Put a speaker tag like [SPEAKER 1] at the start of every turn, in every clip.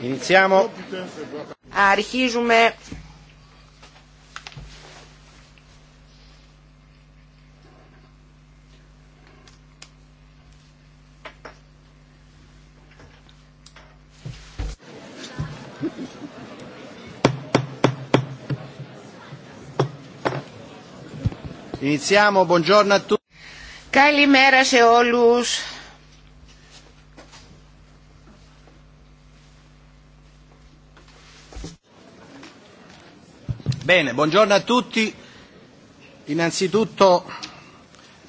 [SPEAKER 1] Iniziamo.
[SPEAKER 2] Αρχίζουμε. Iniziamo, buongiorno a tutti. Καλημέρα σε όλους.
[SPEAKER 1] Bene, buongiorno a tutti. Innanzitutto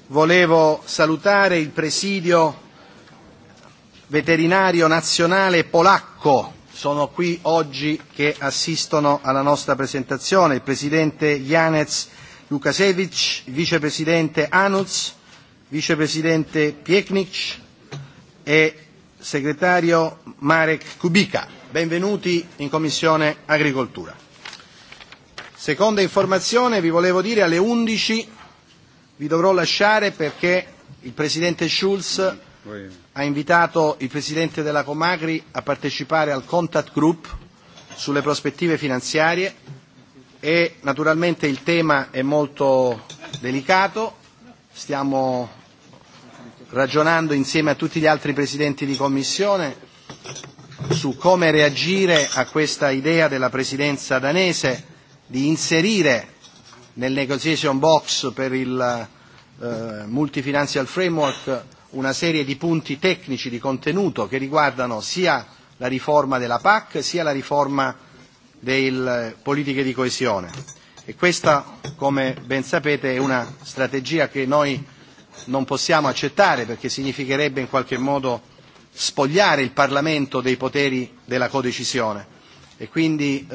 [SPEAKER 1] volevo salutare il presidio veterinario nazionale polacco. Sono qui oggi che assistono alla nostra presentazione il presidente Janez Lukasiewicz, il vicepresidente Anuz, vicepresidente Pieknic e segretario Marek Kubica. Benvenuti in Commissione Agricoltura. Seconda informazione, vi volevo dire alle 11 vi dovrò lasciare perché il Presidente Schulz ha invitato il Presidente della Comagri a partecipare al contact group sulle prospettive finanziarie e naturalmente il tema è molto delicato, stiamo ragionando insieme a tutti gli altri Presidenti di Commissione su come reagire a questa idea della Presidenza danese di inserire nel negotiation box per il multifinancial framework una serie di punti tecnici di contenuto che riguardano sia la riforma della PAC sia la riforma delle politiche di coesione e questa come ben sapete è una strategia che noi non possiamo accettare perché significherebbe in qualche modo spogliare il Parlamento dei poteri della codecisione e quindi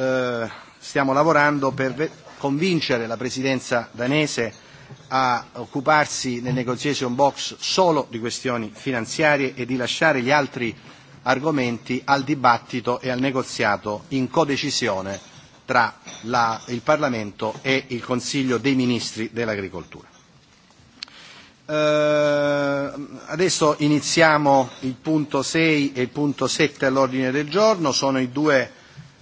[SPEAKER 1] stiamo lavorando per convincere la presidenza danese a occuparsi nel negotiation box solo di questioni finanziarie e di lasciare gli altri argomenti al dibattito e al negoziato in codecisione tra il Parlamento e il Consiglio dei Ministri dell'Agricoltura. Adesso iniziamo il punto 6 e il punto 7 all'ordine del giorno, sono i due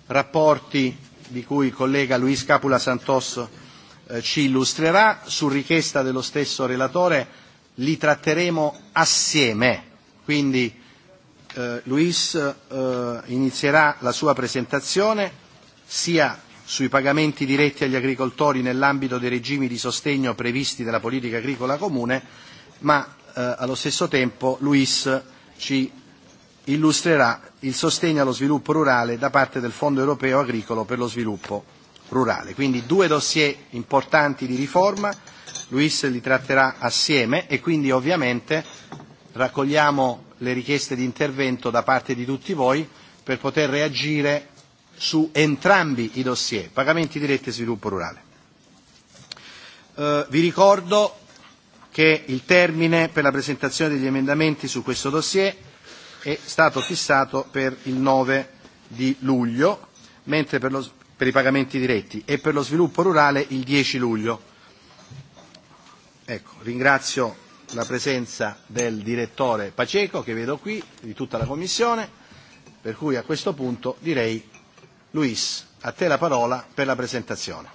[SPEAKER 1] rapporti di cui il collega Luis Capula Santos ci illustrerà, su richiesta dello stesso relatore li tratteremo assieme. Quindi Luis inizierà la sua presentazione sia sui pagamenti diretti agli agricoltori nell'ambito dei regimi di sostegno previsti dalla politica agricola comune, ma allo stesso tempo Luis ci illustrerà il sostegno allo sviluppo rurale da parte del Fondo europeo agricolo per lo sviluppo rurale. Quindi due dossier importanti di riforma, Luis li tratterà assieme e quindi ovviamente raccogliamo le richieste di intervento da parte di tutti voi per poter reagire su entrambi i dossier, pagamenti diretti e sviluppo rurale. Vi ricordo che il termine per la presentazione degli emendamenti su questo dossier è stato fissato per il 9 di luglio, mentre per, lo, per i pagamenti diretti e per lo sviluppo rurale il 10 luglio. Ecco, ringrazio la presenza del direttore Paceco, che vedo qui, di tutta la Commissione, per cui a questo punto direi, Luis, a te la parola per la presentazione.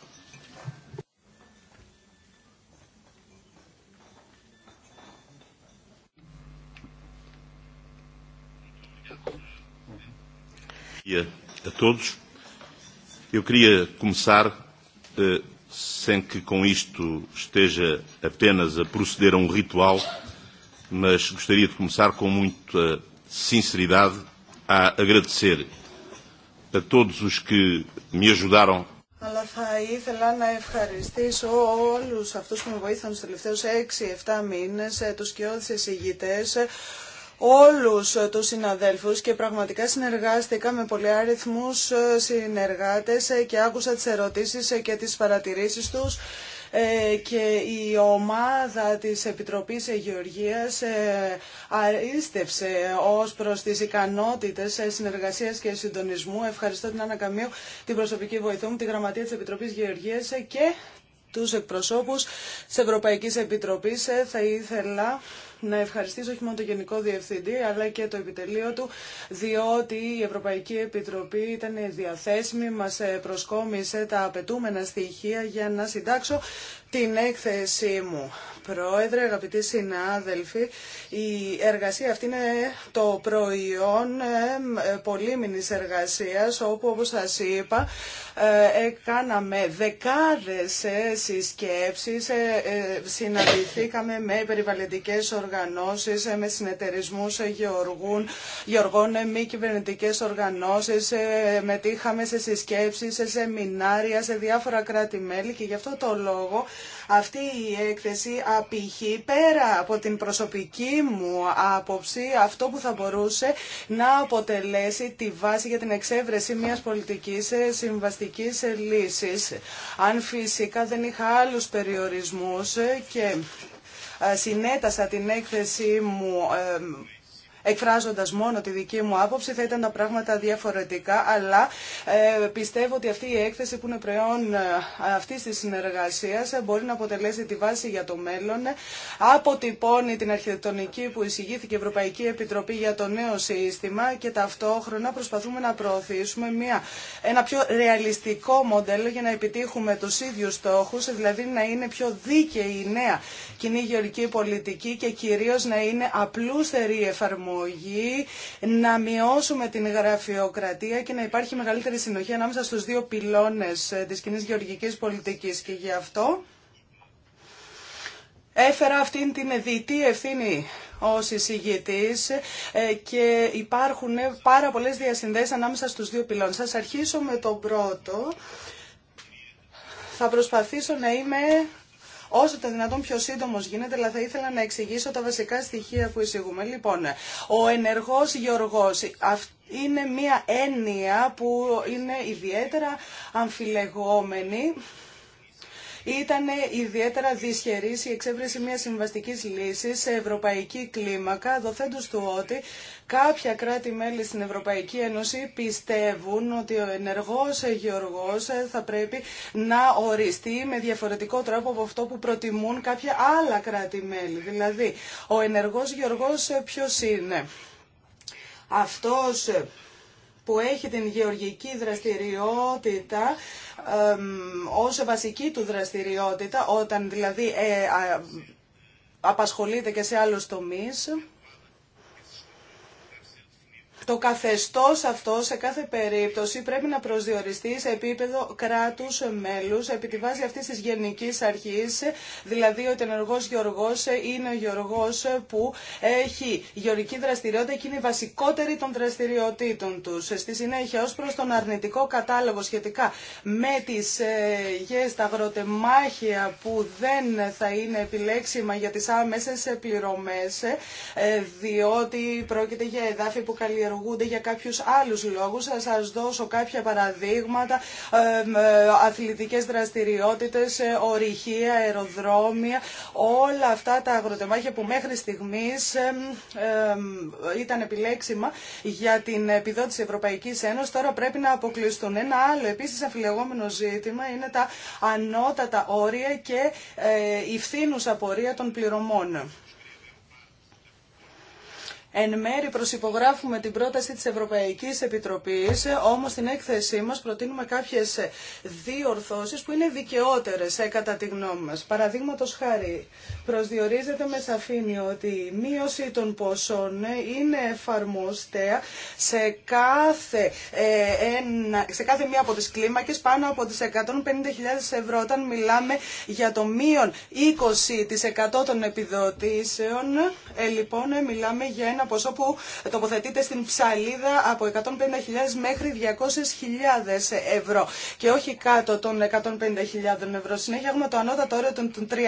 [SPEAKER 3] dia a todos. Eu queria começar, sem que com isto esteja apenas a proceder a um ritual, mas gostaria de começar com muita sinceridade a agradecer a todos os que me ajudaram
[SPEAKER 4] αλλά θα ήθελα να ευχαριστήσω όλους αυτούς που με βοήθησαν τους τελευταίους 6-7 μήνες, τους κοιόδησες ηγητές, όλους τους συναδέλφους και πραγματικά συνεργάστηκα με αριθμούς συνεργάτες και άκουσα τις ερωτήσεις και τις παρατηρήσεις τους ε, και η ομάδα της Επιτροπής Γεωργίας ε, αρίστευσε ως προς τις ικανότητες συνεργασίας και συντονισμού. Ευχαριστώ την Ανακαμίου, την προσωπική βοηθό μου, τη Γραμματεία της Επιτροπής Γεωργίας και τους εκπροσώπους της Ευρωπαϊκής Επιτροπής. Ε, θα ήθελα να ευχαριστήσω όχι μόνο τον Γενικό Διευθυντή αλλά και το επιτελείο του διότι η Ευρωπαϊκή Επιτροπή ήταν διαθέσιμη, μας ε, προσκόμισε τα απαιτούμενα στοιχεία για να συντάξω την έκθεσή μου. Πρόεδρε, αγαπητοί συνάδελφοι, η εργασία αυτή είναι το προϊόν ε, ε, πολύμινης εργασίας, όπου όπως σας είπα ε, κάναμε δεκάδες συσκέψεις, συναντηθήκαμε με περιβαλλοντικές οργανώσεις, με συνεταιρισμούς γεωργών, γεωργών μη κυβερνητικέ οργανώσεις, μετήχαμε σε συσκέψεις, σε σεμινάρια, σε διάφορα κράτη-μέλη και γι' αυτό το λόγο αυτή η έκθεση απηχεί πέρα από την προσωπική μου άποψη αυτό που θα μπορούσε να αποτελέσει τη βάση για την εξέβρεση μιας πολιτικής ε, συμβαστικής ε, λύσης. Αν φυσικά δεν είχα άλλους περιορισμούς ε, και συνέτασα την έκθεση μου Εκφράζοντα μόνο τη δική μου άποψη θα ήταν τα πράγματα διαφορετικά αλλά ε, πιστεύω ότι αυτή η έκθεση που είναι προϊόν ε, αυτή τη συνεργασία ε, μπορεί να αποτελέσει τη βάση για το μέλλον αποτυπώνει την αρχιτεκτονική που εισηγήθηκε η Ευρωπαϊκή Επιτροπή για το νέο σύστημα και ταυτόχρονα προσπαθούμε να προωθήσουμε μια, ένα πιο ρεαλιστικό μοντέλο για να επιτύχουμε του ίδιου στόχου, δηλαδή να είναι πιο δίκαιη η νέα κοινή γεωρική πολιτική και κυρίω να είναι απλούστερη η εφαρμογή να μειώσουμε την γραφειοκρατία και να υπάρχει μεγαλύτερη συνοχή ανάμεσα στους δύο πυλώνες ε, της κοινή γεωργικής πολιτικής. Και γι' αυτό έφερα αυτήν την διητή ευθύνη ως εισηγητής ε, και υπάρχουν ε, πάρα πολλές διασυνδέσεις ανάμεσα στους δύο πυλών. Σας αρχίσω με τον πρώτο. Θα προσπαθήσω να είμαι όσο το δυνατόν πιο σύντομο γίνεται, αλλά θα ήθελα να εξηγήσω τα βασικά στοιχεία που εισηγούμε. Λοιπόν, ο ενεργό γεωργό είναι μία έννοια που είναι ιδιαίτερα αμφιλεγόμενη. Ήταν ιδιαίτερα δυσχερή η εξέβρεση μια συμβαστική δυσχερής η εξεβρεση μια συμβαστικη λυση σε ευρωπαϊκή κλίμακα, δοθέντω του ότι Κάποια κράτη-μέλη στην Ευρωπαϊκή Ένωση πιστεύουν ότι ο ενεργός γεωργός θα πρέπει να οριστεί με διαφορετικό τρόπο από αυτό που προτιμούν κάποια άλλα κράτη-μέλη. Δηλαδή, ο ενεργός γεωργός ποιος είναι. Αυτός που έχει την γεωργική δραστηριότητα ε, ως βασική του δραστηριότητα, όταν δηλαδή ε, απασχολείται και σε άλλους τομείς, το καθεστώς αυτό σε κάθε περίπτωση πρέπει να προσδιοριστεί σε επίπεδο κράτους μέλους επί τη βάση αυτής της γενικής αρχής, δηλαδή ότι ο ενεργός γεωργός είναι ο γεωργός που έχει γεωργική δραστηριότητα και είναι η βασικότερη των δραστηριοτήτων τους. Στη συνέχεια, ως προς τον αρνητικό κατάλογο σχετικά με τις ε, γέ τα αγροτεμάχια που δεν θα είναι επιλέξιμα για τις άμεσες πληρωμές, ε, διότι πρόκειται για εδάφη που καλλιεργούν για κάποιους άλλους λόγους. Θα σας δώσω κάποια παραδείγματα, ε, αθλητικές δραστηριότητες, ε, ορυχεία, αεροδρόμια, όλα αυτά τα αγροτεμάχια που μέχρι στιγμής ήταν επιλέξιμα για την επιδότηση Ευρωπαϊκής Ένωσης, τώρα πρέπει να αποκλειστούν. Ένα άλλο επίσης αφιλεγόμενο ζήτημα είναι τα ανώτατα όρια και ε, η φθήνουσα πορεία των πληρωμών. Εν μέρη προσυπογράφουμε την πρόταση της Ευρωπαϊκής Επιτροπής, όμως στην έκθεσή μας προτείνουμε κάποιες διορθώσεις που είναι δικαιότερες ε, κατά τη γνώμη μας. Παραδείγματος χάρη, προσδιορίζεται με σαφήνεια ότι η μείωση των ποσών είναι εφαρμοστέα σε κάθε, ε, σε κάθε μία από τις κλίμακες πάνω από τις 150.000 ευρώ. Όταν μιλάμε για το μείον 20% των επιδοτήσεων, ε, λοιπόν ε, μιλάμε για ένα ποσό που τοποθετείται στην ψαλίδα από 150.000 μέχρι 200.000 ευρώ και όχι κάτω των 150.000 ευρώ. Συνέχεια έχουμε το ανώτατο όριο των 300.000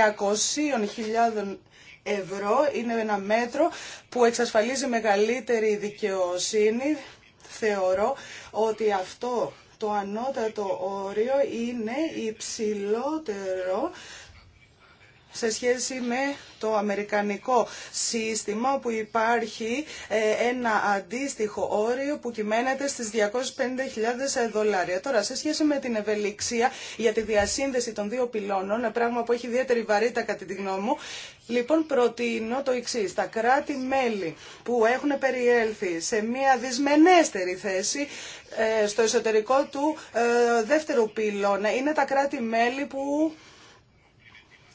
[SPEAKER 4] ευρώ είναι ένα μέτρο που εξασφαλίζει μεγαλύτερη δικαιοσύνη. Θεωρώ ότι αυτό το ανώτατο όριο είναι υψηλότερο σε σχέση με το αμερικανικό σύστημα όπου υπάρχει ε, ένα αντίστοιχο όριο που κυμαίνεται στις 250.000 δολάρια. Τώρα, σε σχέση με την ευελιξία για τη διασύνδεση των δύο πυλώνων, πράγμα που έχει ιδιαίτερη βαρύτητα κατά τη γνώμη μου, Λοιπόν, προτείνω το εξή. Τα κράτη-μέλη που έχουν περιέλθει σε μια δυσμενέστερη θέση ε, στο εσωτερικό του ε, δεύτερου πυλώνα είναι τα κράτη-μέλη που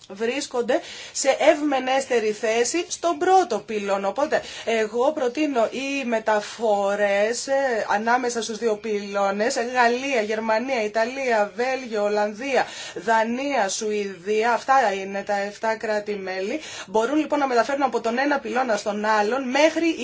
[SPEAKER 4] βρίσκονται σε ευμενέστερη θέση στον πρώτο πυλόν. Οπότε εγώ προτείνω οι μεταφορές ε, ανάμεσα στους δύο πυλώνες, Γαλλία, Γερμανία, Ιταλία, Βέλγιο, Ολλανδία, Δανία, Σουηδία, αυτά είναι τα 7 κράτη-μέλη, μπορούν λοιπόν να μεταφέρουν από τον ένα πυλώνα στον άλλον μέχρι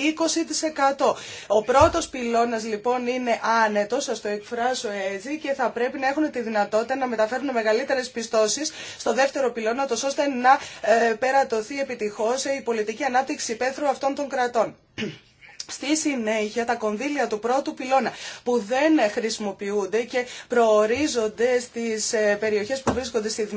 [SPEAKER 4] 20%. Ο πρώτος πυλώνας λοιπόν είναι άνετο, σας το εκφράσω έτσι, και θα πρέπει να έχουν τη δυνατότητα να μεταφέρουν μεγαλύτερες πιστώσεις στο δεύτερο πυλώνα, ώστε να ε, περατωθεί επιτυχώς η πολιτική ανάπτυξη υπαίθρου αυτών των κρατών. Στη συνέχεια τα κονδύλια του πρώτου πυλώνα που δεν χρησιμοποιούνται και προορίζονται στις ε, περιοχές που βρίσκονται στη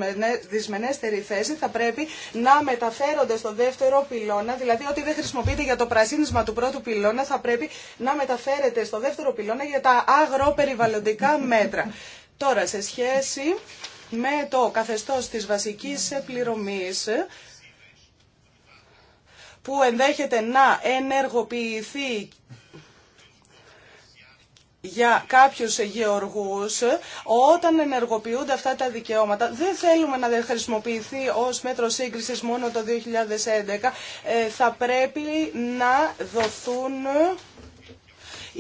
[SPEAKER 4] δυσμενέστερη θέση θα πρέπει να μεταφέρονται στο δεύτερο πυλώνα, δηλαδή ότι δεν χρησιμοποιείται για το πρασίνισμα του πρώτου πυλώνα θα πρέπει να μεταφέρεται στο δεύτερο πυλώνα για τα αγροπεριβαλλοντικά μέτρα. Τώρα σε σχέση με το καθεστώς της βασικής πληρωμής που ενδέχεται να ενεργοποιηθεί για κάποιους γεωργούς όταν ενεργοποιούνται αυτά τα δικαιώματα δεν θέλουμε να χρησιμοποιηθεί ως μέτρο σύγκρισης μόνο το 2011 ε, θα πρέπει να δοθούν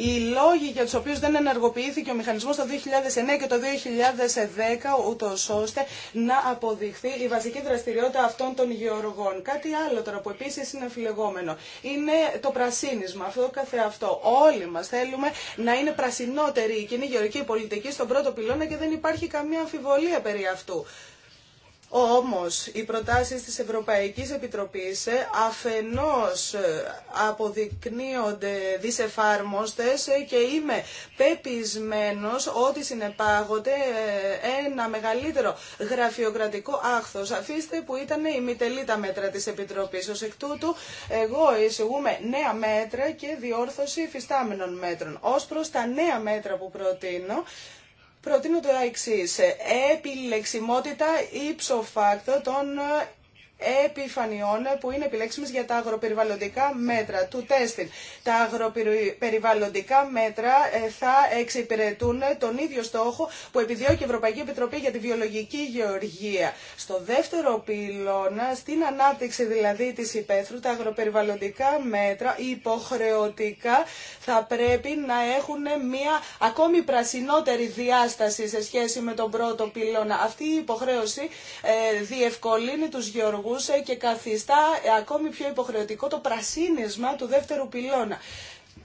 [SPEAKER 4] οι λόγοι για τους οποίους δεν ενεργοποιήθηκε ο μηχανισμός το 2009 και το 2010 ούτω ώστε να αποδειχθεί η βασική δραστηριότητα αυτών των γεωργών. Κάτι άλλο τώρα που επίσης είναι αφιλεγόμενο είναι το πρασίνισμα, αυτό καθεαυτό. Όλοι μας θέλουμε να είναι πρασινότερη η κοινή γεωργική πολιτική στον πρώτο πυλώνα και δεν υπάρχει καμία αμφιβολία περί αυτού. Όμως, οι προτάσεις της Ευρωπαϊκής Επιτροπής ε, αφενός ε, αποδεικνύονται δυσεφάρμοστες ε, και είμαι πεπισμένος ότι συνεπάγονται ένα μεγαλύτερο γραφειοκρατικό άχθος. Αφήστε που ήταν η τα μέτρα της Επιτροπής. Ως εκ τούτου, εγώ εισηγούμε νέα μέτρα και διόρθωση υφιστάμενων μέτρων. Ως προς τα νέα μέτρα που προτείνω, προτείνω το εξή. Ε, επιλεξιμότητα ύψο φάκτο των ε, επιφανειών που είναι επιλέξιμες για τα αγροπεριβαλλοντικά μέτρα του τέστην. Τα αγροπεριβαλλοντικά μέτρα ε, θα εξυπηρετούν τον ίδιο στόχο που επιδιώκει η Ευρωπαϊκή Επιτροπή για τη Βιολογική Γεωργία. Στο δεύτερο πυλώνα, στην ανάπτυξη δηλαδή της υπαίθρου, τα αγροπεριβαλλοντικά μέτρα υποχρεωτικά θα πρέπει να έχουν μια ακόμη πρασινότερη διάσταση σε σχέση με τον πρώτο πυλώνα. Αυτή η υποχρέωση ε, διευκολύνει του γεωργού και καθιστά ακόμη πιο υποχρεωτικό το πρασίνισμα του δεύτερου πυλώνα.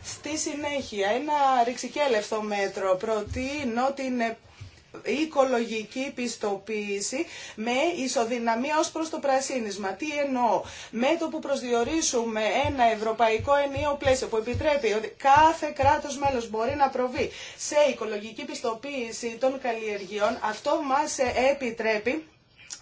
[SPEAKER 4] Στη συνέχεια, ένα ρηξικέλευθο μέτρο προτείνω την οικολογική πιστοποίηση με ισοδυναμία ως προς το πρασίνισμα. Τι εννοώ. Με το που προσδιορίσουμε ένα ευρωπαϊκό ενίο πλαίσιο που επιτρέπει ότι κάθε κράτος μέλος μπορεί να προβεί σε οικολογική πιστοποίηση των καλλιεργειών, αυτό μας επιτρέπει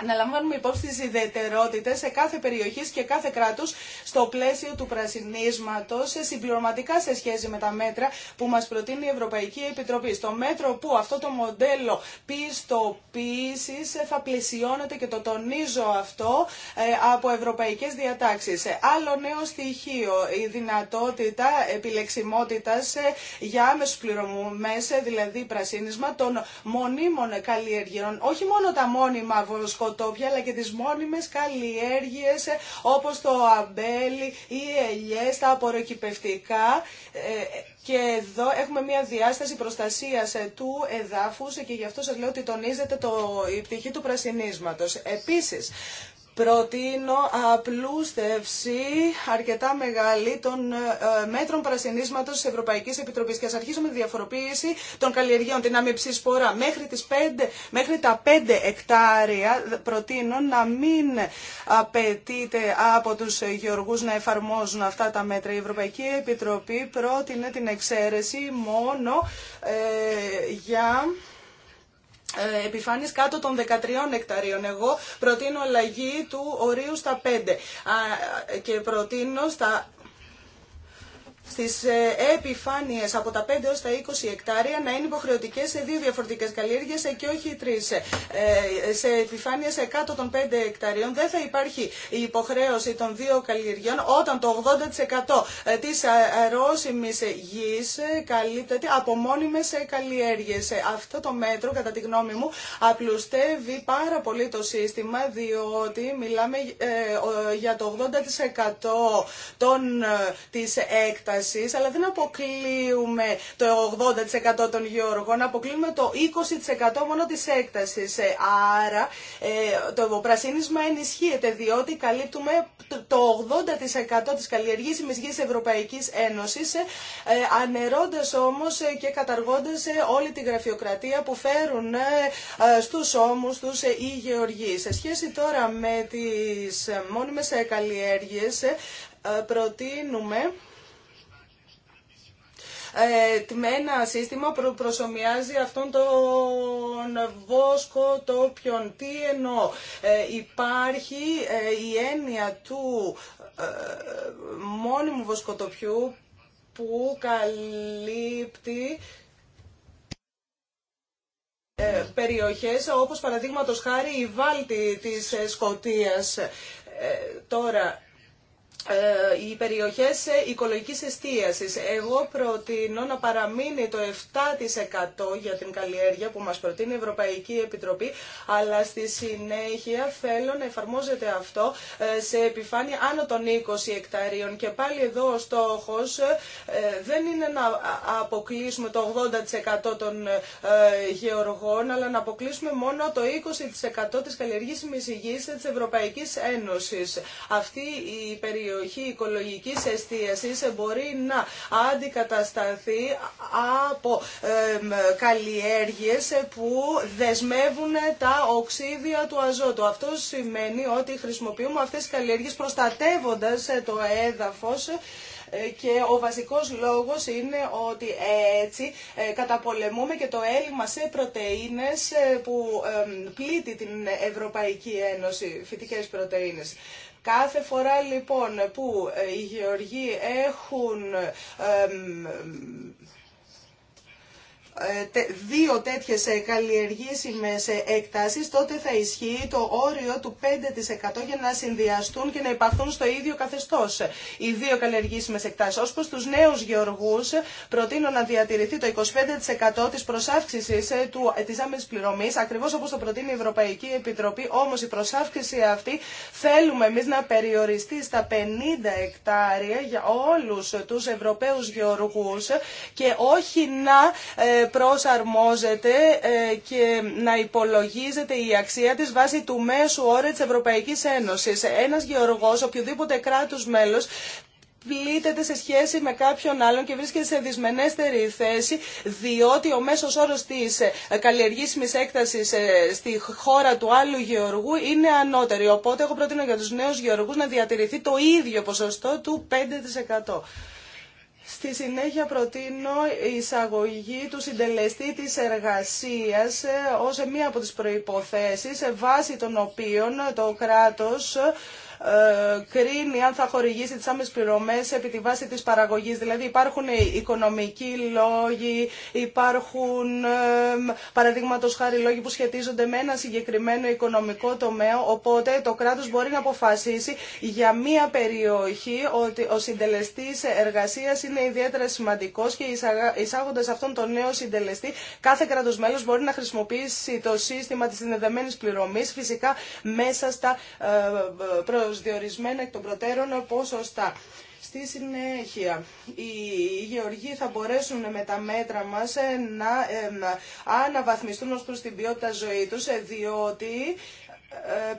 [SPEAKER 4] να λαμβάνουμε υπόψη τις ιδιαιτερότητες σε κάθε περιοχή και κάθε κράτος στο πλαίσιο του πρασινίσματος συμπληρωματικά σε σχέση με τα μέτρα που μας προτείνει η Ευρωπαϊκή Επιτροπή. Στο μέτρο που αυτό το μοντέλο πιστοποίησης θα πλαισιώνεται και το τονίζω αυτό ε, από ευρωπαϊκές διατάξεις. Ε, άλλο νέο στοιχείο, η δυνατότητα επιλεξιμότητας ε, για άμεσους πληρωμές, δηλαδή πρασίνισμα των μονίμων καλλιεργειών, όχι μόνο τα μόνιμα σκοτόπια αλλά και τις μόνιμες καλλιέργειες όπως το αμπέλι, οι ελιές, τα απορροκυπευτικά ε, και εδώ έχουμε μια διάσταση προστασίας ε, του εδάφους και γι' αυτό σας λέω ότι τονίζεται το, η πτυχή του πρασινίσματος. Επίσης, Προτείνω απλούστευση αρκετά μεγάλη των ε, μέτρων παρασυνίσματος της Ευρωπαϊκής Επιτροπής και ας αρχίσουμε τη διαφοροποίηση των καλλιεργειών, την σπόρα Μέχρι, τις 5, μέχρι τα 5 εκτάρια προτείνω να μην απαιτείται από τους γεωργούς να εφαρμόζουν αυτά τα μέτρα. Η Ευρωπαϊκή Επιτροπή πρότεινε την εξαίρεση μόνο ε, για... Ε, Επιφάνει κάτω των 13 εκταρίων. Εγώ προτείνω αλλαγή του ορίου στα 5 και προτείνω στα στις ε, επιφάνειες από τα 5 έως τα 20 εκτάρια να είναι υποχρεωτικές σε δύο διαφορετικές καλλιέργειες και όχι τρεις. Ε, ε, σε επιφάνειες κάτω των 5 εκταρίων δεν θα υπάρχει η υποχρέωση των δύο καλλιεργειών όταν το 80% της αρρώσιμης γης καλύπτεται από μόνιμες καλλιέργειες. Αυτό το μέτρο, κατά τη γνώμη μου, απλουστεύει πάρα πολύ το σύστημα διότι μιλάμε για το 80% τη της αλλά δεν αποκλείουμε το 80% των γεωργών, αποκλείουμε το 20% μόνο τη έκταση. Ε, άρα ε, το πρασίνισμα ενισχύεται, διότι καλύπτουμε το 80% τη καλλιεργήσιμης γης Ευρωπαϊκής Ένωση, ε, ανερώντας όμως και καταργώντας όλη τη γραφειοκρατία που φέρουν στους ώμου τους οι γεωργοί. Σε σχέση τώρα με τις μόνιμες καλλιέργειε, προτείνουμε ε, με ένα σύστημα που προσωμιάζει αυτόν τον βόσκο Τι εννοώ. Ε, υπάρχει ε, η έννοια του ε, μόνιμου βοσκοτοπιού που καλύπτει περιοχές όπως παραδείγματος χάρη η Βάλτη της Σκοτίας. τώρα ε, οι περιοχές οικολογικής εστίασης. Εγώ προτείνω να παραμείνει το 7% για την καλλιέργεια που μας προτείνει η Ευρωπαϊκή Επιτροπή, αλλά στη συνέχεια θέλω να εφαρμόζεται αυτό ε, σε επιφάνεια άνω των 20 εκταρίων. Και πάλι εδώ ο στόχος ε, δεν είναι να αποκλείσουμε το 80% των γεωργών, αλλά να αποκλείσουμε μόνο το 20% της καλλιεργήσιμης μυσηγής της Ευρωπαϊκής Ένωσης. Αυτή η περιοχή περιοχή οικολογικής εστίασης μπορεί να αντικατασταθεί από καλλιέργειες που δεσμεύουν τα οξύδια του αζότου. Αυτό σημαίνει ότι χρησιμοποιούμε αυτές τις καλλιέργειες προστατεύοντας το έδαφος ε, και ο βασικός λόγος είναι ότι έτσι ε, καταπολεμούμε και το έλλειμμα σε πρωτεΐνες ε, που πλήττει την Ευρωπαϊκή Ένωση, φυτικές πρωτεΐνες. Κάθε φορά λοιπόν που ε, οι γεωργοί έχουν ε, δύο τέτοιες ε, καλλιεργήσιμες ε, εκτάσεις, τότε θα ισχύει το όριο του 5% για να συνδυαστούν και να υπαρθούν στο ίδιο καθεστώς οι δύο καλλιεργήσιμες εκτάσεις. Ως προς τους νέους γεωργούς, προτείνω να διατηρηθεί το 25% της προσάυξησης της άμεσης πληρωμής, ακριβώς όπως το προτείνει η Ευρωπαϊκή Επιτροπή, όμως η προσάυξηση αυτή θέλουμε εμείς να περιοριστεί στα 50 εκτάρια για όλους τους Ευρωπαίους γεωργούς και όχι να προσαρμόζεται ε, και να υπολογίζεται η αξία της βάσει του μέσου όρου της Ευρωπαϊκής Ένωσης. Ένας γεωργός, οποιοδήποτε κράτους μέλος, πλήττεται σε σχέση με κάποιον άλλον και βρίσκεται σε δυσμενέστερη θέση, διότι ο μέσος όρος της ε, καλλιεργήσιμης έκτασης ε, στη χώρα του άλλου γεωργού είναι ανώτερη. Οπότε έχω προτείνω για τους νέους γεωργούς να διατηρηθεί το ίδιο ποσοστό του 5%. Στη συνέχεια προτείνω η εισαγωγή του συντελεστή της εργασίας ε, ως μία από τις προϋποθέσεις ε, βάση των οποίων το κράτος ε, κρίνει αν θα χορηγήσει τις άμεσες πληρωμές επί τη βάση της παραγωγής. Δηλαδή υπάρχουν οικονομικοί λόγοι, υπάρχουν ε, παραδείγματο χάρη λόγοι που σχετίζονται με ένα συγκεκριμένο οικονομικό τομέα, οπότε το κράτος μπορεί να αποφασίσει για μία περιοχή ότι ο συντελεστής εργασίας είναι ιδιαίτερα σημαντικός και εισάγοντας αυτόν τον νέο συντελεστή κάθε κράτος μέλος μπορεί να χρησιμοποιήσει το σύστημα της συνδεδεμένη πληρωμής φυσικά μέσα στα ε, διορισμένα εκ των προτέρων σωστά. Στη συνέχεια, οι γεωργοί θα μπορέσουν με τα μέτρα μας ε, ε, να αναβαθμιστούν ως προς την ποιότητα ζωή τους, ε, διότι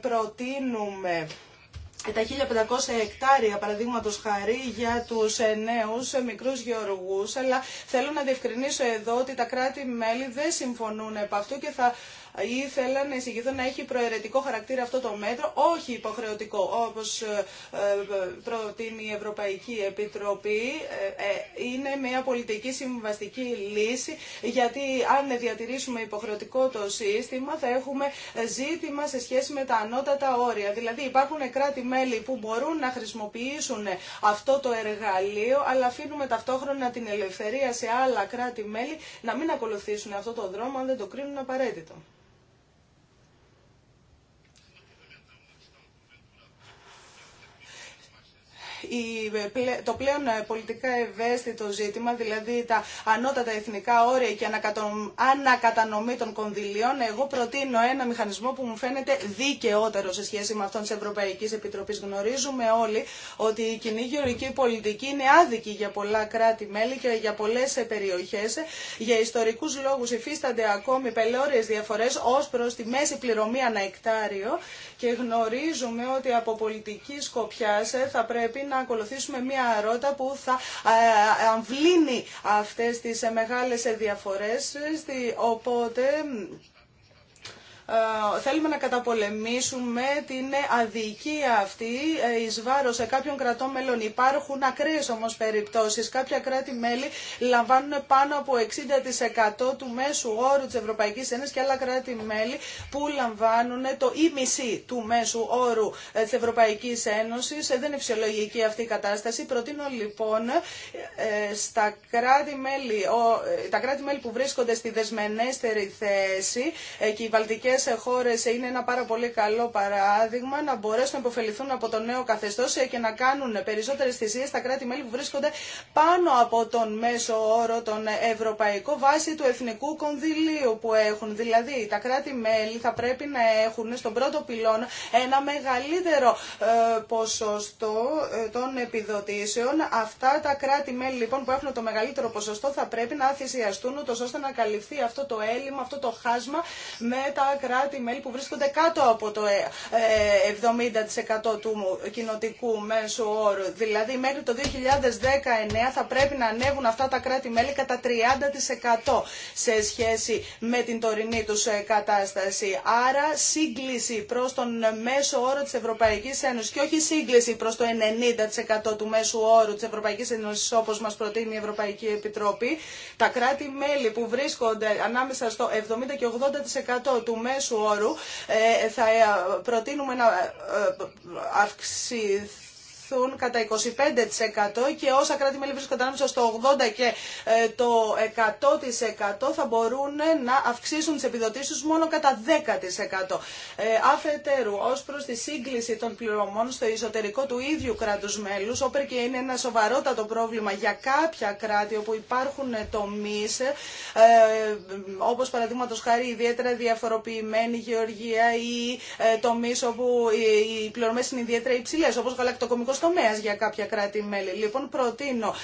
[SPEAKER 4] προτείνουμε τα 1500 εκτάρια παραδείγματο χαρή για του νέου μικρού γεωργού. Αλλά θέλω να διευκρινίσω εδώ ότι τα κράτη-μέλη δεν συμφωνούν επ' αυτού και θα Ήθελα να εισηγηθώ να έχει προαιρετικό χαρακτήρα αυτό το μέτρο, όχι υποχρεωτικό όπως ε, ε, προτείνει η Ευρωπαϊκή Επιτροπή. Ε, είναι μια πολιτική συμβαστική λύση γιατί αν διατηρήσουμε υποχρεωτικό το σύστημα θα έχουμε ζήτημα σε σχέση με τα ανώτατα όρια. Δηλαδή υπάρχουν κράτη-μέλη που μπορούν να χρησιμοποιήσουν αυτό το εργαλείο αλλά αφήνουμε ταυτόχρονα την ελευθερία σε άλλα κράτη-μέλη να μην ακολουθήσουν αυτό το δρόμο αν δεν το κρίνουν απαραίτητο. το πλέον πολιτικά ευαίσθητο ζήτημα, δηλαδή τα ανώτατα εθνικά όρια και ανακατανομή των κονδυλίων, εγώ προτείνω ένα μηχανισμό που μου φαίνεται δικαιότερο σε σχέση με αυτόν τη Ευρωπαϊκή Επιτροπή. Γνωρίζουμε όλοι ότι η κοινή γεωργική πολιτική είναι άδικη για πολλά κράτη-μέλη και για πολλέ περιοχέ. Για ιστορικού λόγου υφίστανται ακόμη πελώριε διαφορέ ω προ τη μέση πληρωμή ανά εκτάριο και γνωρίζουμε ότι από πολιτική σκοπιά ε, θα πρέπει να ακολουθήσουμε μια ρότα που θα ε, αμβλύνει αυτές τις ε, μεγάλες διαφορές. Οπότε ε, θέλουμε να καταπολεμήσουμε την αδικία αυτή ε, εις βάρος σε κάποιων κρατών μελών. Υπάρχουν ακραίες όμως περιπτώσεις. Κάποια κράτη-μέλη λαμβάνουν πάνω από 60% του μέσου όρου της Ευρωπαϊκής Ένωσης και άλλα κράτη-μέλη που λαμβάνουν το ίμιση e του μέσου όρου ε, της Ευρωπαϊκής Ένωσης. Δεν είναι φυσιολογική αυτή η κατάσταση. Προτείνω λοιπόν στα κράτη-μέλη, τα κράτη-μέλη που βρίσκονται στη δεσμενέστερη θέση και οι σε χώρες είναι ένα πάρα πολύ καλό παράδειγμα να μπορέσουν να υποφεληθούν από το νέο καθεστώ και να κάνουν περισσότερε θυσίε. στα κράτη-μέλη που βρίσκονται πάνω από τον μέσο όρο, τον ευρωπαϊκό, βάσει του εθνικού κονδυλίου που έχουν. Δηλαδή, τα κράτη-μέλη θα πρέπει να έχουν στον πρώτο πυλόν ένα μεγαλύτερο ε, ποσοστό ε, των επιδοτήσεων. Αυτά τα κράτη-μέλη λοιπόν που έχουν το μεγαλύτερο ποσοστό θα πρέπει να θυσιαστούν ούτω ώστε να καλυφθεί αυτό το έλλειμμα, αυτό το χάσμα με τα κράτη-μέλη που βρίσκονται κάτω από το 70% ε, ε, του κοινοτικού μέσου όρου. Δηλαδή μέχρι το 2019 θα πρέπει να ανέβουν αυτά τα κράτη-μέλη κατά 30% σε σχέση με την τωρινή τους ε, κατάσταση. Άρα σύγκληση προς τον μέσο όρο της Ευρωπαϊκής Ένωσης και όχι σύγκληση προς το 90% του μέσου όρου της Ευρωπαϊκής Ένωσης όπως μας προτείνει η Ευρωπαϊκή Επιτροπή. Τα κράτη-μέλη που βρίσκονται ανάμεσα στο 70% και 80% του μέσου μέσου όρου ε, θα ε, προτείνουμε να ε, αυξηθεί αυξηθούν κατά 25% και όσα κράτη-μέλη βρίσκονται ανάμεσα στο 80% και ε, το 100% θα μπορούν ε, να αυξήσουν τις επιδοτήσεις μόνο κατά 10%. Ε, αφετέρου, ω προς τη σύγκληση των πληρωμών στο εσωτερικό του ίδιου κράτου μέλους, όπερ και είναι ένα σοβαρότατο πρόβλημα για κάποια κράτη όπου υπάρχουν τομείς, όπως παραδείγματο χάρη ιδιαίτερα διαφοροποιημένη γεωργία ή τομείς όπου οι πληρωμές είναι ιδιαίτερα υψηλές, όπως γαλακτοκομικός τομέα για κάποια κράτη-μέλη. Λοιπόν, προτείνω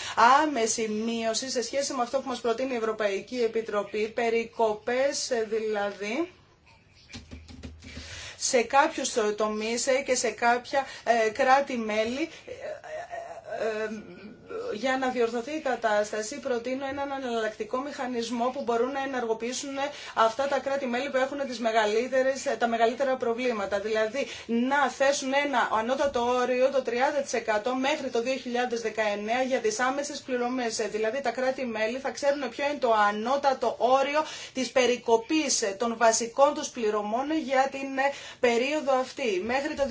[SPEAKER 4] άμεση μείωση σε σχέση με αυτό που μα προτείνει η Ευρωπαϊκή Επιτροπή, περικοπέ ε, δηλαδή σε κάποιους τομείς ε, και σε κάποια ε, κράτη-μέλη για να διορθωθεί η κατάσταση προτείνω έναν αναλλακτικό μηχανισμό που μπορούν να ενεργοποιήσουν αυτά τα κράτη-μέλη που έχουν τις μεγαλύτερες, τα μεγαλύτερα προβλήματα. Δηλαδή να θέσουν ένα ανώτατο όριο το 30% μέχρι το 2019 για τις άμεσες πληρωμές. Δηλαδή τα κράτη-μέλη θα ξέρουν ποιο είναι το ανώτατο όριο της περικοπής των βασικών τους πληρωμών για την ε, περίοδο αυτή μέχρι το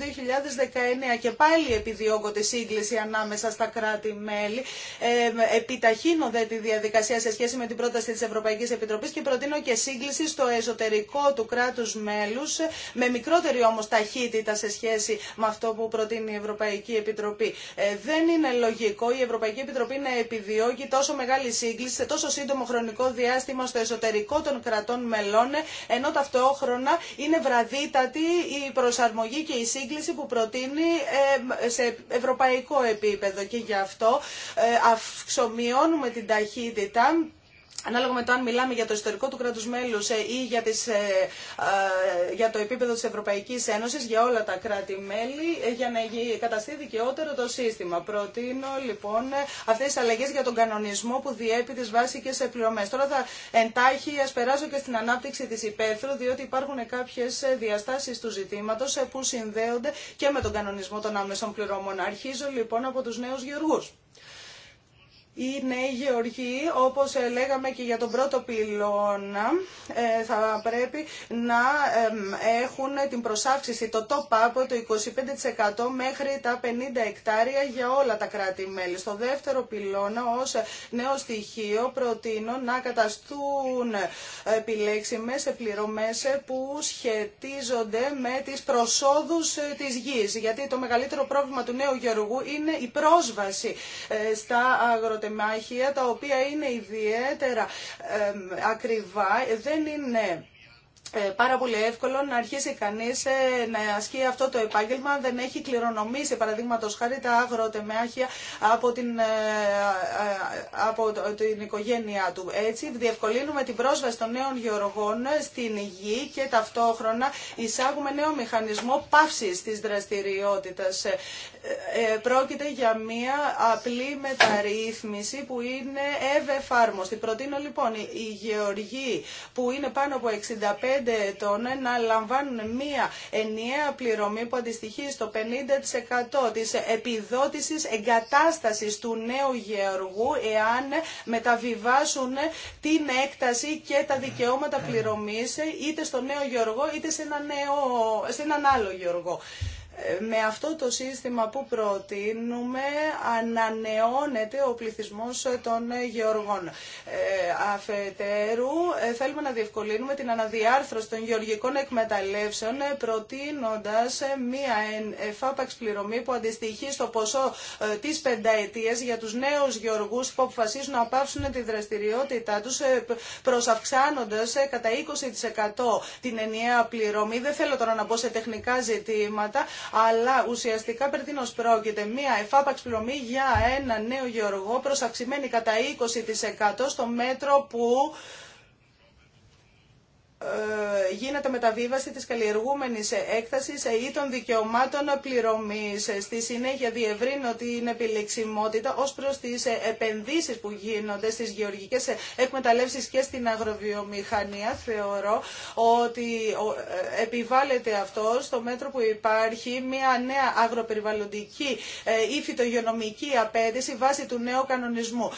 [SPEAKER 4] 2019 και πάλι επιδιώκονται σύγκληση ανάμεσα στα κράτη-μέλη επιταχύνονται τη διαδικασία σε σχέση με την πρόταση τη Ευρωπαϊκή Επιτροπή και προτείνω και σύγκληση στο εσωτερικό του κράτου μέλους με μικρότερη όμω ταχύτητα σε σχέση με αυτό που προτείνει η Ευρωπαϊκή Επιτροπή. Ε, δεν είναι λογικό η Ευρωπαϊκή Επιτροπή να επιδιώκει τόσο μεγάλη σύγκληση σε τόσο σύντομο χρονικό διάστημα στο εσωτερικό των κρατών μελών, ενώ ταυτόχρονα είναι βραδύτατη η προσαρμογή και η σύγκληση που προτείνει σε ευρωπαϊκό επίπεδο. Και γι' αυτό ε, αυξομειώνουμε την ταχύτητα ανάλογα με το αν μιλάμε για το ιστορικό του κράτους μέλους ε, ή για, τις, ε, για το επίπεδο της Ευρωπαϊκής Ένωσης, για όλα τα κράτη-μέλη, για να καταστεί δικαιότερο το σύστημα. Προτείνω λοιπόν αυτές τις αλλαγές για τον κανονισμό που διέπει τις βάσικες πληρωμές. Τώρα θα εντάχει, ας περάσω και στην ανάπτυξη της υπαίθρου, διότι υπάρχουν κάποιες διαστάσεις του ζητήματος που συνδέονται και με τον κανονισμό των άμεσων πληρωμών. Αρχίζω λοιπόν από τους νέους γεωργούς οι νέοι γεωργοί, όπως ε, λέγαμε και για τον πρώτο πυλώνα, ε, θα πρέπει να έχουν την προσάυξηση, το top-up, το 25% μέχρι τα 50 εκτάρια για όλα τα κράτη-μέλη. Στο δεύτερο πυλώνα, ως νέο στοιχείο, προτείνω να καταστούν επιλέξιμες πληρωμές που σχετίζονται με τις προσόδους ε, της γης. Γιατί το μεγαλύτερο πρόβλημα του νέου γεωργού είναι η πρόσβαση στα αγροτεχνικά τεμάχια τα οποία είναι ιδιαίτερα ακριβά, δεν είναι ε, πάρα πολύ εύκολο να αρχίσει κανείς ε, να ασκεί αυτό το επάγγελμα δεν έχει κληρονομήσει παραδείγματος χάρη τα αγροτεμάχια από την, ε, από την οικογένειά του. Έτσι διευκολύνουμε την πρόσβαση των νέων γεωργών στην υγεία και ταυτόχρονα εισάγουμε νέο μηχανισμό παύσης της δραστηριότητας. Πρόκειται για μία απλή μεταρρύθμιση που είναι ευεφάρμοστη. Προτείνω λοιπόν οι γεωργοί που είναι πάνω από 65 ετών να λαμβάνουν μία ενιαία πληρωμή που αντιστοιχεί στο 50% της επιδότησης εγκατάστασης του νέου γεωργού εάν μεταβιβάσουν την έκταση και τα δικαιώματα πληρωμής είτε στο νέο γεωργό είτε σε ένα σε έναν άλλο γεωργό με αυτό το σύστημα που προτείνουμε ανανεώνεται ο πληθυσμός των γεωργών. Ε, αφετέρου, ε, θέλουμε να διευκολύνουμε την αναδιάρθρωση των γεωργικών εκμεταλλεύσεων ε, προτείνοντας μία εφάπαξ πληρωμή που αντιστοιχεί στο ποσό της πενταετίας για τους νέους γεωργούς που αποφασίζουν να πάψουν τη δραστηριότητά τους προσαυξάνοντας κατά 20% την ενιαία πληρωμή. Δεν θέλω τώρα να πω σε τεχνικά ζητήματα, αλλά ουσιαστικά περί πρόκειται μία εφάπαξ πληρωμή για ένα νέο γεωργό προσαξιμένη κατά 20% στο μέτρο που ε, γίνεται μεταβίβαση της καλλιεργούμενης έκτασης ή των δικαιωμάτων πληρωμής. Στη συνέχεια διευρύνω την επιλεξιμότητα ως προς τις επενδύσεις που γίνονται στις γεωργικές εκμεταλλεύσεις και στην αγροβιομηχανία. Θεωρώ ότι ε, επιβάλλεται αυτό στο μέτρο που υπάρχει μια νέα αγροπεριβαλλοντική ε, ή φυτογειονομική απέτηση βάσει του νέου κανονισμού.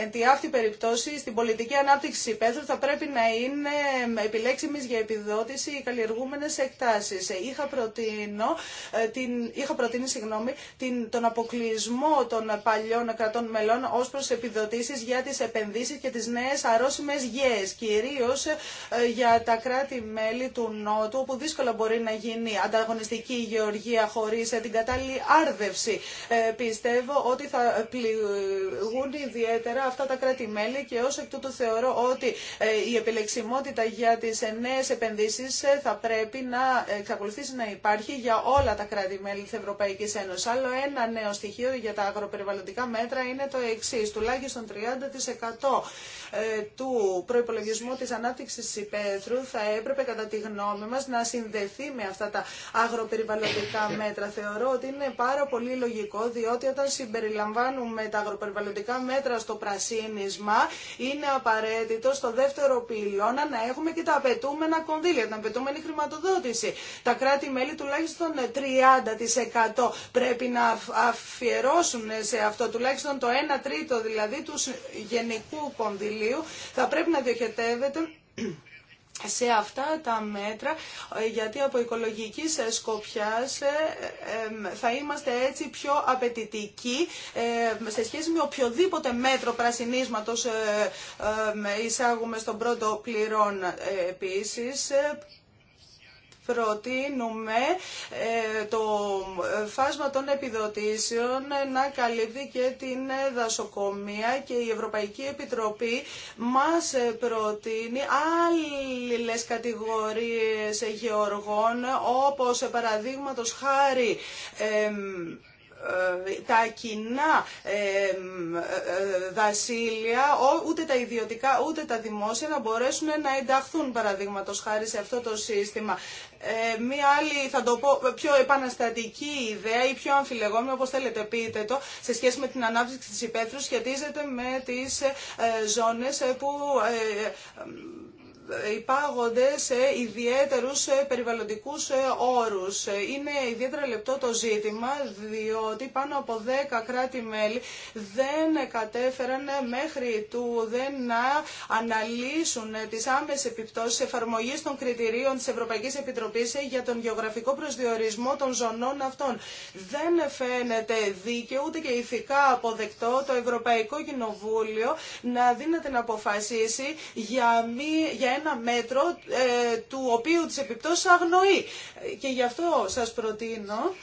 [SPEAKER 4] Εν τη αυτή περιπτώσει στην πολιτική ανάπτυξη υπαίθρου θα πρέπει να είναι επιλέξιμες για επιδότηση οι καλλιεργούμενε εκτάσει. Είχα, ε, είχα προτείνει συγγνώμη, την, τον αποκλεισμό των παλιών κρατών μελών ω προς επιδοτήσει για τι επενδύσει και τι νέε αρρώσιμες γέε. κυρίως ε, για τα κράτη-μέλη του Νότου, όπου δύσκολα μπορεί να γίνει ανταγωνιστική η γεωργία χωρίς ε, την κατάλληλη άρδευση. πιστεύω ότι θα πληγούν ιδιαίτερα αυτά τα κράτη-μέλη και ως εκ τούτου θεωρώ ότι η επιλεξιμότητα για τις νέες επενδύσεις ε, θα πρέπει να εξακολουθήσει να υπάρχει για όλα τα κράτη-μέλη της Ευρωπαϊκής Ένωσης. Άλλο ένα νέο στοιχείο για τα αγροπεριβαλλοντικά μέτρα είναι το εξής, τουλάχιστον 30% ε, του προϋπολογισμού της ανάπτυξης υπαίθρου θα έπρεπε κατά τη γνώμη μα να συνδεθεί με αυτά τα αγροπεριβαλλοντικά μέτρα. Θεωρώ ότι είναι πάρα πολύ λογικό διότι όταν συμπεριλαμβάνουμε τα αγροπεριβαλλοντικά μέτρα στο πρασίνισμα είναι απαραίτητο στο δεύτερο πυλώνα να έχουμε και τα απαιτούμενα κονδύλια, την απαιτούμενη χρηματοδότηση. Τα κράτη-μέλη τουλάχιστον 30% πρέπει να αφιερώσουν σε αυτό τουλάχιστον το 1 τρίτο δηλαδή του γενικού κονδυλίου θα πρέπει να διοχετεύεται σε αυτά τα μέτρα, γιατί από οικολογική σκοπιά ε, θα είμαστε έτσι πιο απαιτητικοί σε σχέση με οποιοδήποτε μέτρο πρασινίσματος ε, εισάγουμε στον πρώτο πληρών ε, επίσης προτείνουμε ε, το φάσμα των επιδοτήσεων να καλύπτει και την δασοκομεία και η Ευρωπαϊκή Επιτροπή μας προτείνει άλλες κατηγορίες γεωργών όπως παραδείγματος χάρη ε, τα κοινά δασίλεια, ε, ε, ούτε τα ιδιωτικά ούτε τα δημόσια να μπορέσουν να ενταχθούν παραδείγματος χάρη σε αυτό το σύστημα. Μία άλλη, θα το πω, πιο επαναστατική ιδέα ή πιο αμφιλεγόμενη, όπως θέλετε πείτε το, σε σχέση με την ανάπτυξη της υπαίθρου σχετίζεται με τις ζώνες που υπάγονται σε ιδιαίτερους ε, περιβαλλοντικούς ε, όρους. Ε, είναι ιδιαίτερα λεπτό το ζήτημα, διότι πάνω από 10 κράτη-μέλη δεν κατέφεραν μέχρι του δεν να αναλύσουν τις άμεσες επιπτώσεις εφαρμογής των κριτηρίων της Ευρωπαϊκής Επιτροπής για τον γεωγραφικό προσδιορισμό των ζωνών αυτών. Δεν φαίνεται δίκαιο ούτε και ηθικά αποδεκτό το Ευρωπαϊκό Κοινοβούλιο να δίνεται να αποφασίσει για, μη, ένα μέτρο ε, του οποίου τις επιπτώσεις αγνοεί. Και γι' αυτό σας προτείνω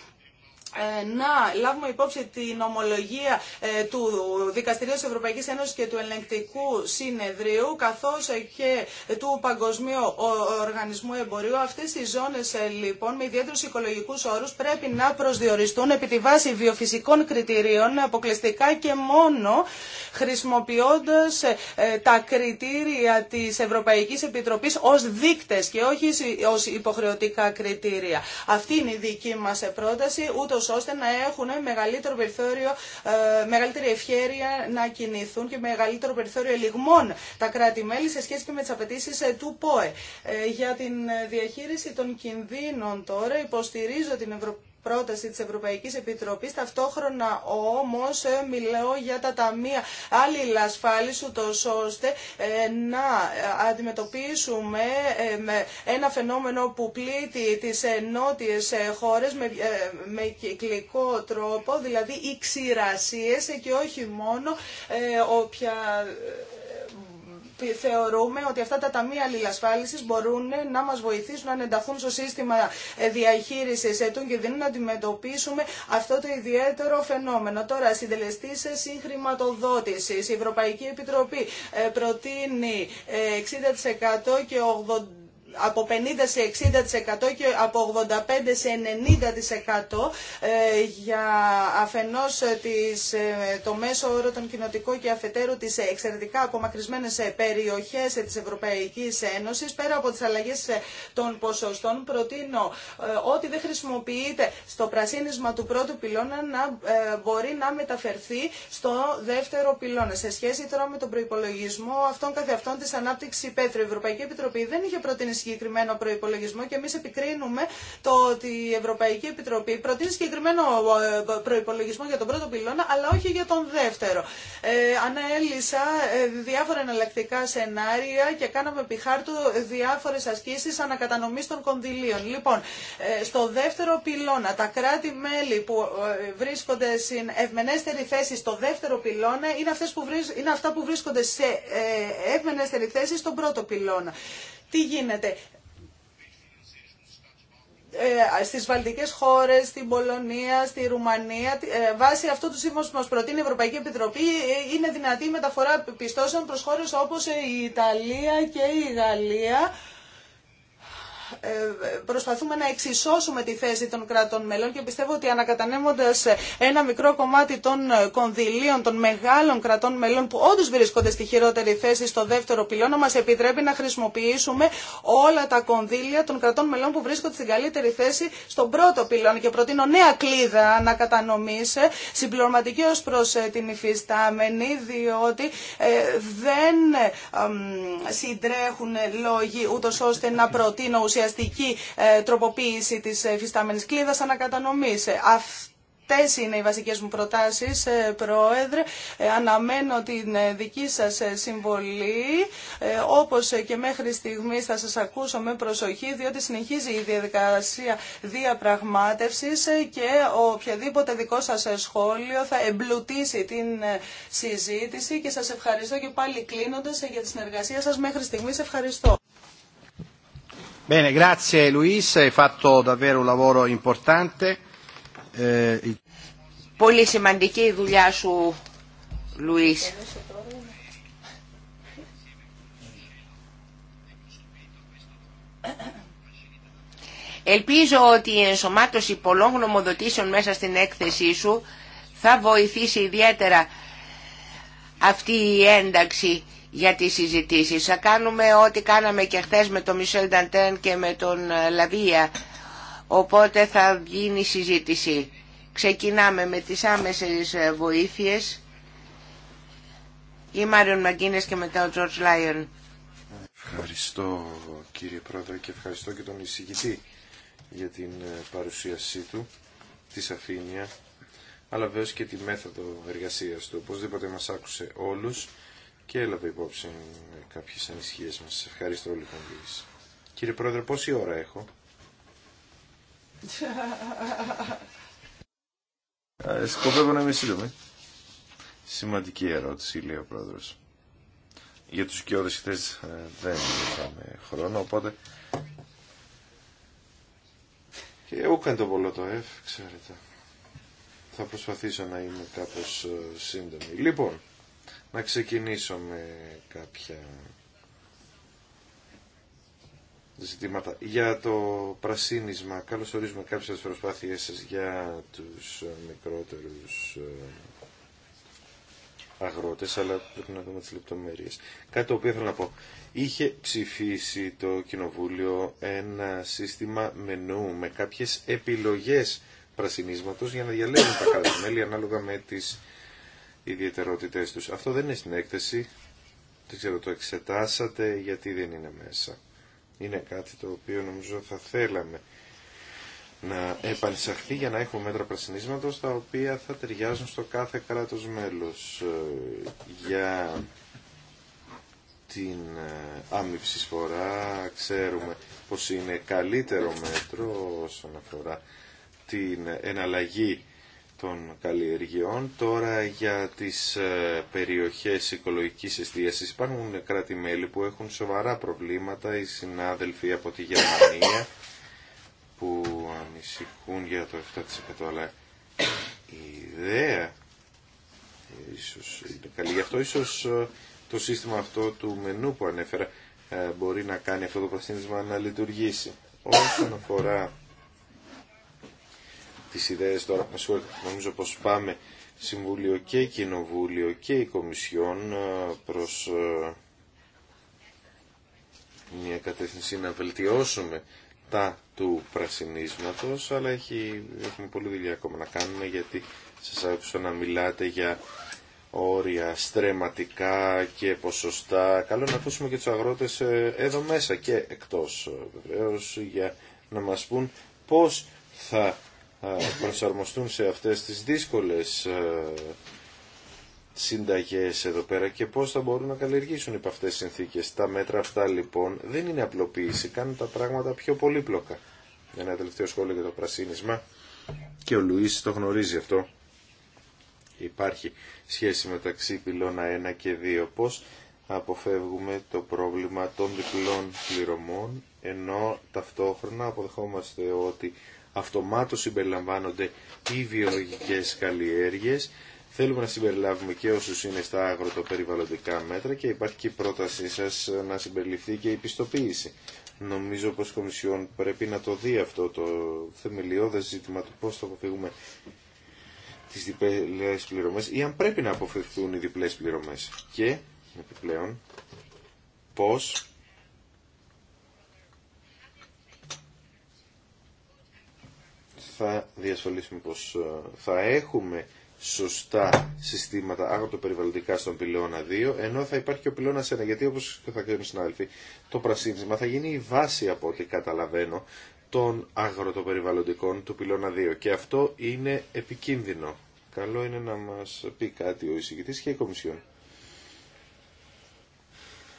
[SPEAKER 4] ε, να λάβουμε υπόψη την ομολογία ε, του Δικαστηρίου της Ευρωπαϊκής Ένωσης και του Ελεγκτικού Συνεδρίου καθώς και του Παγκοσμίου Οργανισμού Εμπορίου. Αυτές οι ζώνες ε, λοιπόν με ιδιαίτερους οικολογικούς όρους πρέπει να προσδιοριστούν επί τη βάση βιοφυσικών κριτηρίων αποκλειστικά και μόνο χρησιμοποιώντας τα κριτήρια της Ευρωπαϊκής Επιτροπής ως δείκτες και όχι ως υποχρεωτικά κριτήρια. Αυτή είναι η δική μας πρόταση, ώστε να έχουν μεγαλύτερο περιθώριο, ε, μεγαλύτερη ευχέρεια να κινηθούν και μεγαλύτερο περιθώριο ελιγμών τα κράτη-μέλη σε σχέση και με τις απαιτήσει ε, του ΠΟΕ. Ε, για την διαχείριση των κινδύνων τώρα υποστηρίζω την Ευρωπαϊκή πρόταση της Ευρωπαϊκής Επιτροπής. Ταυτόχρονα όμως ε, μιλώ για τα ταμεία άλλη ούτως ώστε ε, να αντιμετωπίσουμε ε, ένα φαινόμενο που πλήττει τις νότιες χώρες με κυκλικό τρόπο, δηλαδή οι ξηρασίες και όχι μόνο όποια θεωρούμε ότι αυτά τα ταμεία αλληλασφάλισης μπορούν να μας βοηθήσουν να ενταχθούν στο σύστημα ε, διαχείρισης ετών και να αντιμετωπίσουμε αυτό το ιδιαίτερο φαινόμενο. Τώρα, συντελεστή σε συγχρηματοδότηση. Η Ευρωπαϊκή Επιτροπή ε, προτείνει 60% ε, και 80% από 50% σε 60% και από 85% σε 90% ε, για αφενός ε, ε, το μέσο όρο των κοινοτικών και αφετέρου τις εξαιρετικά απομακρυσμένες περιοχές της Ευρωπαϊκής Ένωσης. Πέρα από τις αλλαγές των ποσοστών προτείνω ό,τι δεν χρησιμοποιείται στο πρασίνισμα του πρώτου πυλώνα να μπορεί να μεταφερθεί στο δεύτερο πυλώνα. Σε σχέση τώρα με τον προϋπολογισμό αυτών καθεαυτών της ανάπτυξης η Ευρωπαϊκή Επιτροπή δεν είχε προτείνει συγκεκριμένο προπολογισμό και εμεί επικρίνουμε το ότι η Ευρωπαϊκή Επιτροπή προτείνει συγκεκριμένο ε, προπολογισμό για τον πρώτο πυλώνα, αλλά όχι για τον δεύτερο. Ε, αναέλυσα ε, διάφορα εναλλακτικά σενάρια και κάναμε επί χάρτου διάφορε ασκήσει ανακατανομή των κονδυλίων. Λοιπόν, ε, στο δεύτερο πυλώνα, τα κράτη-μέλη που βρίσκονται στην ευμενέστερη θέση στο δεύτερο πυλώνα είναι, αυτές που βρίσκονται, είναι αυτά που βρίσκονται σε ευμενέστερη θέση στον πρώτο πυλώνα. Τι γίνεται. Ε, στις βαλτικές χώρες, στην Πολωνία, στη Ρουμανία. Ε, βάσει αυτού του σύμφωνο που μας προτείνει η Ευρωπαϊκή Επιτροπή ε, είναι δυνατή η μεταφορά πιστώσεων προς χώρες όπως η Ιταλία και η Γαλλία ε, προσπαθούμε να εξισώσουμε τη θέση των κρατών μελών και πιστεύω ότι ανακατανέμοντας ένα μικρό κομμάτι των κονδυλίων των μεγάλων κρατών μελών που όντω βρίσκονται στη χειρότερη θέση στο δεύτερο πυλώνα μας επιτρέπει να χρησιμοποιήσουμε όλα τα κονδύλια των κρατών μελών που βρίσκονται στην καλύτερη θέση στον πρώτο πυλώνα και προτείνω νέα κλίδα ανακατανομής συμπληρωματική ως προς ε, την υφιστάμενη διότι ε, δεν συντρέχουν λόγοι ούτως ώστε να προτείνω ουσιαστικά ουσιαστική ε, τροποποίηση της φυστάμενης κλίδας ανακατανομής. Ε, αυτές είναι οι βασικές μου προτάσεις, ε, Πρόεδρε. Αναμένω την δική σας συμβολή. Όπως και μέχρι στιγμής θα σας ακούσω με προσοχή, διότι συνεχίζει η διαδικασία διαπραγμάτευσης και οποιαδήποτε δικό σας σχόλιο θα εμπλουτίσει την συζήτηση και σας ευχαριστώ και πάλι κλείνοντας για τη συνεργασία σας μέχρι στιγμής. Ευχαριστώ.
[SPEAKER 1] Bene, grazie Luis, hai fatto davvero un lavoro importante. Eh,
[SPEAKER 2] Πολύ σημαντική η δουλειά σου, Λουίς. Ελπίζω ότι η ενσωμάτωση πολλών γνωμοδοτήσεων μέσα στην έκθεσή σου θα βοηθήσει ιδιαίτερα αυτή η ένταξη για τις συζητήσεις. Θα κάνουμε ό,τι κάναμε και χθε με τον Μισελ Νταντέν και με τον ε, Λαβία. Οπότε θα γίνει συζήτηση. Ξεκινάμε με τις άμεσες ε, βοήθειες. Η Μάριον Μαγκίνες και μετά ο Τζορτζ Λάιον.
[SPEAKER 5] Ευχαριστώ κύριε Πρόεδρε και ευχαριστώ και τον εισηγητή για την ε, παρουσίασή του, τη σαφήνεια, αλλά βέβαια και τη μέθοδο εργασίας του. Οπωσδήποτε μας άκουσε όλους και έλαβε υπόψη κάποιες ανησυχίες μας. Ευχαριστώ λοιπόν κύριε. Κύριε Πρόεδρε, πόση ώρα έχω. Ε, σκοπεύω να είμαι σύντομη. Σημαντική ερώτηση, λέει ο Πρόεδρος. Για τους οικειώδες χθες ε, δεν είχαμε χρόνο, οπότε... Και ούκαν το πολλό το εφ, ξέρετε. Θα προσπαθήσω να είμαι κάπως ε, σύντομη. Λοιπόν, να ξεκινήσω με κάποια ζητήματα. Για το πρασίνισμα, καλώς ορίζουμε κάποιες προσπάθειές σας για τους μικρότερους ε, αγρότες, αλλά πρέπει να δούμε τις λεπτομέρειες. Κάτι το οποίο θέλω να πω. Είχε ψηφίσει το Κοινοβούλιο ένα σύστημα μενού με κάποιες επιλογές πρασινίσματος για να διαλέγουν τα κράτη-μέλη ανάλογα με τις ιδιαιτερότητές τους. Αυτό δεν είναι στην έκθεση, δεν ξέρω το εξετάσατε γιατί δεν είναι μέσα. Είναι κάτι το οποίο νομίζω θα θέλαμε να επανεισαχθεί για να έχουμε μέτρα πρασινίσματος τα οποία θα ταιριάζουν στο κάθε κράτος μέλος ε, για την ε, άμυψη σφορά ξέρουμε πως είναι καλύτερο μέτρο όσον αφορά την εναλλαγή των καλλιεργειών. Τώρα για τις ε, περιοχές οικολογικής εστίασης υπάρχουν κράτη-μέλη που έχουν σοβαρά προβλήματα. Οι συνάδελφοι από τη Γερμανία που ανησυχούν για το 7% αλλά η ιδέα ίσως είναι καλή. Γι' αυτό ίσως ε, το σύστημα αυτό του μενού που ανέφερα ε, μπορεί να κάνει αυτό το πρασίνισμα να λειτουργήσει. Όσον αφορά τις ιδέες τώρα. Νομίζω πως πάμε Συμβούλιο και Κοινοβούλιο και η Κομισιόν ε, προς ε, μια κατεύθυνση να βελτιώσουμε τα του πρασινίσματος, αλλά έχει, έχουμε πολύ δουλειά ακόμα να κάνουμε γιατί σας άκουσα να μιλάτε για όρια στρεματικά και ποσοστά. Καλό να ακούσουμε και τους αγρότες ε, εδώ μέσα και εκτός βεβαίως για να μας πούν πώς θα ε, προσαρμοστούν σε αυτές τις δύσκολες ε, συνταγές εδώ πέρα και πώς θα μπορούν να καλλιεργήσουν υπ' αυτές τις συνθήκες. Τα μέτρα αυτά λοιπόν δεν είναι απλοποίηση, κάνουν τα πράγματα πιο πολύπλοκα. Ένα τελευταίο σχόλιο για το πρασίνισμα και ο Λουίς το γνωρίζει αυτό. Υπάρχει σχέση μεταξύ πυλώνα 1 και 2. Πώς αποφεύγουμε το πρόβλημα των διπλών πληρωμών ενώ ταυτόχρονα αποδεχόμαστε ότι αυτομάτως συμπεριλαμβάνονται οι βιολογικές καλλιέργειες. Θέλουμε να συμπεριλάβουμε και όσου είναι στα αγροτοπεριβαλλοντικά μέτρα και υπάρχει και η πρότασή σας να συμπεριληφθεί και η πιστοποίηση. Νομίζω πως η Κομισιόν πρέπει να το δει αυτό το θεμελιώδες ζήτημα του πώς θα αποφύγουμε τις διπλές πληρωμές ή αν πρέπει να αποφευθούν οι διπλές πληρωμές. Και επιπλέον πώς θα διασφαλίσουμε πως ε, θα έχουμε σωστά συστήματα αγροτοπεριβαλλοντικά στον πυλώνα 2, ενώ θα υπάρχει και ο πυλώνα 1, γιατί όπως θα ξέρουν οι συνάδελφοι, το πρασίνισμα θα γίνει η βάση από ό,τι καταλαβαίνω των αγροτοπεριβαλλοντικών του πυλώνα 2 και αυτό είναι επικίνδυνο. Καλό είναι να μας πει κάτι ο εισηγητής και η Κομισιόν.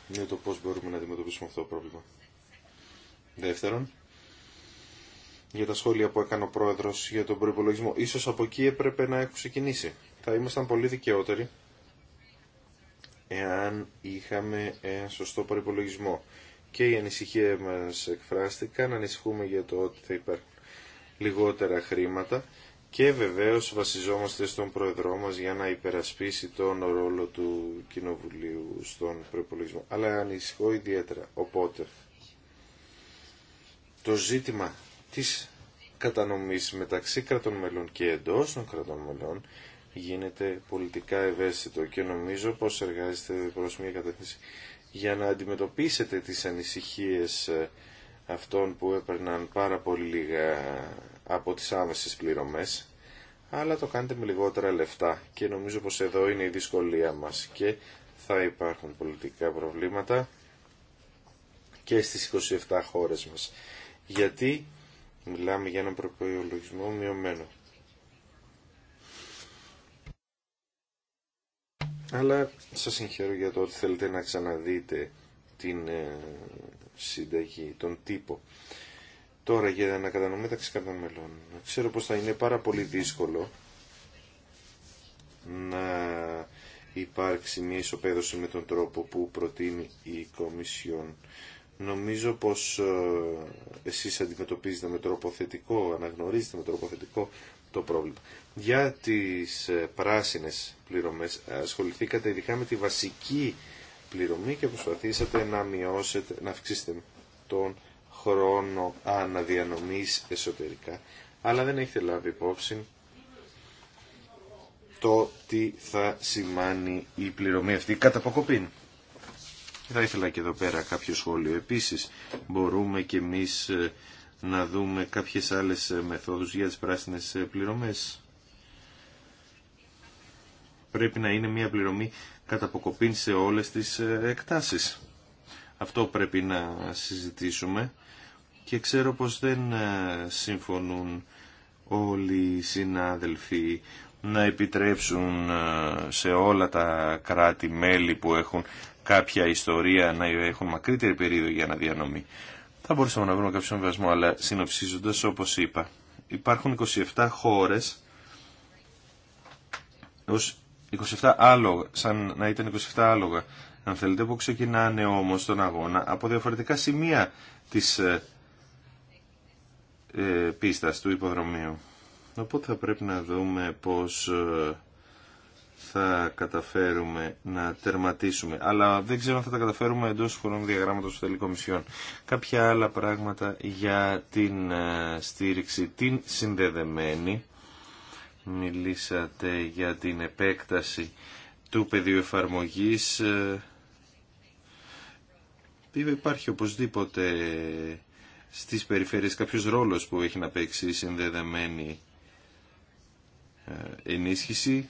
[SPEAKER 5] Για το πώς μπορούμε να αντιμετωπίσουμε αυτό το πρόβλημα. Δεύτερον, για τα σχόλια που έκανε ο Πρόεδρος για τον προϋπολογισμό. Ίσως από εκεί έπρεπε να έχουν ξεκινήσει. Θα ήμασταν πολύ δικαιότεροι εάν είχαμε ένα σωστό προϋπολογισμό. Και η ανησυχία μας εκφράστηκαν, ανησυχούμε για το ότι θα υπάρχουν λιγότερα χρήματα και βεβαίω βασιζόμαστε στον Πρόεδρό μας για να υπερασπίσει τον ρόλο του Κοινοβουλίου στον προπολογισμό. Αλλά ανησυχώ ιδιαίτερα. Οπότε, το ζήτημα της κατανομής μεταξύ κρατών μελών και εντός των κρατών μελών γίνεται πολιτικά ευαίσθητο και νομίζω πως εργάζεται προς μια κατεύθυνση για να αντιμετωπίσετε τις ανησυχίες ε, αυτών που έπαιρναν πάρα πολύ λίγα από τις άμεσες πληρωμές αλλά το κάνετε με λιγότερα λεφτά και νομίζω πως εδώ είναι η δυσκολία μας και θα υπάρχουν πολιτικά προβλήματα και στις 27 χώρες μας. Γιατί Μιλάμε για έναν προπολογισμό μειωμένο. Αλλά σας συγχαίρω για το ότι θέλετε να ξαναδείτε την ε, συνταγή, τον τύπο. Τώρα για να κατανοούμε μεταξύ κρατών Ξέρω πως θα είναι πάρα πολύ δύσκολο να υπάρξει μια ισοπαίδωση με τον τρόπο που προτείνει η Κομισιόν Νομίζω πως ε, εσείς αντιμετωπίζετε με τρόπο θετικό, αναγνωρίζετε με τρόπο θετικό το πρόβλημα. Για τις ε, πράσινες πληρωμές ε, ασχοληθήκατε ειδικά με τη βασική πληρωμή και προσπαθήσατε να μειώσετε, να αυξήσετε τον χρόνο αναδιανομής εσωτερικά, αλλά δεν έχετε λάβει υπόψη το τι θα σημάνει η πληρωμή αυτή κατά αποκοπήν θα ήθελα και εδώ πέρα κάποιο σχόλιο. Επίσης μπορούμε και εμείς ε, να δούμε κάποιες άλλες ε, μεθόδους για τις πράσινες ε, πληρωμές. Πρέπει να είναι μια πληρωμή κατά σε όλες τις εκτάσεις. Αυτό πρέπει να συζητήσουμε και ξέρω πως δεν συμφωνούν όλοι οι συνάδελφοι να επιτρέψουν σε όλα τα κράτη-μέλη που έχουν κάποια ιστορία να έχουν μακρύτερη περίοδο για να διανομή. Θα μπορούσαμε να βρούμε κάποιο βασμό, αλλά συνοψίζοντα όπω είπα, υπάρχουν 27 χώρε. ως 27 άλογα, σαν να ήταν 27 άλογα, αν θέλετε, που ξεκινάνε όμω τον αγώνα από διαφορετικά σημεία τη ε, ε πίστα του υποδρομίου. Οπότε θα πρέπει να δούμε πώς ε, θα καταφέρουμε να τερματίσουμε. Αλλά δεν ξέρω αν θα τα καταφέρουμε εντό χρόνου διαγράμματος του Τελικομισιόν. Κάποια άλλα πράγματα για την ε, στήριξη, την συνδεδεμένη. Μιλήσατε για την επέκταση του πεδίου εφαρμογής. Ε, υπάρχει οπωσδήποτε στις περιφέρειες κάποιος ρόλος που έχει να παίξει η συνδεδεμένη ε, ενίσχυση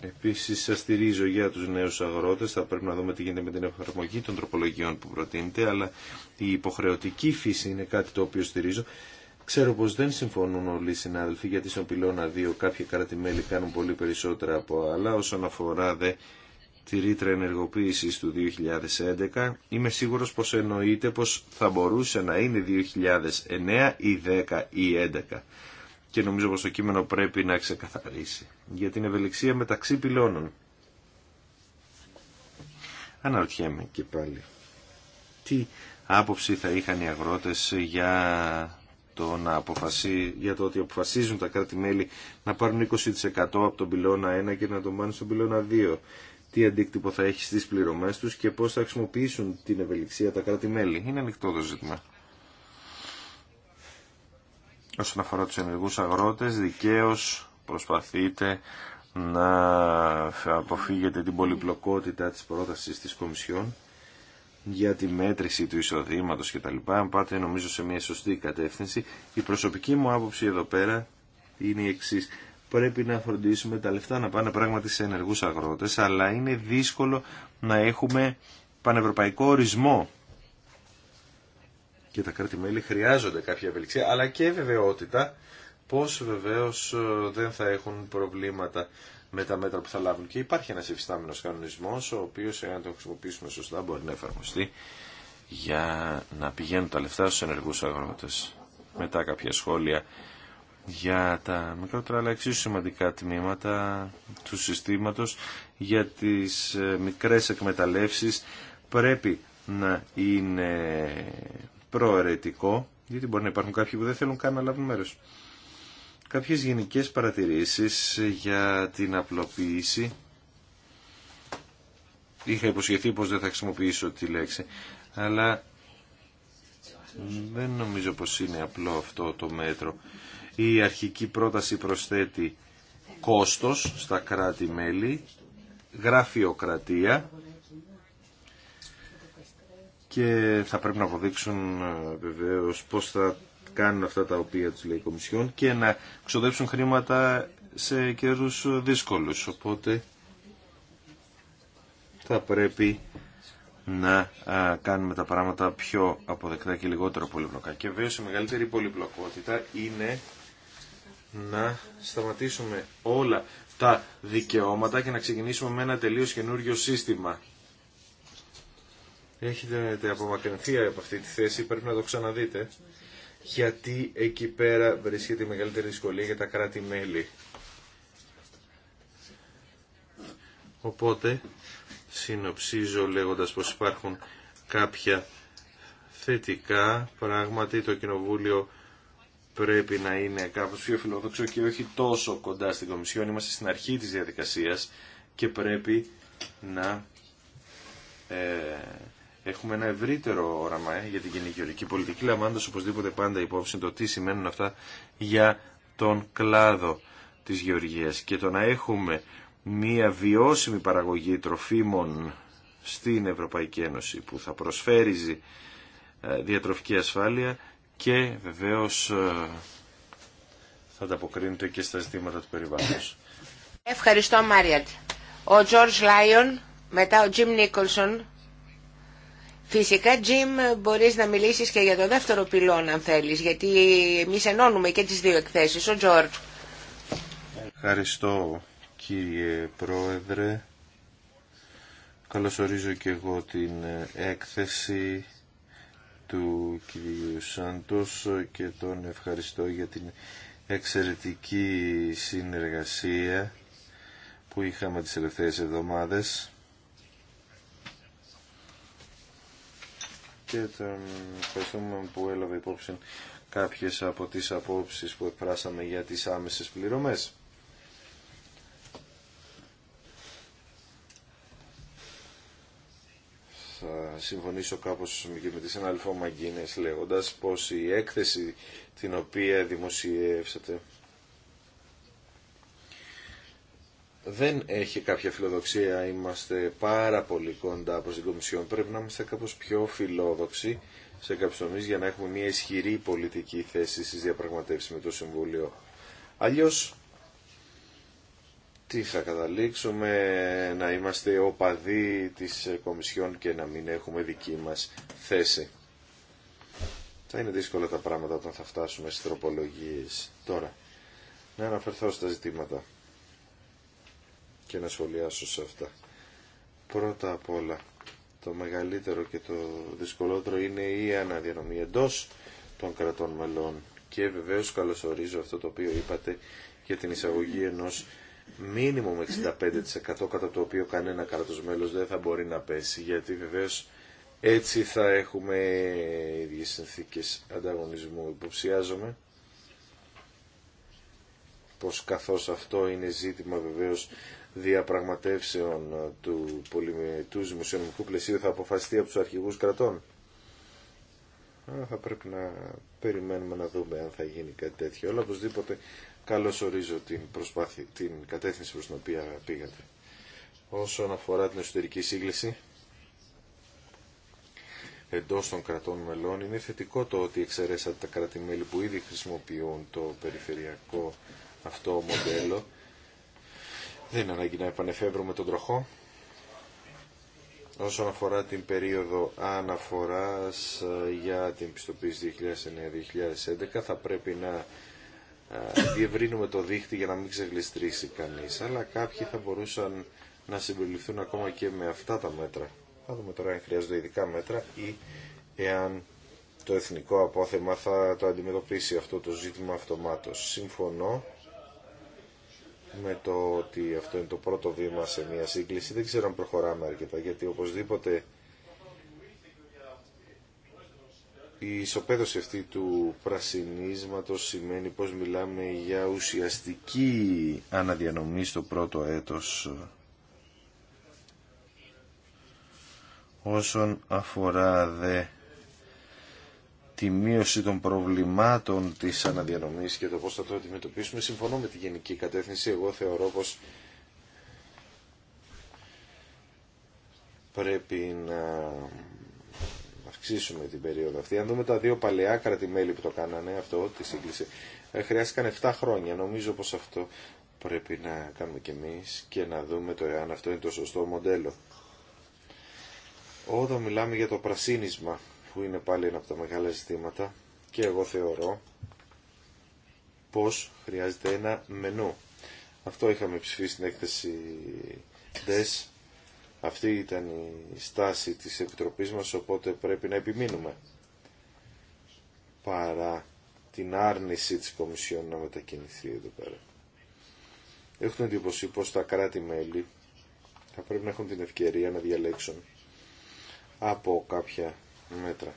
[SPEAKER 5] Επίσης σας στηρίζω για τους νέους αγρότες, θα πρέπει να δούμε τι γίνεται με την εφαρμογή των τροπολογιών που προτείνετε αλλά η υποχρεωτική φύση είναι κάτι το οποίο στηρίζω. Ξέρω πως δεν συμφωνούν όλοι οι συνάδελφοι, γιατί στον πυλώνα 2 κάποια κρατημέλη κάνουν πολύ περισσότερα από άλλα. Όσον αφορά δε τη ρήτρα ενεργοποίηση του 2011, είμαι σίγουρος πως εννοείται πως θα μπορούσε να είναι 2009 ή 10 ή 11 και νομίζω πως το κείμενο πρέπει να ξεκαθαρίσει για την ευελιξία μεταξύ πυλώνων. Αναρωτιέμαι και πάλι τι άποψη θα είχαν οι αγρότες για το, να αποφασί... για το ότι αποφασίζουν τα κράτη-μέλη να πάρουν 20% από τον πυλώνα 1 και να το πάνε στον πυλώνα 2. Τι αντίκτυπο θα έχει στις πληρωμές τους και πώς θα χρησιμοποιήσουν την ευελιξία τα κράτη-μέλη. Είναι ανοιχτό το ζήτημα. Όσον αφορά τους ενεργούς αγρότες, δικαίως προσπαθείτε να αποφύγετε την πολυπλοκότητα της πρότασης της Κομισιόν για τη μέτρηση του εισοδήματος και τα λοιπά. Αν πάτε νομίζω σε μια σωστή κατεύθυνση. Η προσωπική μου άποψη εδώ πέρα είναι η εξή. Πρέπει να φροντίσουμε τα λεφτά να πάνε πράγματι σε ενεργούς αγρότες, αλλά είναι δύσκολο να έχουμε πανευρωπαϊκό ορισμό και τα κράτη-μέλη χρειάζονται κάποια ευελιξία αλλά και βεβαιότητα πως βεβαίως ε, δεν θα έχουν προβλήματα με τα μέτρα που θα λάβουν. Και υπάρχει ένας υφιστάμενος κανονισμός ο οποίος εάν το χρησιμοποιήσουμε σωστά μπορεί να εφαρμοστεί για να πηγαίνουν τα λεφτά στους ενεργούς αγρότες. Μετά κάποια σχόλια για τα μικρότερα αλλά εξίσου σημαντικά τμήματα του συστήματος για τις ε, μικρές εκμεταλλεύσεις πρέπει να είναι προαιρετικό, γιατί μπορεί να υπάρχουν κάποιοι που δεν θέλουν καν να λάβουν μέρος. Κάποιες γενικές παρατηρήσεις για την απλοποίηση. Είχα υποσχεθεί πως δεν θα χρησιμοποιήσω τη λέξη, αλλά δεν νομίζω πως είναι απλό αυτό το μέτρο. Η αρχική πρόταση προσθέτει κόστος στα κράτη-μέλη, γραφειοκρατία και θα πρέπει να αποδείξουν ε, βεβαίω πώ θα κάνουν αυτά τα οποία του λέει η Κομισιόν και να ξοδέψουν χρήματα σε καιρούς δύσκολους. Οπότε θα πρέπει να κάνουμε τα πράγματα πιο αποδεκτά και λιγότερο πολύπλοκα. Και βέβαια η μεγαλύτερη πολυπλοκότητα είναι να σταματήσουμε όλα τα δικαιώματα και να ξεκινήσουμε με ένα τελείως καινούριο σύστημα έχετε απομακρυνθεί από αυτή τη θέση, πρέπει να το ξαναδείτε, γιατί εκεί πέρα βρίσκεται η μεγαλύτερη δυσκολία για τα κράτη-μέλη. Οπότε, συνοψίζω λέγοντας πως υπάρχουν κάποια θετικά, πράγματι το Κοινοβούλιο πρέπει να είναι κάπως πιο φιλοδόξο και όχι τόσο κοντά στην Κομισιόν. Είμαστε στην αρχή της διαδικασίας και πρέπει να ε, έχουμε ένα ευρύτερο όραμα ε, για την κοινή γεωργική πολιτική, λαμβάνοντα οπωσδήποτε πάντα υπόψη το τι σημαίνουν αυτά για τον κλάδο της γεωργίας και το να έχουμε μία βιώσιμη παραγωγή τροφίμων στην Ευρωπαϊκή Ένωση που θα προσφέρει ε, διατροφική ασφάλεια και βεβαίως ε, θα ανταποκρίνεται και στα ζητήματα του περιβάλλοντος.
[SPEAKER 2] Ευχαριστώ Μάριατ. Ο Τζορτζ Λάιον, μετά ο Τζιμ Νίκολσον Φυσικά, Τζιμ, μπορείς να μιλήσεις και για το δεύτερο πυλόν, αν θέλεις, γιατί εμείς ενώνουμε και τις δύο εκθέσεις. Ο Τζόρτ.
[SPEAKER 5] Ευχαριστώ, κύριε Πρόεδρε. Καλωσορίζω και εγώ την έκθεση του κυρίου Σάντος και τον ευχαριστώ για την εξαιρετική συνεργασία που είχαμε τις τελευταίες εβδομάδες και τον ευχαριστούμε που έλαβε υπόψη κάποιες από τις απόψεις που εκφράσαμε για τις άμεσες πληρωμές. Θα συμφωνήσω κάπως και με τις συνάδελφό λέγοντας πως η έκθεση την οποία δημοσιεύσατε δεν έχει κάποια φιλοδοξία, είμαστε πάρα πολύ κοντά προς την Κομισιόν. Πρέπει να είμαστε κάπως πιο φιλόδοξοι σε κάποιου για να έχουμε μια ισχυρή πολιτική θέση στι διαπραγματεύσει με το Συμβούλιο. Αλλιώ, τι θα καταλήξουμε, να είμαστε οπαδοί της Κομισιόν και να μην έχουμε δική μας θέση. Θα είναι δύσκολα τα πράγματα όταν θα φτάσουμε στι τροπολογίε τώρα. Να αναφερθώ στα ζητήματα και να σχολιάσω σε αυτά. Πρώτα απ' όλα, το μεγαλύτερο και το δυσκολότερο είναι η αναδιανομή εντό των κρατών μελών. Και βεβαίω καλωσορίζω αυτό το οποίο είπατε για την εισαγωγή ενό μήνυμου με 65% κατά το οποίο κανένα κράτο μέλο δεν θα μπορεί να πέσει γιατί βεβαίως έτσι θα έχουμε ίδιε συνθήκε ανταγωνισμού υποψιάζομαι πως καθώς αυτό είναι ζήτημα βεβαίως διαπραγματεύσεων ε, του του δημοσιονομικού πλαισίου θα αποφασιστεί από τους αρχηγούς κρατών. Θα πρέπει να περιμένουμε να δούμε αν θα γίνει κάτι τέτοιο. Αλλά οπωσδήποτε καλώς ορίζω την, προσπάθη, την κατεύθυνση προς την οποία πήγατε. Όσον αφορά την εσωτερική σύγκληση, εντό των κρατών μελών, είναι θετικό το ότι εξαιρέσατε τα κράτη-μέλη που ήδη χρησιμοποιούν το περιφερειακό αυτό μοντέλο δεν είναι ανάγκη να επανεφεύρουμε τον τροχό. Όσον αφορά την περίοδο αναφοράς ε, για την πιστοποίηση 2009-2011 θα πρέπει να ε, διευρύνουμε το δίχτυ για να μην ξεγλιστρήσει κανείς. Αλλά κάποιοι θα μπορούσαν να συμπεριληφθούν ακόμα και με αυτά τα μέτρα. Θα δούμε τώρα αν χρειάζονται ειδικά μέτρα ή εάν το εθνικό απόθεμα θα το αντιμετωπίσει αυτό το ζήτημα αυτομάτως. Συμφωνώ με το ότι αυτό είναι το πρώτο βήμα σε μια σύγκληση. Δεν ξέρω αν προχωράμε αρκετά, γιατί οπωσδήποτε η ισοπαίδωση αυτή του πρασινίσματος σημαίνει πως μιλάμε για ουσιαστική αναδιανομή στο πρώτο έτος όσον αφορά δε τη μείωση των προβλημάτων της αναδιανομής και το πώς θα το αντιμετωπίσουμε, συμφωνώ με τη γενική κατεύθυνση. Εγώ θεωρώ πως πρέπει να αυξήσουμε την περίοδο αυτή. Αν δούμε τα δύο παλαιά κρατημέλη που το κάνανε αυτό, τη σύγκληση, ε, χρειάστηκαν 7 χρόνια. Νομίζω πως αυτό πρέπει να κάνουμε κι εμείς και να δούμε το εάν αυτό είναι το σωστό μοντέλο. Όταν μιλάμε για το πρασίνισμα, που είναι πάλι ένα από τα μεγάλα ζητήματα και εγώ θεωρώ πως χρειάζεται ένα μενού. Αυτό είχαμε ψηφίσει στην έκθεση DES. Αυτή ήταν η στάση της Επιτροπής μας, οπότε πρέπει να επιμείνουμε παρά την άρνηση της Κομισιόν να μετακινηθεί εδώ πέρα. Έχουν εντύπωση πως τα κράτη-μέλη θα πρέπει να έχουν την ευκαιρία να διαλέξουν από κάποια μέτρα.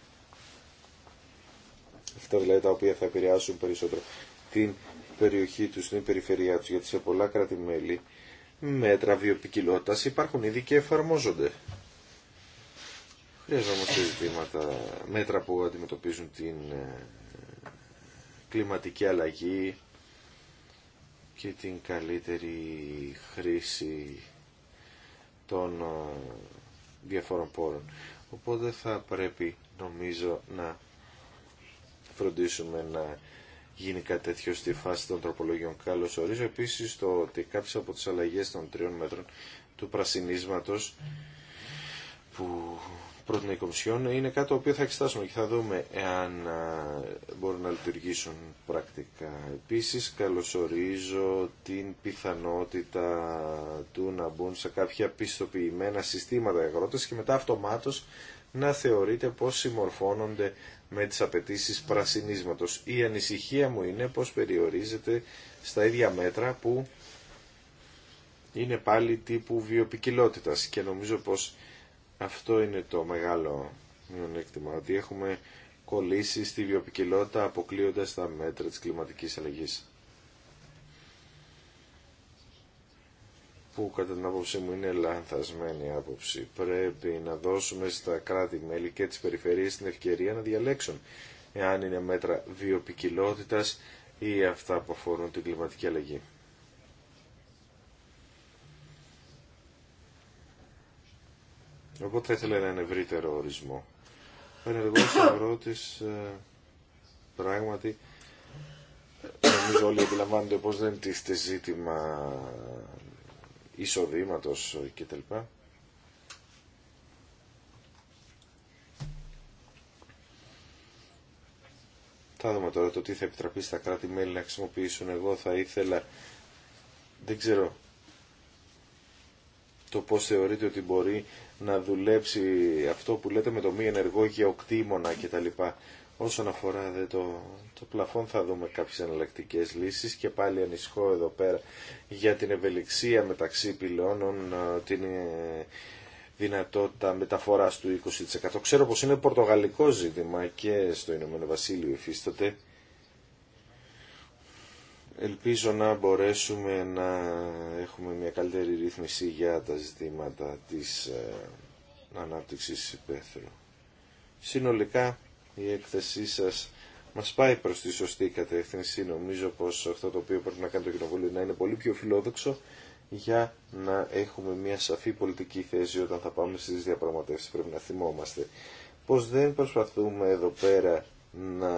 [SPEAKER 5] Αυτά δηλαδή τα οποία θα επηρεάσουν περισσότερο την περιοχή τους, την περιφερειά τους, γιατί σε πολλά κράτη-μέλη μέτρα βιοπικιλότητας υπάρχουν ήδη και εφαρμόζονται. Χρειαζόμαστε ζητήματα, μέτρα που αντιμετωπίζουν την ε, κλιματική αλλαγή και την καλύτερη χρήση των ε, διαφόρων πόρων. Οπότε θα πρέπει νομίζω να φροντίσουμε να γίνει κάτι τέτοιο στη φάση των τροπολογιών. Καλώ ορίζω επίσης το ότι κάποιε από τις αλλαγέ των τριών μέτρων του πρασινίσματος που είναι κάτι το οποίο θα εξετάσουμε και θα δούμε εάν μπορούν να λειτουργήσουν πρακτικά. Επίσης καλωσορίζω την πιθανότητα του να μπουν σε κάποια πιστοποιημένα συστήματα αγρότες και μετά αυτομάτως να θεωρείται πως συμμορφώνονται με τις απαιτήσει πρασινίσματος. Η ανησυχία μου είναι πως περιορίζεται στα ίδια μέτρα που είναι πάλι τύπου βιοπικιλότητας και νομίζω πως αυτό είναι το μεγάλο μειονέκτημα, ότι έχουμε κολλήσει στη βιοπικιλότητα αποκλείοντας τα μέτρα της κλιματικής αλλαγής. που κατά την άποψή μου είναι λανθασμένη άποψη. Πρέπει να δώσουμε στα κράτη-μέλη και τις περιφερειές την ευκαιρία να διαλέξουν εάν είναι μέτρα βιοπικιλότητας ή αυτά που αφορούν την κλιματική αλλαγή. Οπότε θα ήθελα έναν ευρύτερο ορισμό. Πανεργός αγρότης ε, πράγματι νομίζω όλοι αντιλαμβάνονται πω δεν τίθεται ζήτημα εισοδήματο κτλ. Θα δούμε τώρα το τι θα επιτραπεί στα κράτη-μέλη να χρησιμοποιήσουν. Εγώ θα ήθελα, δεν ξέρω το πώς θεωρείτε ότι μπορεί να δουλέψει αυτό που λέτε με το μη ενεργό γεωκτήμονα κτλ. Όσον αφορά δε, το, το πλαφόν θα δούμε κάποιες εναλλακτικέ λύσεις και πάλι ανισχώ εδώ πέρα για την ευελιξία μεταξύ πυλώνων, ε, την ε, δυνατότητα μεταφοράς του 20%. Ξέρω πως είναι πορτογαλικό ζήτημα και στο Ηνωμένο Βασίλειο υφίσταται Ελπίζω να μπορέσουμε να έχουμε μια καλύτερη ρύθμιση για τα ζητήματα της ε, ανάπτυξης υπαίθρου. Συνολικά η έκθεσή σας μας πάει προς τη σωστή κατεύθυνση. Νομίζω πως αυτό το οποίο πρέπει να κάνει το Κοινοβούλιο να είναι πολύ πιο φιλόδοξο για να έχουμε μια σαφή πολιτική θέση όταν θα πάμε στις διαπραγματεύσεις. Πρέπει να θυμόμαστε πως δεν προσπαθούμε εδώ πέρα να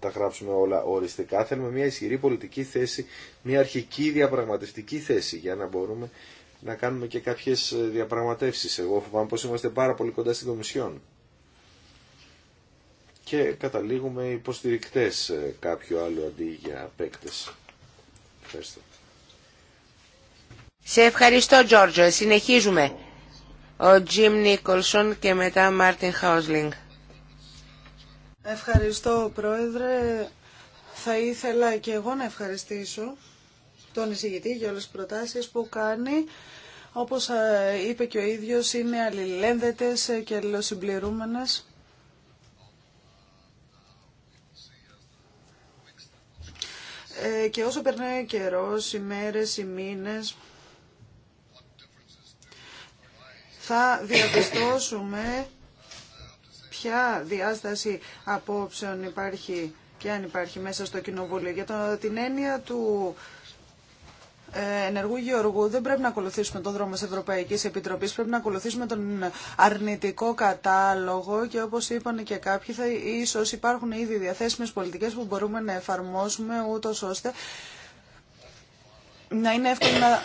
[SPEAKER 5] τα γράψουμε όλα οριστικά. Θέλουμε μια ισχυρή πολιτική θέση, μια αρχική διαπραγματευτική θέση για να μπορούμε να κάνουμε και κάποιες ε, διαπραγματεύσεις. Εγώ φοβάμαι πως είμαστε πάρα πολύ κοντά στην Κομισιόν. Και καταλήγουμε υποστηρικτές ε, κάποιο άλλο αντί για παίκτες. Ευχαριστώ.
[SPEAKER 2] Σε ευχαριστώ Τζόρτζο. Συνεχίζουμε. Ο Τζιμ Νίκολσον και μετά Μάρτιν Χάουσλινγκ.
[SPEAKER 4] Ευχαριστώ, Πρόεδρε. Θα ήθελα και εγώ να ευχαριστήσω τον εισηγητή για όλες τις προτάσεις που κάνει. Όπως ε, είπε και ο ίδιος, είναι αλληλένδετες και αλληλοσυμπληρούμενες. Ε, και όσο περνάει ο καιρός, οι μέρες, οι μήνες, θα διαπιστώσουμε ποια διάσταση απόψεων υπάρχει και αν υπάρχει μέσα στο Κοινοβούλιο. Για την έννοια του ε, ενεργού γεωργού δεν πρέπει να ακολουθήσουμε τον δρόμο της Ευρωπαϊκής Επιτροπής, πρέπει να ακολουθήσουμε τον αρνητικό κατάλογο και όπως είπαν και κάποιοι θα, ίσως υπάρχουν ήδη διαθέσιμες πολιτικές που μπορούμε να εφαρμόσουμε ούτως ώστε να είναι εύκολο να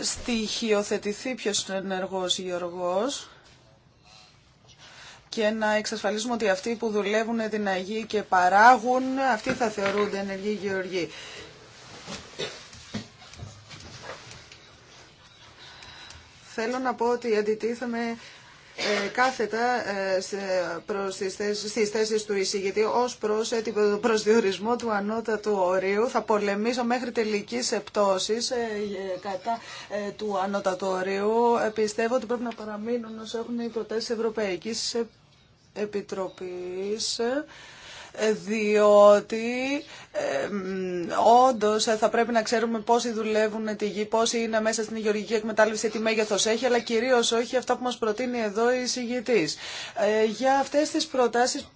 [SPEAKER 4] στοιχειοθετηθεί ποιος είναι ενεργός γεωργός και να εξασφαλίσουμε ότι αυτοί που δουλεύουν την Αγή και παράγουν, αυτοί θα θεωρούνται ενεργοί γεωργοί. Θέλω να πω ότι αντιτίθεμαι ε, κάθετα ε, προς τις στις θέσεις του εισηγητή ως προς ε, το προσδιορισμό του ανώτατου ορίου. Θα πολεμήσω μέχρι τελικής επτώσης κατά του ανώτατου ορίου. Πιστεύω ότι πρέπει να παραμείνουν όσο έχουν οι προτάσεις Ευρωπαϊκής Επιτροπής ε, διότι ε, όντω ε, θα πρέπει να ξέρουμε πόσοι δουλεύουν τη γη, πόσοι είναι μέσα στην γεωργική εκμετάλλευση, τι μέγεθο έχει, αλλά κυρίω όχι αυτά που μα προτείνει εδώ η συγγετής. Ε, για αυτέ τι προτάσει.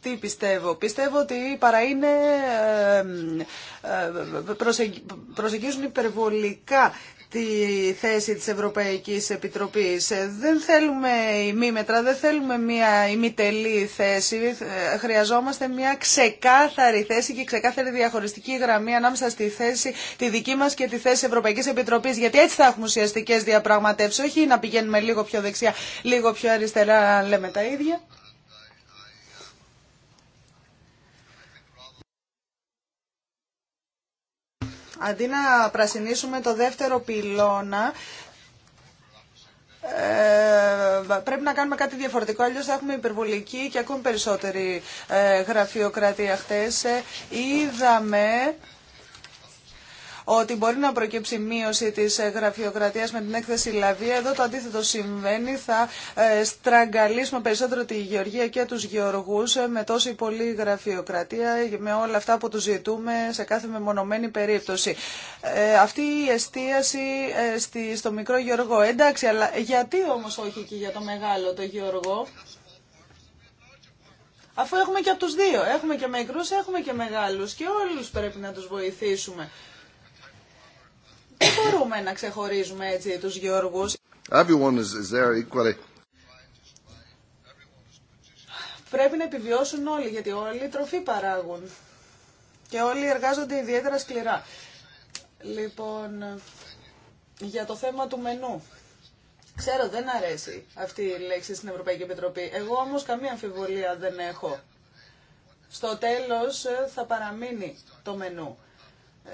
[SPEAKER 4] Τι πιστεύω. Πιστεύω ότι παρά είναι, ε, προσεγγίζουν υπερβολικά τη θέση της Ευρωπαϊκής Επιτροπής. Ε, δεν θέλουμε ημίμετρα, δεν θέλουμε μια ημιτελή θέση. Ε, χρειαζόμαστε μια ξεκάθαρη θέση και ξεκάθαρη διαχωριστική γραμμή ανάμεσα στη θέση τη δική μας και τη θέση Ευρωπαϊκής Επιτροπής. Γιατί έτσι θα έχουμε ουσιαστικέ διαπραγματεύσεις, όχι να πηγαίνουμε λίγο πιο δεξιά, λίγο πιο αριστερά, λέμε τα ίδια. αντί να πρασινίσουμε το δεύτερο πυλώνα, ε, πρέπει να κάνουμε κάτι διαφορετικό, αλλιώς θα έχουμε υπερβολική και ακόμη περισσότερη ε, γραφειοκρατία χτες. Ε, είδαμε ότι μπορεί να προκύψει μείωση της ε, γραφειοκρατίας με την έκθεση Λαβία. Εδώ το αντίθετο συμβαίνει. Θα ε, στραγγαλίσουμε περισσότερο τη Γεωργία και τους Γεωργούς ε, με τόση πολλή γραφειοκρατία, με όλα αυτά που τους ζητούμε σε κάθε μεμονωμένη περίπτωση. Αυτή η εστίαση στο μικρό Γεωργό. Εντάξει, αλλά γιατί όμως όχι και για το μεγάλο το Γεωργό. Αφού έχουμε και από τους δύο, έχουμε και μικρούς, έχουμε και μεγάλους και όλους πρέπει να τους βοηθήσουμε. Δεν μπορούμε να ξεχωρίζουμε έτσι τους Γιώργους. Πρέπει να επιβιώσουν όλοι, γιατί όλοι τροφή παράγουν. Και όλοι εργάζονται ιδιαίτερα σκληρά. Λοιπόν, για το θέμα του μενού. Ξέρω, δεν αρέσει αυτή η λέξη στην Ευρωπαϊκή Επιτροπή. Εγώ όμως καμία αμφιβολία δεν έχω. Στο τέλος ε, θα παραμείνει το μενού.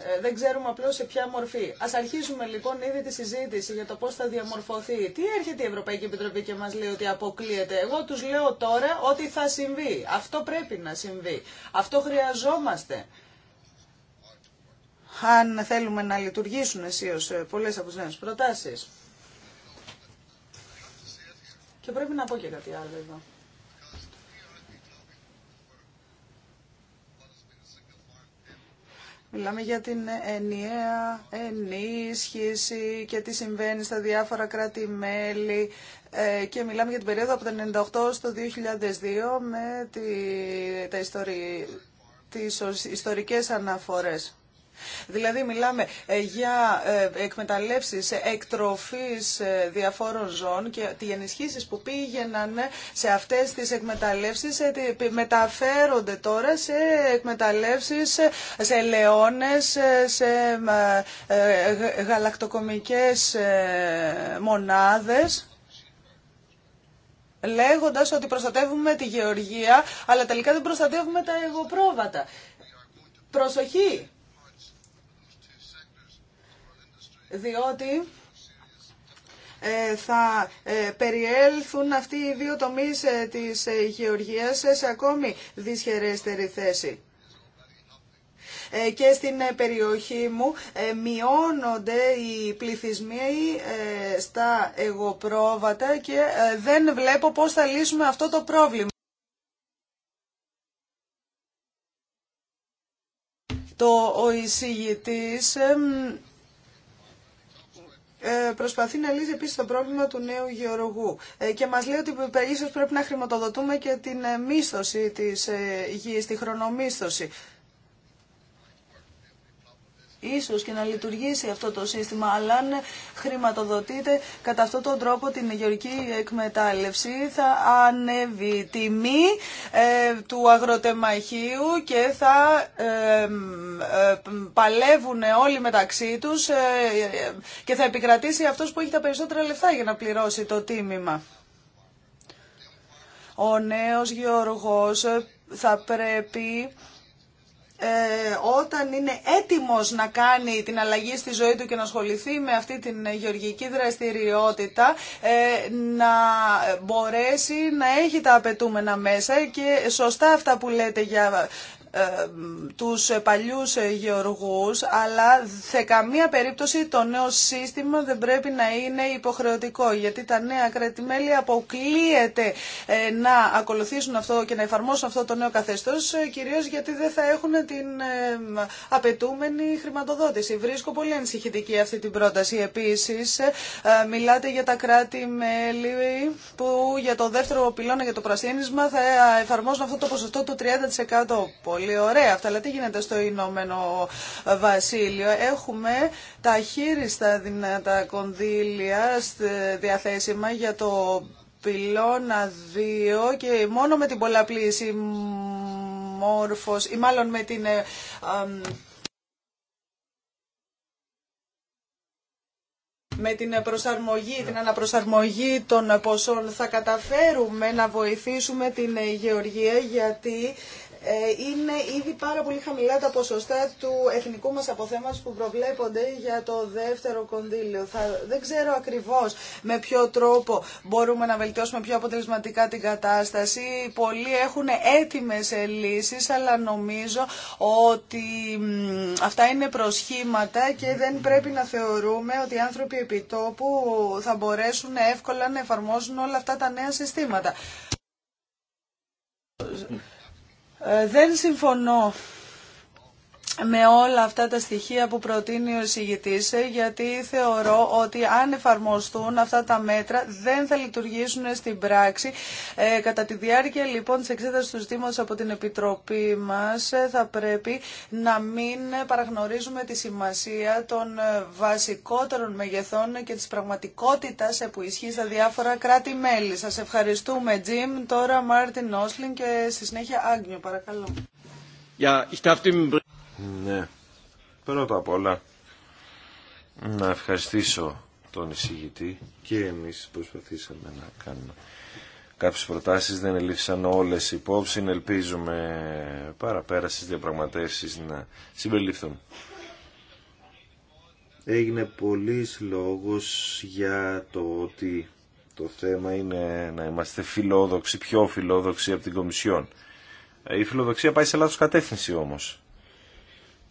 [SPEAKER 4] Ε, δεν ξέρουμε απλώ σε ποια μορφή. Α αρχίσουμε λοιπόν ήδη τη συζήτηση για το πώ θα διαμορφωθεί. Τι έρχεται η Ευρωπαϊκή Επιτροπή και μα λέει ότι αποκλείεται. Εγώ του λέω τώρα ότι θα συμβεί. Αυτό πρέπει να συμβεί. Αυτό χρειαζόμαστε. Αν θέλουμε να λειτουργήσουν αισίω ε, πολλέ από τι νέε προτάσει. Και πρέπει να πω και κάτι άλλο εδώ. Μιλάμε για την ενιαία ενίσχυση και τι συμβαίνει στα διάφορα κράτη-μέλη ε, και μιλάμε για την περίοδο από το 1998 στο 2002 με τη, τα ιστορι, τις ιστορικές αναφορές. Δηλαδή μιλάμε ε, για ε, εκμεταλλεύσεις εκτροφής ε, διαφόρων ζώων και οι ενισχύσει που πήγαιναν σε αυτές τις εκμεταλλεύσεις μεταφέρονται τώρα σε εκμεταλλεύσεις, σε λεόνες, σε γαλακτοκομικές μονάδες λέγοντας ότι προστατεύουμε τη γεωργία, αλλά τελικά δεν προστατεύουμε τα εγωπρόβατα. Προσοχή! διότι ε, θα ε, περιέλθουν αυτοί οι δύο τομείς ε, της γεωργίας σε ακόμη δυσχερέστερη θέση και στην περιοχή μου μειώνονται οι πληθυσμοί στα εγωπρόβατα και δεν βλέπω πώς θα λύσουμε αυτό το πρόβλημα. Το ο εισηγητής ε, προσπαθεί να λύσει επίση το πρόβλημα του νέου γεωργού ε, και μας λέει ότι ίσω πρέπει να χρηματοδοτούμε και την ε, μίσθωση της γης, τη χρονομίσθωση. Ίσως και να λειτουργήσει αυτό το σύστημα, αλλά αν χρηματοδοτείται κατά αυτόν τον τρόπο την γεωργική εκμετάλλευση θα ανέβει η τιμή ε, του αγροτεμαχίου και θα ε, ε παλεύουν όλοι μεταξύ τους ε, και θα επικρατήσει αυτός που έχει τα περισσότερα λεφτά για να πληρώσει το τίμημα. Ο νέος γεωργός θα πρέπει ε, όταν είναι έτοιμος να κάνει την αλλαγή στη ζωή του και να ασχοληθεί με αυτή την γεωργική δραστηριότητα ε, να μπορέσει να έχει τα απαιτούμενα μέσα και σωστά αυτά που λέτε για ε, τους παλιούς γεωργούς, αλλά σε καμία περίπτωση το νέο σύστημα δεν πρέπει να είναι υποχρεωτικό, γιατί τα νέα κρατημέλη αποκλείεται ε, να ακολουθήσουν αυτό και να εφαρμόσουν αυτό το νέο καθεστώς, ε, κυρίως γιατί δεν θα έχουν την απαιτούμενη χρηματοδότηση. Βρίσκω πολύ ενσυχητική αυτή την πρόταση. Επίσης, μιλάτε για τα κράτη-μέλη που για το δεύτερο πυλώνα για το πρασίνισμα θα εφαρμόσουν αυτό το ποσοστό του 30%. Πολύ πολύ ωραία αυτά, αλλά τι γίνεται στο Ηνωμένο Βασίλειο. Έχουμε τα χείριστα δυνατά κονδύλια διαθέσιμα για το πυλώνα 2 και μόνο με την πολλαπλή μορφος, ή μάλλον με την... Ε, με την προσαρμογή, την αναπροσαρμογή των ποσών θα καταφέρουμε να βοηθήσουμε την γεωργία γιατί ε, είναι ήδη πάρα πολύ χαμηλά τα ποσοστά του εθνικού μας αποθέματος που προβλέπονται για το δεύτερο κονδύλιο. Θα, δεν ξέρω ακριβώς με ποιο τρόπο μπορούμε να βελτιώσουμε πιο αποτελεσματικά την κατάσταση. Πολλοί έχουν έτοιμες λύσεις, αλλά νομίζω ότι αυτά είναι προσχήματα και δεν πρέπει να θεωρούμε ότι οι άνθρωποι επιτόπου θα μπορέσουν εύκολα να εφαρμόσουν όλα αυτά τα νέα συστήματα. Ε, δεν συμφωνώ με όλα αυτά τα στοιχεία που προτείνει ο εισηγητής, γιατί θεωρώ ότι αν εφαρμοστούν αυτά τα μέτρα δεν θα λειτουργήσουν στην πράξη. Ε, κατά τη διάρκεια λοιπόν της εξέτασης του ζητήματος από την Επιτροπή μας ε, θα πρέπει να μην παραγνωρίζουμε τη σημασία των ε, βασικότερων μεγεθών και της πραγματικότητας που ισχύει στα διάφορα κράτη-μέλη. Σας ευχαριστούμε Τζιμ, τώρα Μάρτιν Όσλιν και στη συνέχεια Άγνιο παρακαλώ.
[SPEAKER 5] Ναι. Πρώτα απ' όλα να ευχαριστήσω τον εισηγητή και εμείς προσπαθήσαμε να κάνουμε κάποιες προτάσεις, δεν ελήφθησαν όλες υπόψη, ελπίζουμε παραπέρα στις διαπραγματεύσεις να συμπεριληφθούν. Έγινε πολλή λόγος για το ότι το θέμα είναι να είμαστε φιλόδοξοι, πιο φιλόδοξοι από την Κομισιόν. Η φιλοδοξία πάει σε λάθος κατεύθυνση όμως.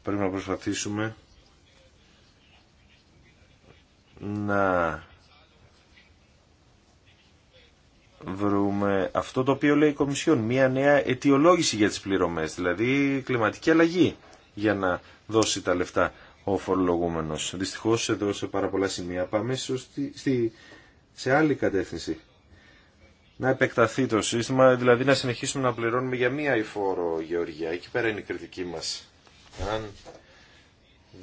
[SPEAKER 5] Πρέπει να προσπαθήσουμε να βρούμε αυτό το οποίο λέει η Κομισιόν, μια νέα αιτιολόγηση για τις πληρωμές, δηλαδή κλιματική αλλαγή για να δώσει τα λεφτά ο φορολογούμενος. Δυστυχώς εδώ σε πάρα πολλά σημεία πάμε στη, στη, σε άλλη κατεύθυνση. Να επεκταθεί το σύστημα, δηλαδή να συνεχίσουμε να πληρώνουμε για μία υφόρο γεωργία. Εκεί πέρα είναι η κριτική μας. Αν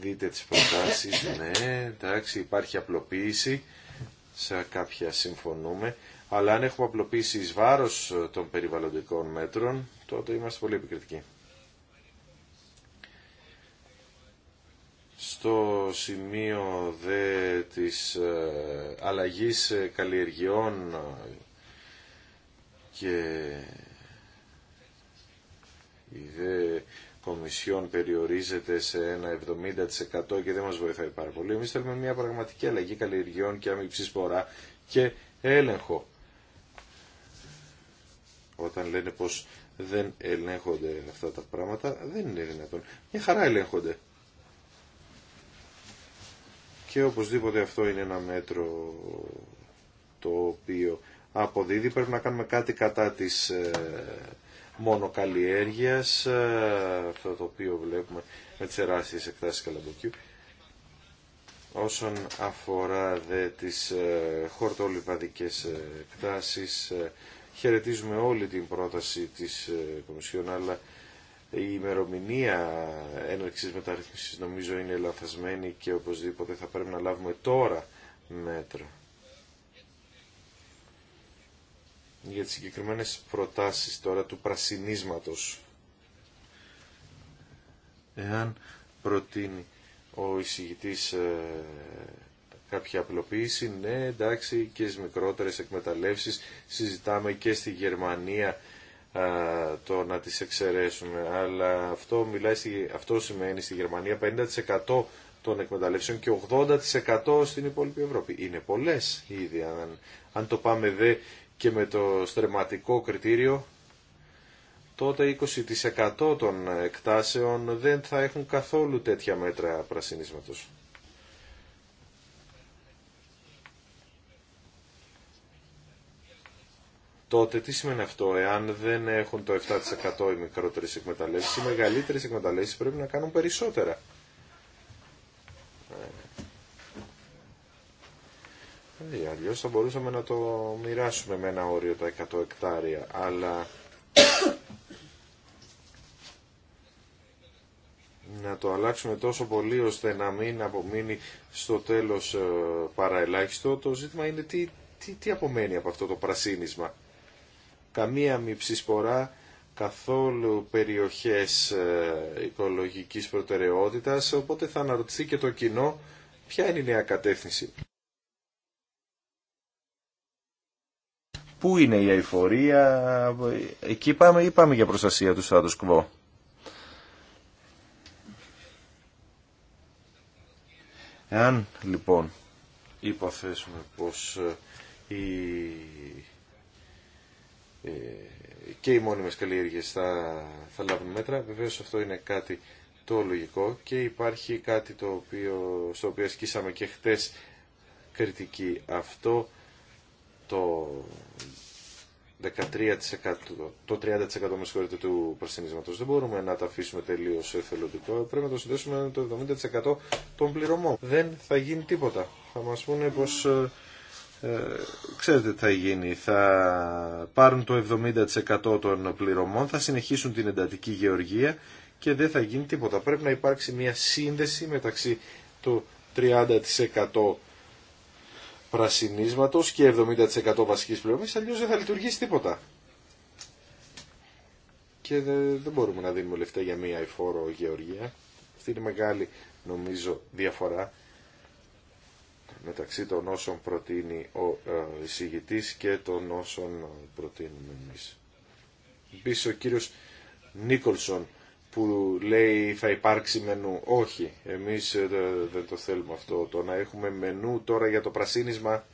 [SPEAKER 5] δείτε τις προτάσεις, ναι, εντάξει, υπάρχει απλοποίηση, σε κάποια συμφωνούμε, αλλά αν έχουμε απλοποίηση εις βάρος των περιβαλλοντικών μέτρων, τότε είμαστε πολύ επικριτικοί. Στο σημείο δε της ε, αλλαγής ε, καλλιεργειών ε, και Κομισιόν περιορίζεται σε ένα 70% και δεν μας βοηθάει πάρα πολύ. Εμείς θέλουμε μια πραγματική αλλαγή καλλιεργειών και αμύψη σπορά και έλεγχο. Όταν λένε πως δεν ελέγχονται αυτά τα πράγματα, δεν είναι δυνατόν. Μια χαρά ελέγχονται. Και οπωσδήποτε αυτό είναι ένα μέτρο το οποίο αποδίδει. Πρέπει να κάνουμε κάτι κατά της ε, Μονοκαλλιέργεια ε, αυτό το οποίο βλέπουμε με τις εκτάσεις καλαμποκιού. Όσον αφορά δε τις εκτάσει. εκτάσεις, ε, χαιρετίζουμε όλη την πρόταση της ε, Κομισιόν, αλλά η ημερομηνία έναρξης μεταρρύθμισης νομίζω είναι λαθασμένη και οπωσδήποτε θα πρέπει να λάβουμε τώρα μέτρα. για τις συγκεκριμένες προτάσεις τώρα του πρασινίσματος. Εάν προτείνει ο εισηγητής ε, κάποια απλοποίηση, ναι εντάξει και στις μικρότερες εκμεταλλεύσεις συζητάμε και στη Γερμανία ε, το να τις εξαιρέσουμε, αλλά αυτό, μιλάει, αυτό σημαίνει στη Γερμανία 50% των εκμεταλλεύσεων και 80% στην υπόλοιπη Ευρώπη. Είναι πολλές ήδη. Αν, αν το πάμε δε και με το στρεματικό κριτήριο, τότε 20% των εκτάσεων δεν θα έχουν καθόλου τέτοια μέτρα πρασινίσματος. Τότε τι σημαίνει αυτό, εάν δεν έχουν το 7% οι μικρότερες εκμεταλλεύσεις, οι μεγαλύτερες εκμεταλλεύσεις πρέπει να κάνουν περισσότερα. Δηλαδή, αλλιώς θα μπορούσαμε να το μοιράσουμε με ένα όριο τα 100 εκτάρια, αλλά να το αλλάξουμε τόσο πολύ ώστε να μην απομείνει στο τέλος ε, παραελάχιστο, το ζήτημα είναι τι, τι, τι απομένει από αυτό το πρασίνισμα. Καμία μη ψησπορά, καθόλου περιοχές ε, οικολογικής προτεραιότητας, οπότε θα αναρωτηθεί και το κοινό ποια είναι η νέα κατεύθυνση. Πού είναι η αηφορία, εκεί πάμε ή πάμε για προστασία του status quo. Εάν λοιπόν υποθέσουμε πως ε, ε, και οι μόνιμες καλλιέργειες θα, θα λάβουν μέτρα, βεβαίως αυτό είναι κάτι το λογικό και υπάρχει κάτι το οποίο, στο οποίο ασκήσαμε και χτες κριτική αυτό το 13%, το 30% με του προσθενίσματος. Δεν μπορούμε να τα αφήσουμε τελείως εθελοντικό. Πρέπει να το συνδέσουμε με το 70% των πληρωμών. Δεν θα γίνει τίποτα. Θα μας πούνε πως... Ε, ε ξέρετε τι θα γίνει. Θα πάρουν το 70% των πληρωμών, θα συνεχίσουν την εντατική γεωργία και δεν θα γίνει τίποτα. Πρέπει να υπάρξει μια σύνδεση μεταξύ του 30% πρασινίσματος και 70% βασικής πληρωμής, αλλιώς δεν θα λειτουργήσει τίποτα. Και δεν μπορούμε να δίνουμε λεφτά για μία εφόρο γεωργία. Αυτή είναι μεγάλη, νομίζω, διαφορά μεταξύ των όσων προτείνει ο ε, εισηγητής και των όσων προτείνουμε εμείς. Επίσης ο κύριος Νίκολσον που λέει θα υπάρξει μενού. Όχι, εμείς ε, δεν το θέλουμε αυτό. Το να έχουμε μενού τώρα για το πρασίνισμα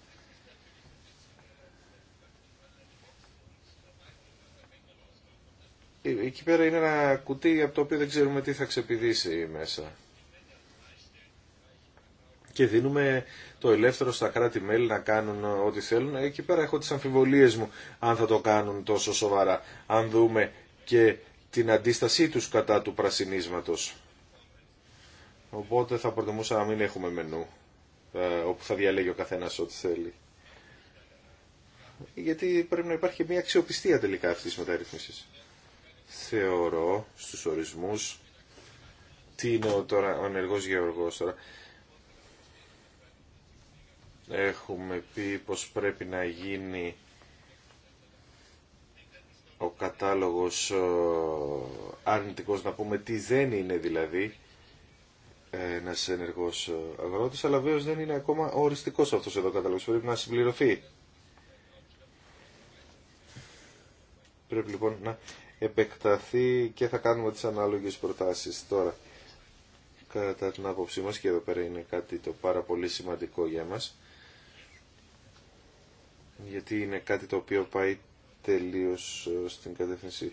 [SPEAKER 5] ε, Εκεί πέρα είναι ένα κουτί από το οποίο δεν ξέρουμε τι θα ξεπηδήσει μέσα. Και δίνουμε το ελεύθερο στα κράτη-μέλη να κάνουν ό,τι θέλουν. Εκεί πέρα έχω τις αμφιβολίες μου αν θα το κάνουν τόσο σοβαρά. Αν δούμε και την αντίστασή τους κατά του πρασινίσματος. Οπότε θα προτιμούσα να μην έχουμε μενού ε, όπου θα διαλέγει ο καθένας ό,τι θέλει. Γιατί πρέπει να υπάρχει μια αξιοπιστία τελικά αυτής της μεταρρύθμισης. Θεωρώ στους ορισμούς τι είναι ο, τώρα, ο ενεργός γεωργός Έχουμε πει πως πρέπει να γίνει ο κατάλογος αρνητικός να πούμε τι δεν είναι δηλαδή ένα ενεργός αγρότης, αλλά βέβαια δεν είναι ακόμα οριστικός αυτός εδώ ο κατάλογος, πρέπει να συμπληρωθεί. Πρέπει λοιπόν να επεκταθεί και θα κάνουμε τις ανάλογες προτάσεις τώρα. Κατά την άποψή μα και εδώ πέρα είναι κάτι το πάρα πολύ σημαντικό για μα. γιατί είναι κάτι το οποίο πάει τελείως ε, στην κατεύθυνση.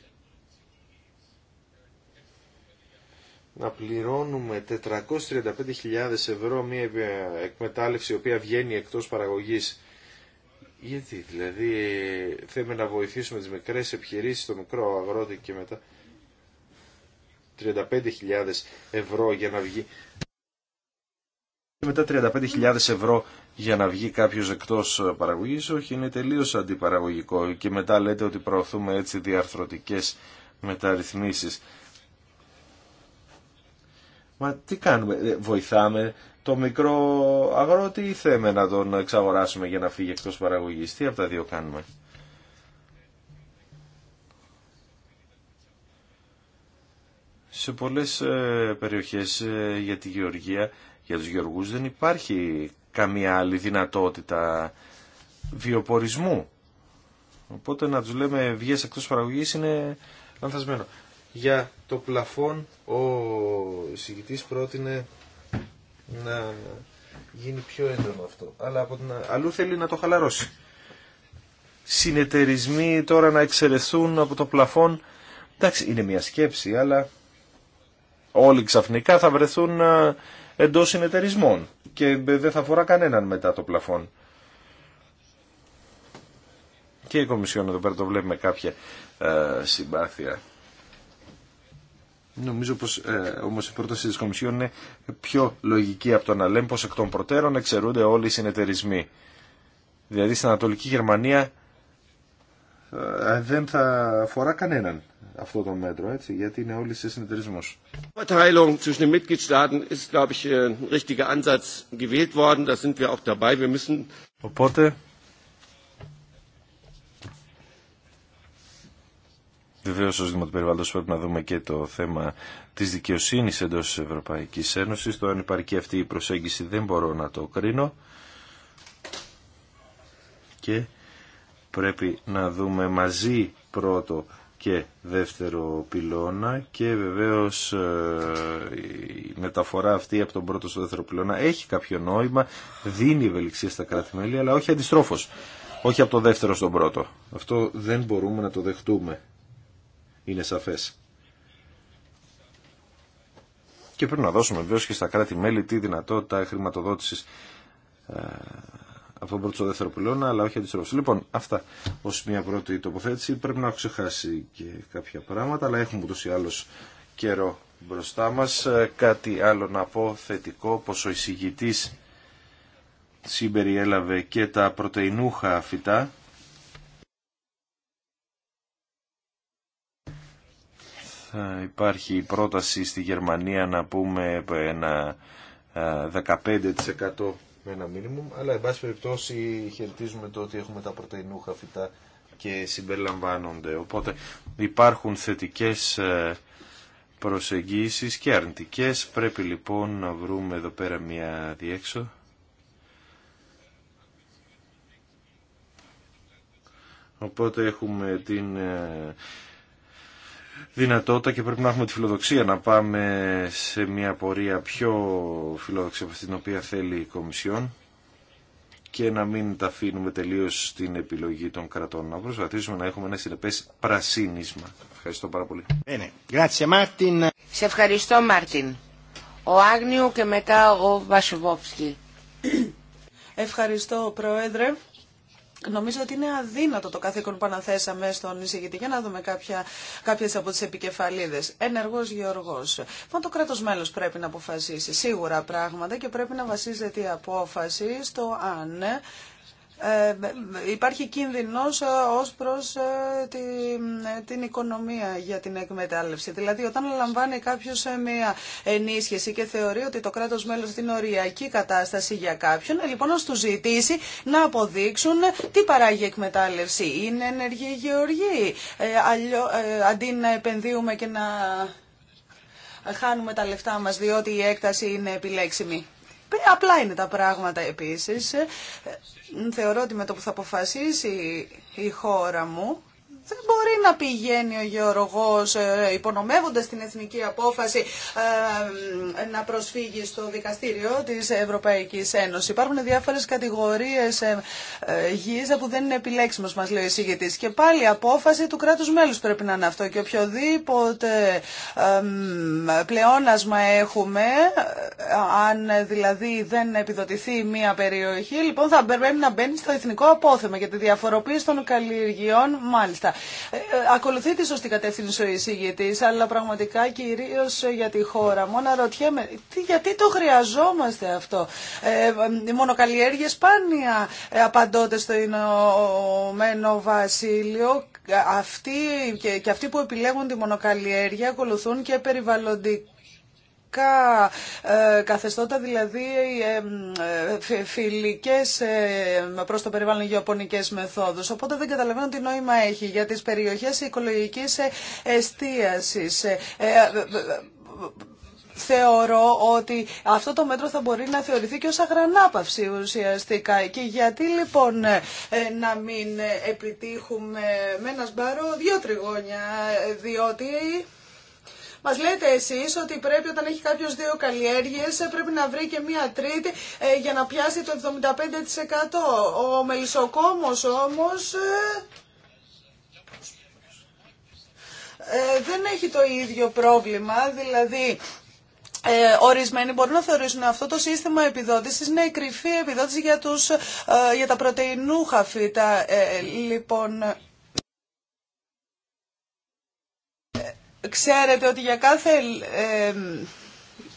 [SPEAKER 5] Να πληρώνουμε 435.000 ευρώ μια εκμετάλλευση η οποία βγαίνει εκτός παραγωγής. Γιατί δηλαδή θέλουμε να βοηθήσουμε τις μικρές επιχειρήσεις, το μικρό αγρότη και μετά 35.000 ευρώ για να βγει και μετά 35.000 ευρώ για να βγει κάποιος εκτός παραγωγής, όχι είναι τελείως αντιπαραγωγικό και μετά λέτε ότι προωθούμε έτσι διαρθρωτικές μεταρρυθμίσεις. Μα τι κάνουμε, ε, βοηθάμε το μικρό αγρότη ή θέμε να τον εξαγοράσουμε για να φύγει εκτός παραγωγής, τι από τα δύο κάνουμε. Σε πολλές ε, περιοχές ε, για τη Γεωργία για τους γεωργούς δεν υπάρχει καμία άλλη δυνατότητα βιοπορισμού. Οπότε να τους λέμε βγες εκτός παραγωγής είναι λανθασμένο. Για το πλαφόν ο συγκητής πρότεινε να γίνει πιο έντονο αυτό. Αλλά από αλλού θέλει να το χαλαρώσει. Συνεταιρισμοί τώρα να εξαιρεθούν από το πλαφόν. Εντάξει, είναι μια σκέψη, αλλά όλοι ξαφνικά θα βρεθούν ε, Εντό συνεταιρισμών και δεν θα αφορά κανέναν μετά το πλαφόν. Και η Κομισιόν εδώ πέρα το βλέπει με κάποια ε, συμπάθεια. Νομίζω πως ε, όμως η πρόταση της Κομισιόν είναι πιο λογική από το να λέμε πως εκ των προτέρων εξαιρούνται όλοι οι συνεταιρισμοί. Δηλαδή στην Ανατολική Γερμανία ε, δεν θα αφορά κανέναν αυτό το μέτρο, έτσι, γιατί είναι όλοι σε συνεταιρισμό. Η
[SPEAKER 3] Verteilung zwischen den Mitgliedstaaten ist, glaube ich, äh, ein richtiger Ansatz gewählt worden. Da sind wir auch dabei. Wir müssen.
[SPEAKER 5] Οπότε. Βεβαίω, ω ζήτημα του περιβάλλοντο πρέπει να δούμε και το θέμα τη δικαιοσύνη εντό τη Ευρωπαϊκή Ένωση. Το αν υπάρχει αυτή η προσέγγιση δεν μπορώ να το κρίνω. Και πρέπει να δούμε μαζί πρώτο και δεύτερο πυλώνα και βεβαίως ε, η μεταφορά αυτή από τον πρώτο στο δεύτερο πυλώνα έχει κάποιο νόημα, δίνει ευελιξία στα κράτη-μέλη, αλλά όχι αντιστρόφως, όχι από το δεύτερο στον πρώτο. Αυτό δεν μπορούμε να το δεχτούμε, είναι σαφές. Και πρέπει να δώσουμε βεβαίως και στα κράτη-μέλη τη δυνατότητα χρηματοδότησης ε, από πρώτο στο δεύτερο πυλώνα, αλλά όχι αντιστροφή. Λοιπόν, αυτά ω μια πρώτη τοποθέτηση. Πρέπει να έχω ξεχάσει και κάποια πράγματα, αλλά έχουμε ούτω ή άλλω καιρό μπροστά μα. Ε, κάτι άλλο να πω θετικό, πω ο εισηγητή συμπεριέλαβε και τα πρωτεϊνούχα φυτά. Θα υπάρχει πρόταση στη Γερμανία να πούμε ένα 15% ε, με ένα μίνιμουμ, αλλά εν πάση περιπτώσει χαιρετίζουμε το ότι έχουμε τα πρωτεϊνούχα φυτά και συμπεριλαμβάνονται. Οπότε υπάρχουν θετικές ε, προσεγγίσεις και αρνητικές. Πρέπει λοιπόν να βρούμε εδώ πέρα μια διέξο. Οπότε έχουμε την ε, δυνατότητα και πρέπει να έχουμε τη φιλοδοξία να πάμε σε μια πορεία πιο φιλοδοξία από την οποία θέλει η Κομισιόν και να μην τα αφήνουμε τελείως στην επιλογή των κρατών. Να προσπαθήσουμε να έχουμε ένα συνεπέ πρασίνισμα. Ευχαριστώ πάρα πολύ.
[SPEAKER 2] Σε ευχαριστώ Μάρτιν. Ο Άγνιου και μετά
[SPEAKER 4] ο Βασιβόφσκι. Ευχαριστώ Πρόεδρε. Νομίζω ότι είναι αδύνατο το καθήκον που αναθέσαμε στον εισηγητή. Για να δούμε κάποια, κάποιες από τις επικεφαλίδες. Ενεργός γεωργός. Μα το κράτος μέλος πρέπει να αποφασίσει σίγουρα πράγματα και πρέπει να βασίζεται η απόφαση στο αν ε, υπάρχει κίνδυνος ε, ως προς ε, την οικονομία για την εκμετάλλευση. Δηλαδή όταν λαμβάνει κάποιος μια ενίσχυση και θεωρεί ότι το κράτος μέλος είναι οριακή κατάσταση για κάποιον, λοιπόν να του ζητήσει να αποδείξουν τι παράγει η εκμετάλλευση. Είναι ενεργή η γεωργή. αντί να επενδύουμε και να χάνουμε τα λεφτά μας διότι η έκταση είναι επιλέξιμη. Απλά είναι τα πράγματα επίσης. Ε, ε, θεωρώ ότι με το που θα αποφασίσει η χώρα μου δεν μπορεί να πηγαίνει ο γεωργός ε, υπονομεύοντας την εθνική απόφαση ε, να προσφύγει στο δικαστήριο της Ευρωπαϊκής Ένωσης. Υπάρχουν διάφορες κατηγορίες ε, γης που δεν είναι επιλέξιμος μας λέει ο εισηγητής. Και πάλι η απόφαση του κράτους μέλους πρέπει να είναι αυτό και οποιοδήποτε πλεόνασμα έχουμε αν δηλαδή δεν επιδοτηθεί μία περιοχή λοιπόν θα πρέπει να μπαίνει στο εθνικό απόθεμα για τη διαφοροποίηση των καλλιεργειών μάλιστα. Ε, ακολουθείτε Ακολουθεί τη σωστή κατεύθυνση ο εισηγητή, αλλά πραγματικά κυρίω για τη χώρα μόνο αναρωτιέμαι γιατί το χρειαζόμαστε αυτό. Οι ε, μονοκαλλιέργειε σπάνια ε, απαντώνται στο Ηνωμένο Βασίλειο. Αυτοί και αυτοί που επιλέγουν τη μονοκαλλιέργεια ακολουθούν και περιβαλλοντικά φιλικά ε, καθεστώτα, δηλαδή ε, ε, φιλικές προς το περιβάλλον γεωπονικές μεθόδους. Οπότε δεν καταλαβαίνω τι νόημα έχει για τις περιοχές οικολογικής εστίασης θεωρώ ότι αυτό το μέτρο θα μπορεί να θεωρηθεί και ως αγρανάπαυση ουσιαστικά. Και γιατί λοιπόν να μην επιτύχουμε με ένα σπάρο δύο τριγώνια, διότι Μα λέτε εσεί ότι πρέπει όταν έχει κάποιο δύο καλλιέργειε ε, πρέπει να βρει και μία τρίτη ε, για να πιάσει το 75%. Ο μελισσοκόμο όμω. Ε, δεν έχει το ίδιο πρόβλημα, δηλαδή ορισμένοι μπορούν να θεωρήσουν αυτό το σύστημα επιδότησης είναι η κρυφή επιδότηση για, τους, για τα πρωτεϊνούχα φύτα. λοιπόν, Ξέρετε ότι για κάθε... Ε,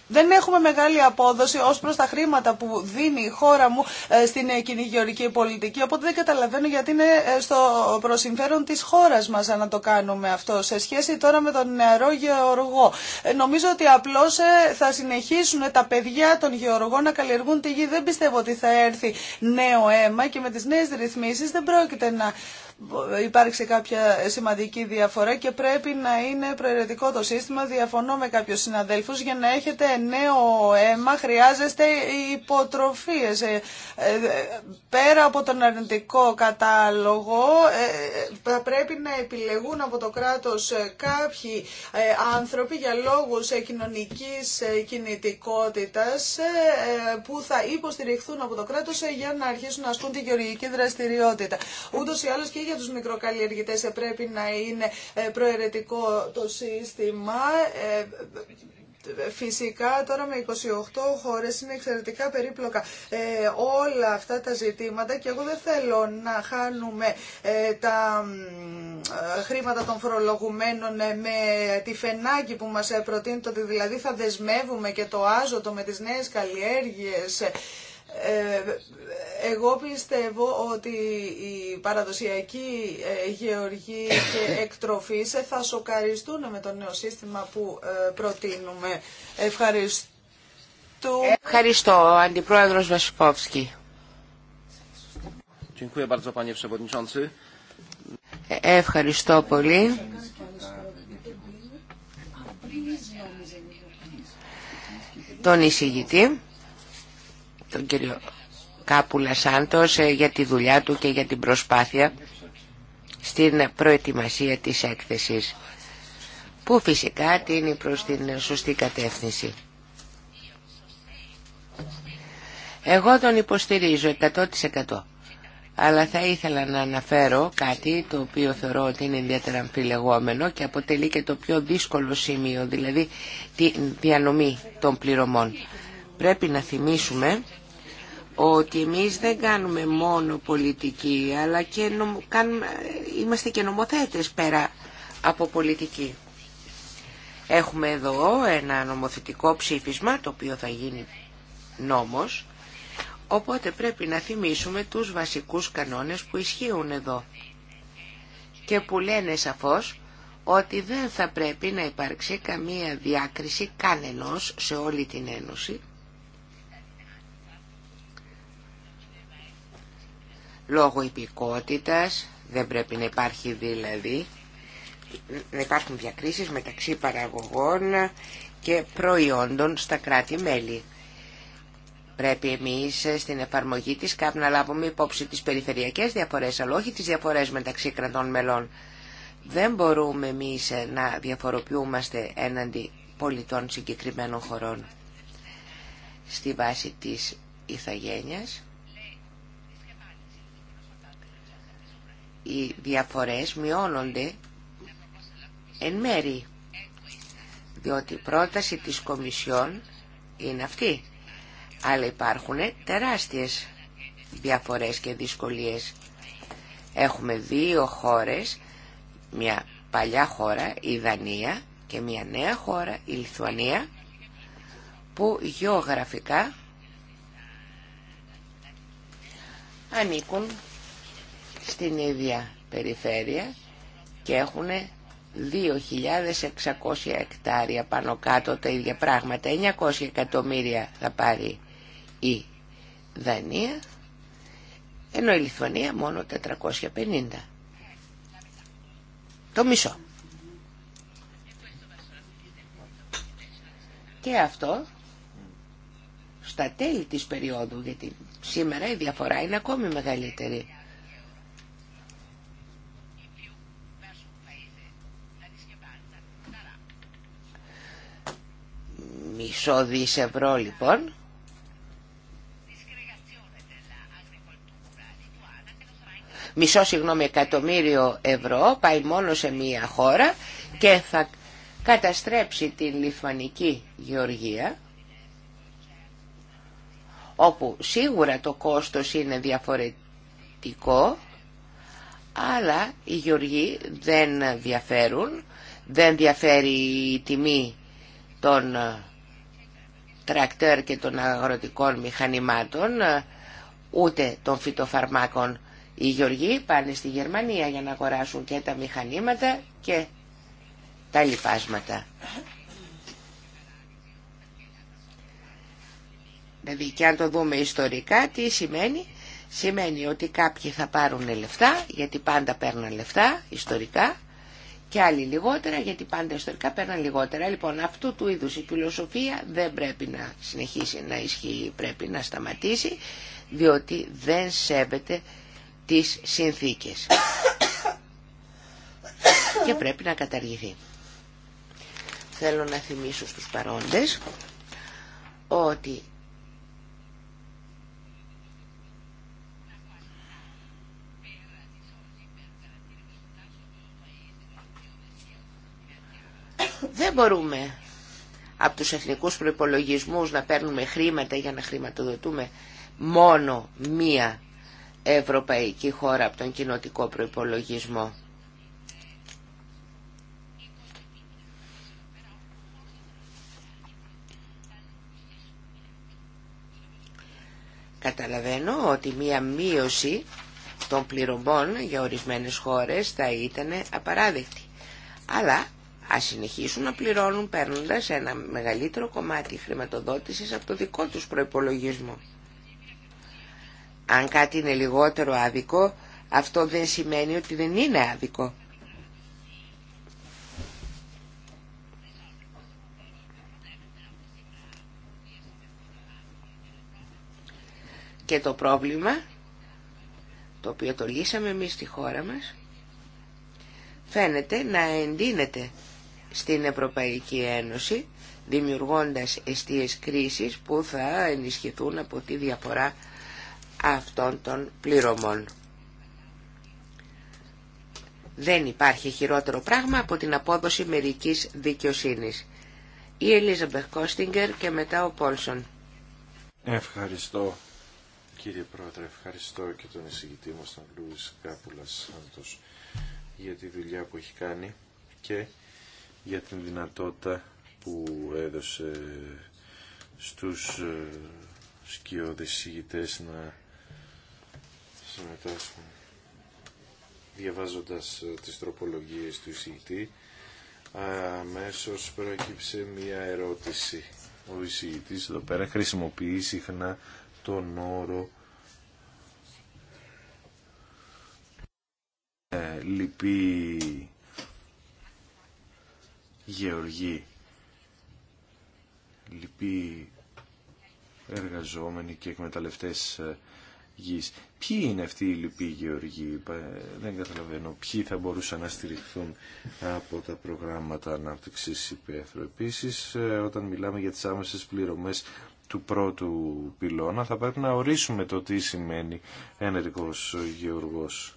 [SPEAKER 4] δεν έχουμε μεγάλη απόδοση ως προς τα χρήματα που δίνει η χώρα μου ε, στην ε, κυνηγιορική πολιτική, οπότε δεν καταλαβαίνω γιατί είναι στο προσυμφέρον της χώρας μας να το κάνουμε αυτό. Σε σχέση τώρα με τον νεαρό γεωργό, νομίζω ότι απλώς θα συνεχίσουν τα παιδιά των γεωργών να καλλιεργούν τη γη. Δεν πιστεύω ότι θα έρθει νέο αίμα και με τις νέες ρυθμίσεις δεν πρόκειται να υπάρξει κάποια σημαντική διαφορά και πρέπει να είναι προαιρετικό το σύστημα. Διαφωνώ με κάποιους συναδέλφους για να έχετε νέο αίμα χρειάζεστε υποτροφίες. Ε, ε, πέρα από τον αρνητικό κατάλογο ε, πρέπει να επιλεγούν από το κράτος κάποιοι άνθρωποι για λόγους κοινωνικής κινητικότητας που θα υποστηριχθούν από το κράτος για να αρχίσουν να ασκούν τη γεωργική δραστηριότητα. Ούτως ή άλλως για τους μικροκαλλιεργητές πρέπει να είναι ε, προαιρετικό το σύστημα. Ε, ε, φυσικά τώρα με 28 χώρες είναι εξαιρετικά περίπλοκα όλα αυτά τα ζητήματα και εγώ δεν θέλω να χάνουμε τα χρήματα των φορολογουμένων με τη φενάκι που μας προτείνει ότι δηλαδή θα δεσμεύουμε και το άζωτο με τις νέες καλλιέργειες ε, εγώ πιστεύω ότι οι παραδοσιακοί ε, γεωργοί και εκτροφείς θα σοκαριστούν με το νέο σύστημα που ε, προτείνουμε. Ευχαριστώ.
[SPEAKER 2] Ευχαριστώ, Αντιπρόεδρος πολύ. Ευχαριστώ πολύ. Τον εισηγητή τον κύριο Κάπουλα Σάντος ε, για τη δουλειά του και για την προσπάθεια στην προετοιμασία της έκθεσης που φυσικά τίνει προς την σωστή κατεύθυνση. Εγώ τον υποστηρίζω 100% αλλά θα ήθελα να αναφέρω κάτι το οποίο θεωρώ ότι είναι ιδιαίτερα αμφιλεγόμενο και αποτελεί και το πιο δύσκολο σημείο, δηλαδή τη διανομή των πληρωμών. Πρέπει να θυμίσουμε ότι εμείς δεν κάνουμε μόνο πολιτική, αλλά και είμαστε και νομοθέτες πέρα από πολιτική. Έχουμε εδώ ένα νομοθετικό ψήφισμα, το οποίο θα γίνει νόμος, οπότε πρέπει να θυμίσουμε τους βασικούς κανόνες που ισχύουν εδώ και που λένε σαφώς ότι δεν θα πρέπει να υπάρξει καμία διάκριση κανενός σε όλη την Ένωση λόγω υπηκότητας, δεν πρέπει να υπάρχει δηλαδή, να υπάρχουν διακρίσεις μεταξύ παραγωγών και προϊόντων στα κράτη-μέλη. Πρέπει εμείς στην εφαρμογή της ΚΑΠ να λάβουμε υπόψη τις περιφερειακές διαφορές, αλλά όχι τις διαφορές μεταξύ κρατών μελών. Δεν μπορούμε εμείς να διαφοροποιούμαστε έναντι πολιτών συγκεκριμένων χωρών στη βάση της ηθαγένειας. οι διαφορές μειώνονται εν μέρη, διότι η πρόταση της Κομισιόν είναι αυτή, αλλά υπάρχουν τεράστιες διαφορές και δυσκολίες. Έχουμε δύο χώρες, μια παλιά χώρα, η Δανία, και μια νέα χώρα, η Λιθουανία, που γεωγραφικά ανήκουν στην ίδια περιφέρεια και έχουν 2.600 εκτάρια πάνω κάτω τα ίδια πράγματα. 900 εκατομμύρια θα πάρει η Δανία, ενώ η Λιθουανία μόνο 450. Το μισό. Και αυτό στα τέλη της περίοδου, γιατί σήμερα η διαφορά είναι ακόμη μεγαλύτερη. μισό δις ευρώ λοιπόν μισό συγγνώμη εκατομμύριο ευρώ πάει μόνο σε μία χώρα και θα καταστρέψει την Λιθουανική Γεωργία όπου σίγουρα το κόστος είναι διαφορετικό αλλά οι γεωργοί δεν διαφέρουν δεν διαφέρει η τιμή των ε, τρακτέρ και των αγροτικών μηχανημάτων ε, ούτε των φυτοφαρμάκων. Οι γεωργοί πάνε στη Γερμανία για να αγοράσουν και τα μηχανήματα και τα λοιπάσματα. Δηλαδή και αν το δούμε ιστορικά τι σημαίνει. Σημαίνει ότι κάποιοι θα πάρουν λεφτά, γιατί πάντα παίρνουν λεφτά, ιστορικά, και άλλοι λιγότερα γιατί πάντα ιστορικά παίρναν λιγότερα. Λοιπόν αυτού του είδους η φιλοσοφία δεν πρέπει να συνεχίσει να ισχύει, πρέπει να σταματήσει διότι δεν σέβεται τις συνθήκες και πρέπει να καταργηθεί. Θέλω να θυμίσω στους παρόντες ότι Δεν μπορούμε από τους εθνικούς προϋπολογισμούς να παίρνουμε χρήματα για να χρηματοδοτούμε μόνο μία ευρωπαϊκή χώρα από τον κοινοτικό προϋπολογισμό. Καταλαβαίνω ότι μία μείωση των πληρωμών για ορισμένες χώρες θα ήταν απαράδεκτη. Αλλά ας συνεχίσουν να πληρώνουν παίρνοντας ένα μεγαλύτερο κομμάτι χρηματοδότησης από το δικό τους προϋπολογισμό. Αν κάτι είναι λιγότερο άδικο, αυτό δεν σημαίνει ότι δεν είναι άδικο. Και το πρόβλημα, το οποίο το λύσαμε εμείς στη χώρα μας, φαίνεται να εντείνεται στην Ευρωπαϊκή Ένωση, δημιουργώντας εστίες κρίσης που θα ενισχυθούν από τη διαφορά αυτών των πληρωμών. Δεν υπάρχει χειρότερο πράγμα από την απόδοση μερικής δικαιοσύνης. Η Ελίζα Κόστιγκερ και μετά ο Πόλσον.
[SPEAKER 5] Ευχαριστώ κύριε Πρόεδρε, ευχαριστώ και τον εισηγητή μας τον Λούις Κάπουλας για τη δουλειά που έχει κάνει και για την δυνατότητα που έδωσε στους ε, σκιώδεις να συμμετάσχουν διαβάζοντας ε, τις τροπολογίες του εισηγητή αμέσως προέκυψε μία ερώτηση ο εισηγητής εδώ πέρα χρησιμοποιεί συχνά τον όρο ε, λυπή γεωργοί, λοιποί εργαζόμενοι και εκμεταλλευτές ε, γης. Ποιοι είναι αυτοί οι λοιποί γεωργοί, δεν καταλαβαίνω, ποιοι θα μπορούσαν να στηριχθούν από τα προγράμματα ανάπτυξης υπαίθρου. Επίσης, ε, όταν μιλάμε για τις άμεσες πληρωμές του πρώτου πυλώνα, θα πρέπει να ορίσουμε το τι σημαίνει ενεργός γεωργός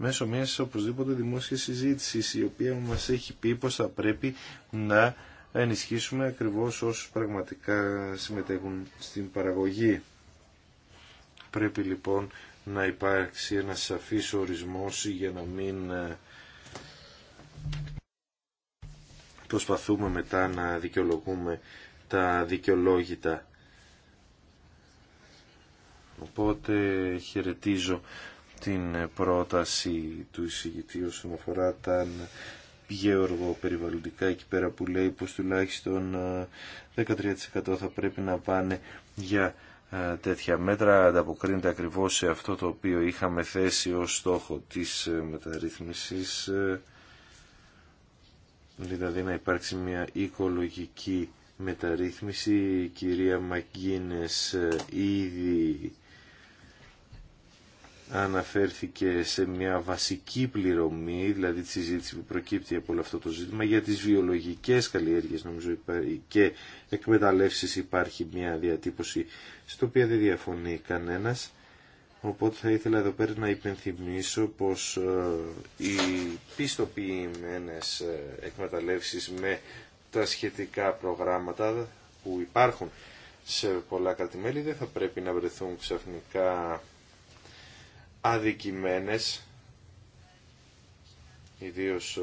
[SPEAKER 5] μέσω μια οπωσδήποτε δημόσια συζήτηση, η οποία μας έχει πει πως θα πρέπει να ενισχύσουμε ακριβώς όσου πραγματικά συμμετέχουν στην παραγωγή. Πρέπει λοιπόν να υπάρξει ένα σαφής ορισμός για να μην ε, προσπαθούμε μετά να δικαιολογούμε τα δικαιολόγητα. Οπότε χαιρετίζω την πρόταση του εισηγητή όσον αφορά τα γεωργο περιβαλλοντικά εκεί πέρα που λέει πως τουλάχιστον 13% ε, θα πρέπει να πάνε για ε, τέτοια μέτρα ανταποκρίνεται ακριβώς σε αυτό το οποίο είχαμε θέσει ως στόχο της ε, μεταρρύθμισης δηλαδή να υπάρξει μια οικολογική μεταρρύθμιση η κυρία Μαγκίνες ήδη αναφέρθηκε σε μια βασική πληρωμή, δηλαδή τη συζήτηση που προκύπτει από όλο αυτό το ζήτημα, για τις βιολογικές καλλιέργειες νομίζω και εκμεταλλεύσεις υπάρχει μια διατύπωση στο οποία δεν διαφωνεί κανένας. Οπότε θα ήθελα εδώ πέρα να υπενθυμίσω πως ε, οι πιστοποιημένες ε, εκμεταλλεύσεις με τα σχετικά προγράμματα που υπάρχουν σε πολλά κατημέλη δεν θα πρέπει να βρεθούν ξαφνικά αδικημένες, ιδίως ε,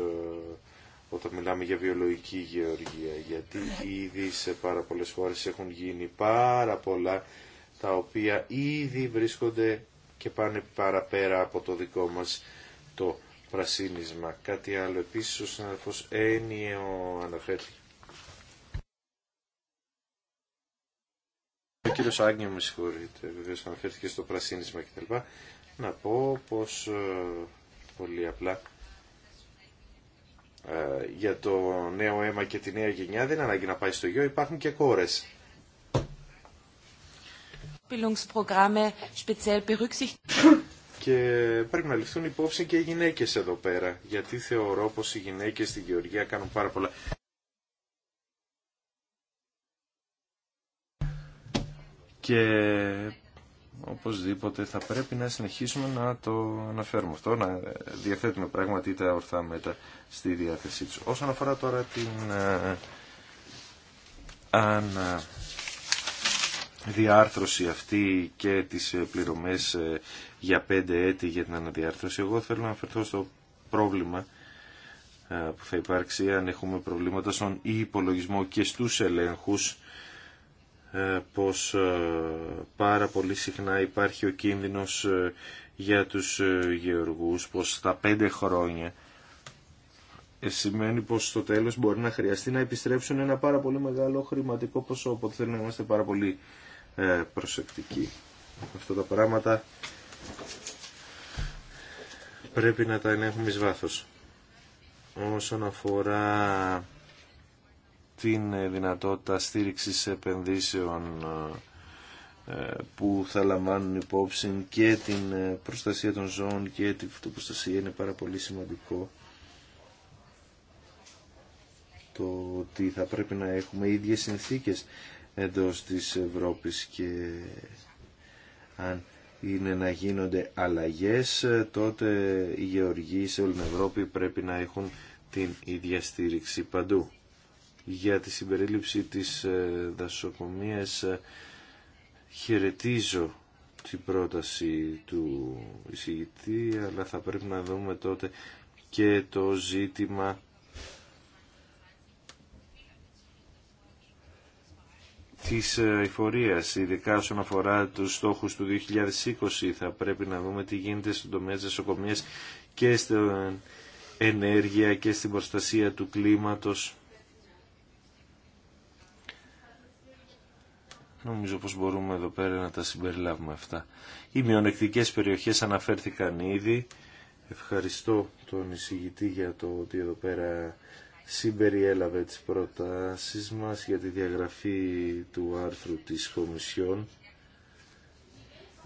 [SPEAKER 5] όταν μιλάμε για βιολογική γεωργία, γιατί ναι. ήδη σε πάρα πολλές χώρες έχουν γίνει πάρα πολλά, τα οποία ήδη βρίσκονται και πάνε παραπέρα από το δικό μας το πρασίνισμα. Κάτι άλλο επίσης ο συναδελφός έννοιο αναφέρθηκε. Ο κύριος Άγνιο με συγχωρείτε, βεβαίως αναφέρθηκε στο πρασίνισμα κτλ να πω πως ε, πολύ απλά ε, για το νέο αίμα και τη νέα γενιά δεν ανάγκη να πάει στο γιο, υπάρχουν και κόρες. Και πρέπει να ληφθούν υπόψη και οι γυναίκες εδώ πέρα, γιατί θεωρώ πως οι γυναίκες στη Γεωργία κάνουν πάρα πολλά. Και οπωσδήποτε θα πρέπει να συνεχίσουμε να το αναφέρουμε αυτό, να διαθέτουμε πράγματι τα ορθά μετά στη διάθεσή του. Όσον αφορά τώρα την ε, αναδιάρθρωση αυτή και τις πληρωμές ε, για πέντε έτη για την αναδιάρθρωση, εγώ θέλω να αναφερθώ στο πρόβλημα ε, που θα υπάρξει αν έχουμε προβλήματα στον υπολογισμό και στους ελέγχους ε, πως ε, πάρα πολύ συχνά υπάρχει ο κίνδυνος ε, για τους γεωργούς, πως τα πέντε χρόνια σημαίνει πως στο τέλος μπορεί να χρειαστεί να επιστρέψουν ένα πάρα πολύ μεγάλο χρηματικό ποσό, οπότε θέλουμε να είμαστε πάρα πολύ προσεκτικοί. Αυτά τα πράγματα πρέπει να τα ενέχουμε εις βάθος. Όσον αφορά την ε, δυνατότητα στήριξης επενδύσεων ε, ε, που θα λαμβάνουν υπόψη και την προστασία των ζώων και την φωτοπροστασία είναι πάρα πολύ σημαντικό το ότι θα πρέπει να έχουμε ίδιες συνθήκες εντός της Ευρώπης και αν είναι να γίνονται αλλαγές τότε οι γεωργοί σε όλη την Ευρώπη πρέπει να έχουν την ίδια στήριξη παντού για τη συμπερίληψη της ε, δασοκομείας ε, χαιρετίζω την πρόταση του εισηγητή αλλά θα πρέπει να δούμε τότε και το ζήτημα της ε, εφορίας, ειδικά όσον αφορά τους στόχους του 2020. Θα πρέπει να δούμε τι γίνεται στον τομέα της και στην ενέργεια και στην προστασία του κλίματος. Νομίζω πως μπορούμε εδώ πέρα να τα συμπεριλάβουμε αυτά. Οι μειονεκτικές περιοχές αναφέρθηκαν ήδη. Ευχαριστώ τον εισηγητή για το ότι εδώ πέρα συμπεριέλαβε τις προτάσεις μας για τη διαγραφή του άρθρου της Κομισιόν.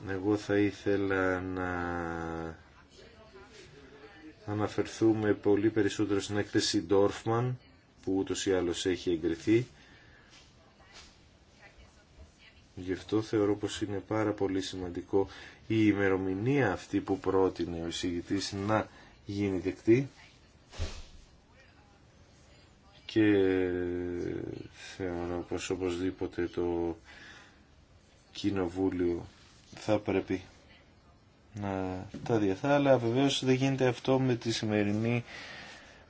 [SPEAKER 5] Εγώ θα ήθελα να αναφερθούμε πολύ περισσότερο στην έκθεση Dorfman που ούτως ή άλλως έχει εγκριθεί Γι' αυτό θεωρώ πως είναι πάρα πολύ σημαντικό η ημερομηνία αυτή που πρότεινε ο εισηγητής να γίνει δεκτή και θεωρώ πως οπωσδήποτε το κοινοβούλιο θα πρέπει να τα διαθάλα. αλλά βεβαίως δεν γίνεται αυτό με τη σημερινή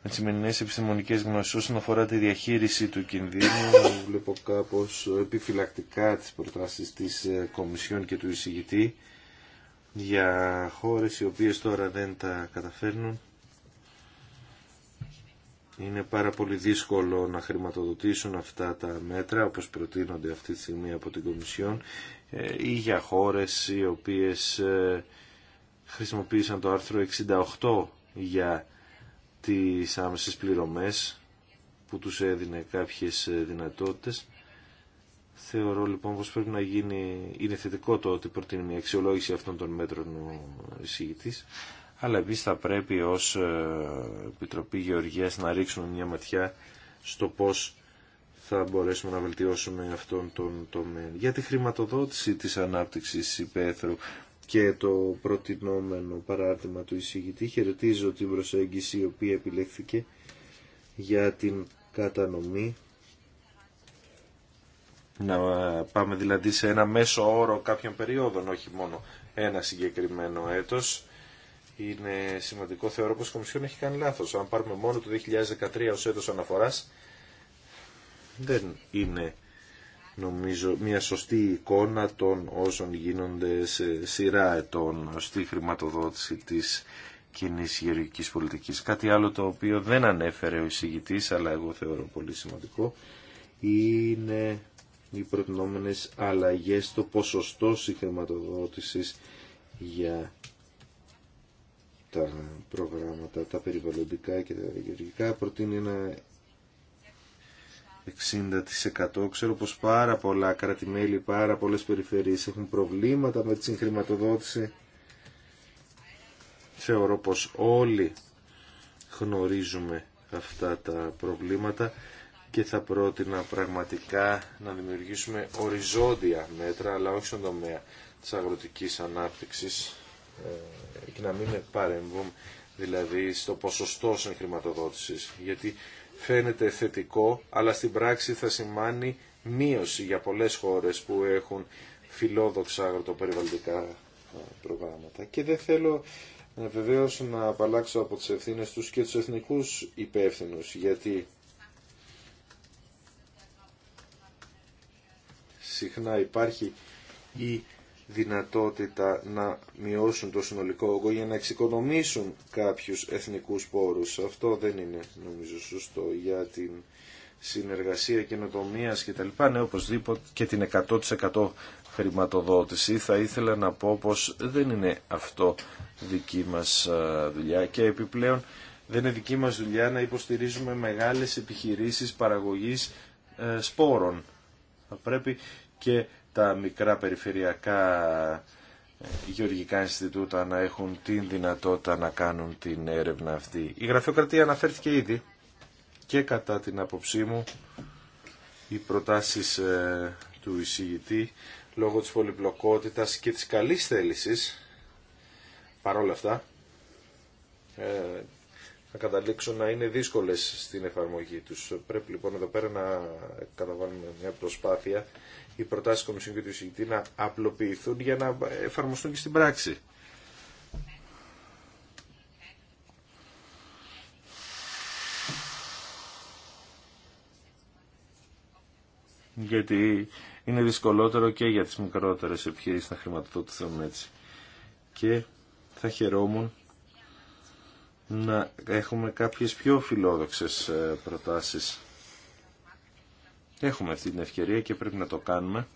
[SPEAKER 5] με τι σημερινέ επιστημονικέ γνώσει όσον αφορά τη διαχείριση του κινδύνου βλέπω κάπω επιφυλακτικά τι προτάσει της ε, Κομισιόν και του εισηγητή για χώρες οι οποίες τώρα δεν τα καταφέρνουν είναι πάρα πολύ δύσκολο να χρηματοδοτήσουν αυτά τα μέτρα όπως προτείνονται αυτή τη στιγμή από την Κομισιόν ε, ή για χώρες οι οποίες ε, χρησιμοποίησαν το άρθρο 68 για τις άμεσες πληρωμές που τους έδινε κάποιες δυνατότητες. Θεωρώ λοιπόν πως πρέπει να γίνει, είναι θετικό το ότι προτείνει μια αξιολόγηση αυτών των μέτρων ο εισηγητής, αλλά επίσης θα πρέπει ως ε, Επιτροπή Γεωργίας να ρίξουμε μια ματιά στο πώς θα μπορέσουμε να βελτιώσουμε αυτόν τον τομέα. Για τη χρηματοδότηση της ανάπτυξης υπαίθρου και το προτινόμενο παράδειγμα του εισηγητή. Χαιρετίζω την προσέγγιση η οποία επιλέχθηκε για την κατανομή. Να πάμε δηλαδή σε ένα μέσο όρο κάποιων περίοδων, όχι μόνο ένα συγκεκριμένο έτος. Είναι σημαντικό, θεωρώ πως η Κομισιόν έχει κάνει λάθος. Αν πάρουμε μόνο το 2013 ως έτος αναφοράς, δεν είναι νομίζω μια σωστή εικόνα των όσων γίνονται σε σειρά ετών στη χρηματοδότηση της κοινή γεωργικής πολιτική. Κάτι άλλο το οποίο δεν ανέφερε ο εισηγητή, αλλά εγώ θεωρώ πολύ σημαντικό είναι οι προτινόμενε αλλαγέ στο ποσοστό συγχρηματοδότηση για τα προγράμματα, τα περιβαλλοντικά και τα γεωργικά προτείνει ένα 60%. Ξέρω πως πάρα πολλά κρατημέλη, πάρα πολλές περιφέρειες έχουν προβλήματα με τη συγχρηματοδότηση. Θεωρώ πως όλοι γνωρίζουμε αυτά τα προβλήματα και θα πρότεινα πραγματικά να δημιουργήσουμε οριζόντια μέτρα, αλλά όχι στον τομέα της αγροτικής ανάπτυξης ε, και να μην παρεμβούμε δηλαδή στο ποσοστό συγχρηματοδότησης, γιατί φαίνεται θετικό, αλλά στην πράξη θα σημάνει μείωση για πολλές χώρες που έχουν φιλόδοξα αγροτοπεριβαλλοντικά ε, προγράμματα. Και δεν θέλω ε, βεβαίω να απαλλάξω από τις ευθύνε τους και τους εθνικούς υπεύθυνου, γιατί συχνά υπάρχει η δυνατότητα να μειώσουν το συνολικό όγκο για να εξοικονομήσουν κάποιους εθνικούς πόρους. Αυτό δεν είναι νομίζω σωστό για την συνεργασία καινοτομία και τα λοιπά. Ναι, οπωσδήποτε και την 100% χρηματοδότηση. Θα ήθελα να πω πως δεν είναι αυτό δική μας δουλειά και επιπλέον δεν είναι δική μας δουλειά να υποστηρίζουμε μεγάλες επιχειρήσεις παραγωγής ε, σπόρων. Θα πρέπει και τα μικρά περιφερειακά ε, γεωργικά Ινστιτούτα να έχουν την δυνατότητα να κάνουν την έρευνα αυτή. Η γραφειοκρατία αναφέρθηκε ήδη και κατά την άποψή μου οι προτάσεις ε, του εισηγητή λόγω της πολυπλοκότητας και της καλής θέλησης παρόλα αυτά ε, θα καταλήξουν να είναι δύσκολες στην εφαρμογή τους. Πρέπει λοιπόν εδώ πέρα να καταβάλουμε μια προσπάθεια οι προτάσεις Κομισιόν και του Ισηγητή να απλοποιηθούν για να εφαρμοστούν και στην πράξη. γιατί είναι δυσκολότερο και για τις μικρότερες επιχειρήσεις να χρηματοδοτηθούν έτσι. Και θα χαιρόμουν να έχουμε κάποιες πιο φιλόδοξες ε, προτάσεις Έχουμε αυτή την ευκαιρία και πρέπει να το κάνουμε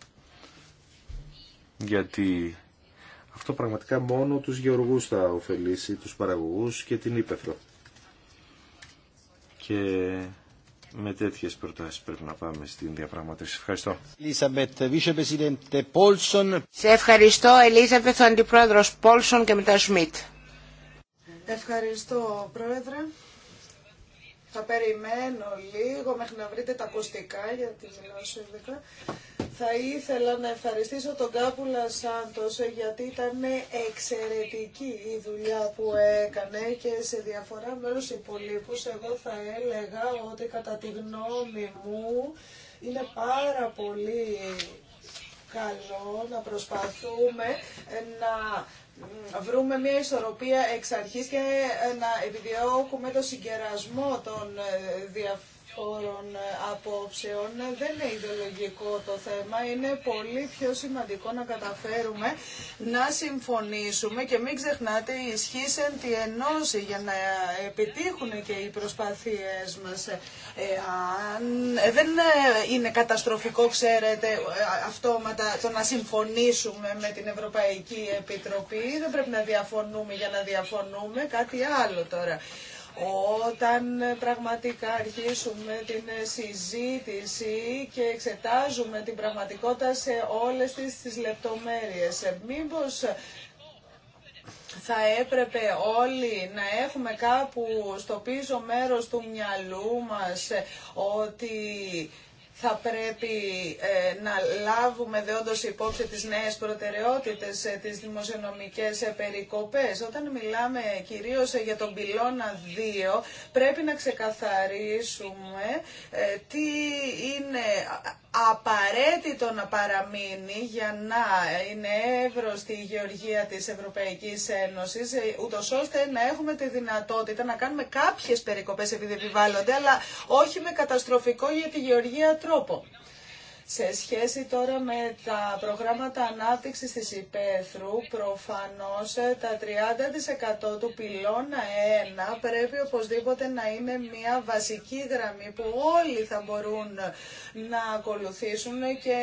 [SPEAKER 5] γιατί αυτό πραγματικά μόνο τους γεωργούς θα ωφελήσει, τους παραγωγούς και την ύπεθρο. Και με τέτοιες προτάσεις πρέπει να πάμε στην διαπραγματεύση. Ευχαριστώ.
[SPEAKER 2] Σε ευχαριστώ Ελίζαβεθ, ο Αντιπρόεδρος Πόλσον και μετά Σμιτ.
[SPEAKER 4] Ευχαριστώ Πρόεδρε. Θα περιμένω λίγο μέχρι να βρείτε τα ακουστικά για τη γλώσσα ειδικά. Θα ήθελα να ευχαριστήσω τον Κάπουλα Σάντος γιατί ήταν εξαιρετική η δουλειά που έκανε και σε διαφορά μέρους υπολείπους εγώ θα έλεγα ότι κατά τη γνώμη μου είναι πάρα πολύ καλό να προσπαθούμε να βρούμε μια ισορροπία εξ αρχής και να επιδιώκουμε το συγκερασμό των ε, διαφόρων όρων ε, απόψεων. Δεν είναι ιδεολογικό το θέμα. Είναι πολύ πιο σημαντικό να καταφέρουμε να συμφωνήσουμε και μην ξεχνάτε η ισχύσεν τη ενώση για να επιτύχουν και οι προσπάθειές μας. Ε, ε, δεν είναι καταστροφικό, ξέρετε, αυτόματα το να συμφωνήσουμε με την Ευρωπαϊκή Επιτροπή. Δεν πρέπει να διαφωνούμε για να διαφωνούμε. Κάτι άλλο τώρα. Όταν πραγματικά αρχίσουμε την συζήτηση και εξετάζουμε την πραγματικότητα σε όλες τις, τις λεπτομέρειες, ε, μήπως θα έπρεπε όλοι να έχουμε κάπου στο πίσω μέρος του μυαλού μας ότι θα πρέπει ε, να λάβουμε δεόντως υπόψη τις νέες προτεραιότητες, ε, τις δημοσιονομικές ε, περικοπές. Όταν μιλάμε κυρίως για τον πυλώνα 2, πρέπει να ξεκαθαρίσουμε τι είναι απαραίτητο να παραμείνει για να είναι εύρο στη γεωργία της Ευρωπαϊκής Ένωσης, ούτως ώστε να έχουμε τη δυνατότητα να κάνουμε κάποιες περικοπές επειδή επιβάλλονται, αλλά όχι με καταστροφικό για τη γεωργία τρόπο τρόπο. Σε σχέση τώρα με τα προγράμματα ανάπτυξης της υπαίθρου, προφανώς ε, τα 30% του πυλώνα 1 πρέπει οπωσδήποτε να είναι μια βασική γραμμή που όλοι θα μπορούν να ακολουθήσουν και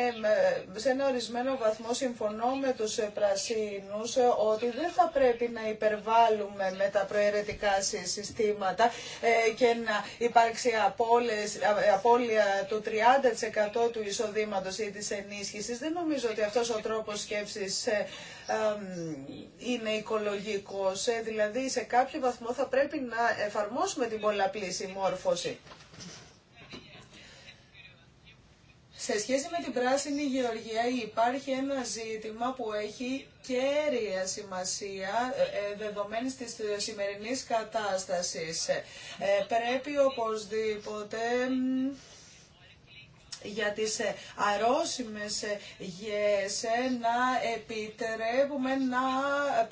[SPEAKER 4] σε ένα ορισμένο βαθμό συμφωνώ με τους ε, πρασίνους ε, ότι δεν θα πρέπει να υπερβάλλουμε με τα προαιρετικά συστήματα και να υπάρξει απώλεια του 30% του εισοδήματος ή της ενίσχυσης. Δεν νομίζω ότι αυτός ο τρόπος σκέψης ε, είναι οικολογικός. Ε, δηλαδή σε κάποιο βαθμό θα πρέπει να εφαρμόσουμε την πολλαπλή συμμόρφωση. Σε σχέση με την πράσινη γεωργία υπάρχει ένα ζήτημα που έχει κέρια σημασία ε, δεδομένης της σημερινής κατάστασης. Πρέπει οπωσδήποτε για τις ε, αρρώσιμες σε ε, να επιτρέπουμε να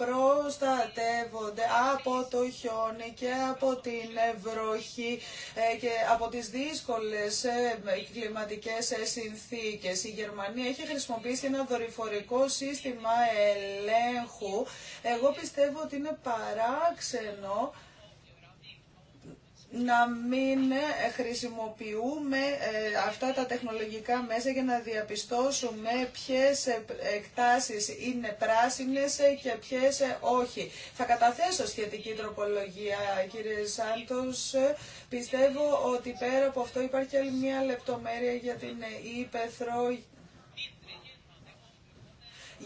[SPEAKER 4] προστατεύονται από το χιόνι και από την βροχή ε, και από τις δύσκολες κλιματικές συνθήκες. Η Γερμανία έχει χρησιμοποιήσει ένα δορυφορικό σύστημα ελέγχου. Εγώ πιστεύω ότι είναι παράξενο να μην ε, χρησιμοποιούμε ε, αυτά τα τεχνολογικά μέσα για να διαπιστώσουμε ποιες ε, εκτάσεις είναι πράσινες και ποιες όχι. Θα καταθέσω σχετική τροπολογία κύριε Σάντος. Πιστεύω ότι πέρα από αυτό υπάρχει άλλη μια λεπτομέρεια για την ύπεθρο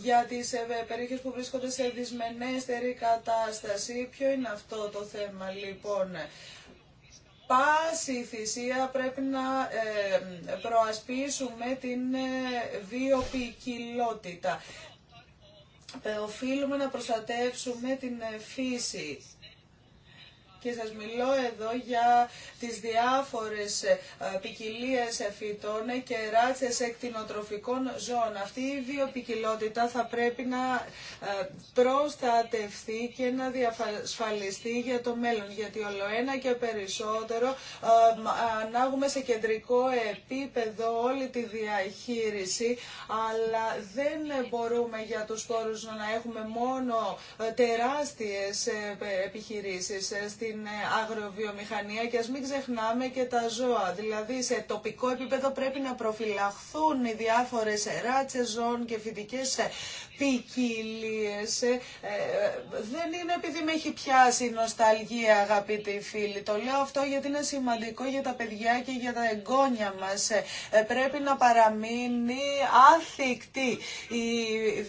[SPEAKER 4] για τις περιοχές που βρίσκονται σε δυσμενέστερη κατάσταση. Ποιο είναι αυτό το θέμα λοιπόν πάση θυσία πρέπει να ε, προασπίσουμε την ε, βιοποικιλότητα. Ε, οφείλουμε να προστατεύσουμε την φύση. Και σας μιλώ εδώ για τις διάφορες ε, ποικιλίε φυτών και ράτσες εκτινοτροφικών ζώων. Αυτή η βιοπικιλότητα θα πρέπει να ε, προστατευτεί και να διασφαλιστεί για το μέλλον. Γιατί όλο ένα και περισσότερο ε, ανάγουμε σε κεντρικό επίπεδο όλη τη διαχείριση, αλλά δεν μπορούμε για τους σπόρους να έχουμε μόνο τεράστιες επιχειρήσεις την ε, αγροβιομηχανία και ας μην ξεχνάμε και τα ζώα. Δηλαδή σε τοπικό επίπεδο πρέπει να προφυλαχθούν οι διάφορες ράτσες ζώων και φυτικές ε, ποικιλίε. Ε, δεν είναι επειδή με έχει πιάσει η νοσταλγία αγαπητοί φίλοι. Το λέω αυτό γιατί είναι σημαντικό για τα παιδιά και για τα εγγόνια μας. πρέπει να παραμείνει άθικτη η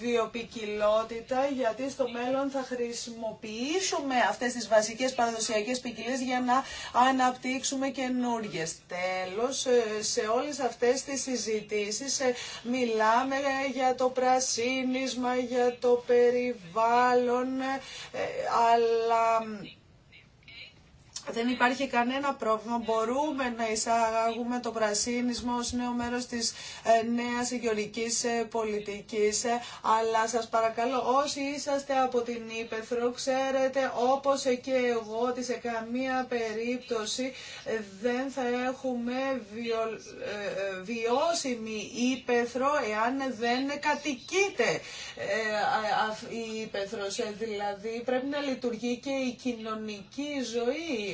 [SPEAKER 4] βιοπικιλότητα γιατί στο μέλλον θα χρησιμοποιήσουμε αυτές τις βασικές παραδοσιακές παραδοσιακές για να αναπτύξουμε καινούργιε. Τέλο, ε, σε όλε αυτές τι συζητήσει, ε, μιλάμε για το πρασίνισμα, για το περιβάλλον, ε, αλλά δεν υπάρχει κανένα πρόβλημα. Μπορούμε να εισάγουμε το πρασίνισμό ως νέο μέρος της ε, νέας υγειονικής ε, πολιτικής. Ε. Αλλά σας παρακαλώ, όσοι είσαστε από την Ήπεθρο, ξέρετε όπως και εγώ ότι σε καμία περίπτωση δεν θα έχουμε βιο... βιώσιμη Ήπεθρο εάν δεν κατοικείται η Ήπεθρο Δηλαδή πρέπει να λειτουργεί και η κοινωνική ζωή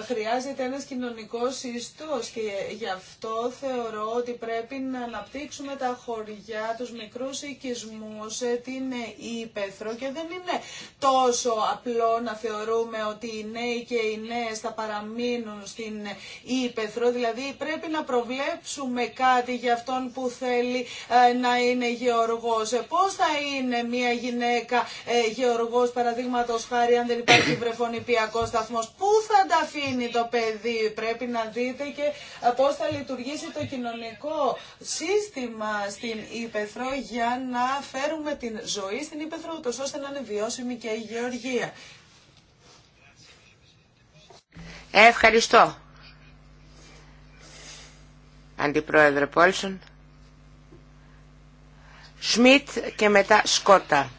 [SPEAKER 4] χρειάζεται ένας κοινωνικός ιστός και γι' αυτό θεωρώ ότι πρέπει να αναπτύξουμε τα χωριά, τους μικρούς οικισμούς, ε, την ύπεθρο και δεν είναι τόσο απλό να θεωρούμε ότι οι νέοι και οι νέες θα παραμείνουν στην ύπεθρο, δηλαδή πρέπει να προβλέψουμε κάτι για αυτόν που θέλει ε, να είναι γεωργός. Ε, πώς θα είναι μια γυναίκα γεωργός, παραδείγματος χάρη, αν δεν υπάρχει βρεφονιπιακός σταθμός, πού θα τα είναι το παιδί. Πρέπει να δείτε και ε, πώς θα λειτουργήσει το κοινωνικό σύστημα στην Ήπεθρο για να φέρουμε την ζωή στην Ήπεθρο, ούτω ώστε να είναι βιώσιμη και η γεωργία.
[SPEAKER 2] Ευχαριστώ. Αντιπρόεδρε Πόλσον. Σμιτ και μετά Σκότα.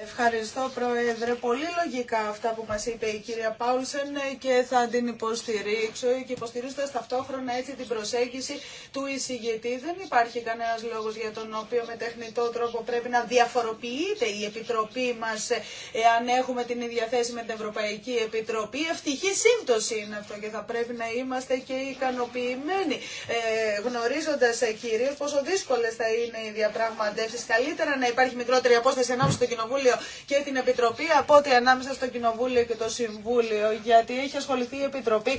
[SPEAKER 4] Ευχαριστώ Πρόεδρε. Πολύ λογικά αυτά που μας είπε η κυρία Πάουλσεν και θα την υποστηρίξω και υποστηρίζοντα ταυτόχρονα έτσι την προσέγγιση του εισηγητή. Δεν υπάρχει κανένας λόγος για τον οποίο με τεχνητό τρόπο πρέπει να διαφοροποιείται η Επιτροπή μας εάν έχουμε την ίδια θέση με την Ευρωπαϊκή Επιτροπή. Ευτυχή σύμπτωση είναι αυτό και θα πρέπει να είμαστε και ικανοποιημένοι ε, γνωρίζοντας ε, κυρίως πόσο δύσκολες θα είναι οι διαπραγματεύσεις. Καλύτερα να υπάρχει μικρότερη απόσταση ανάμεσα στο και την Επιτροπή από ότι ανάμεσα στο Κοινοβούλιο και το Συμβούλιο, γιατί έχει ασχοληθεί η Επιτροπή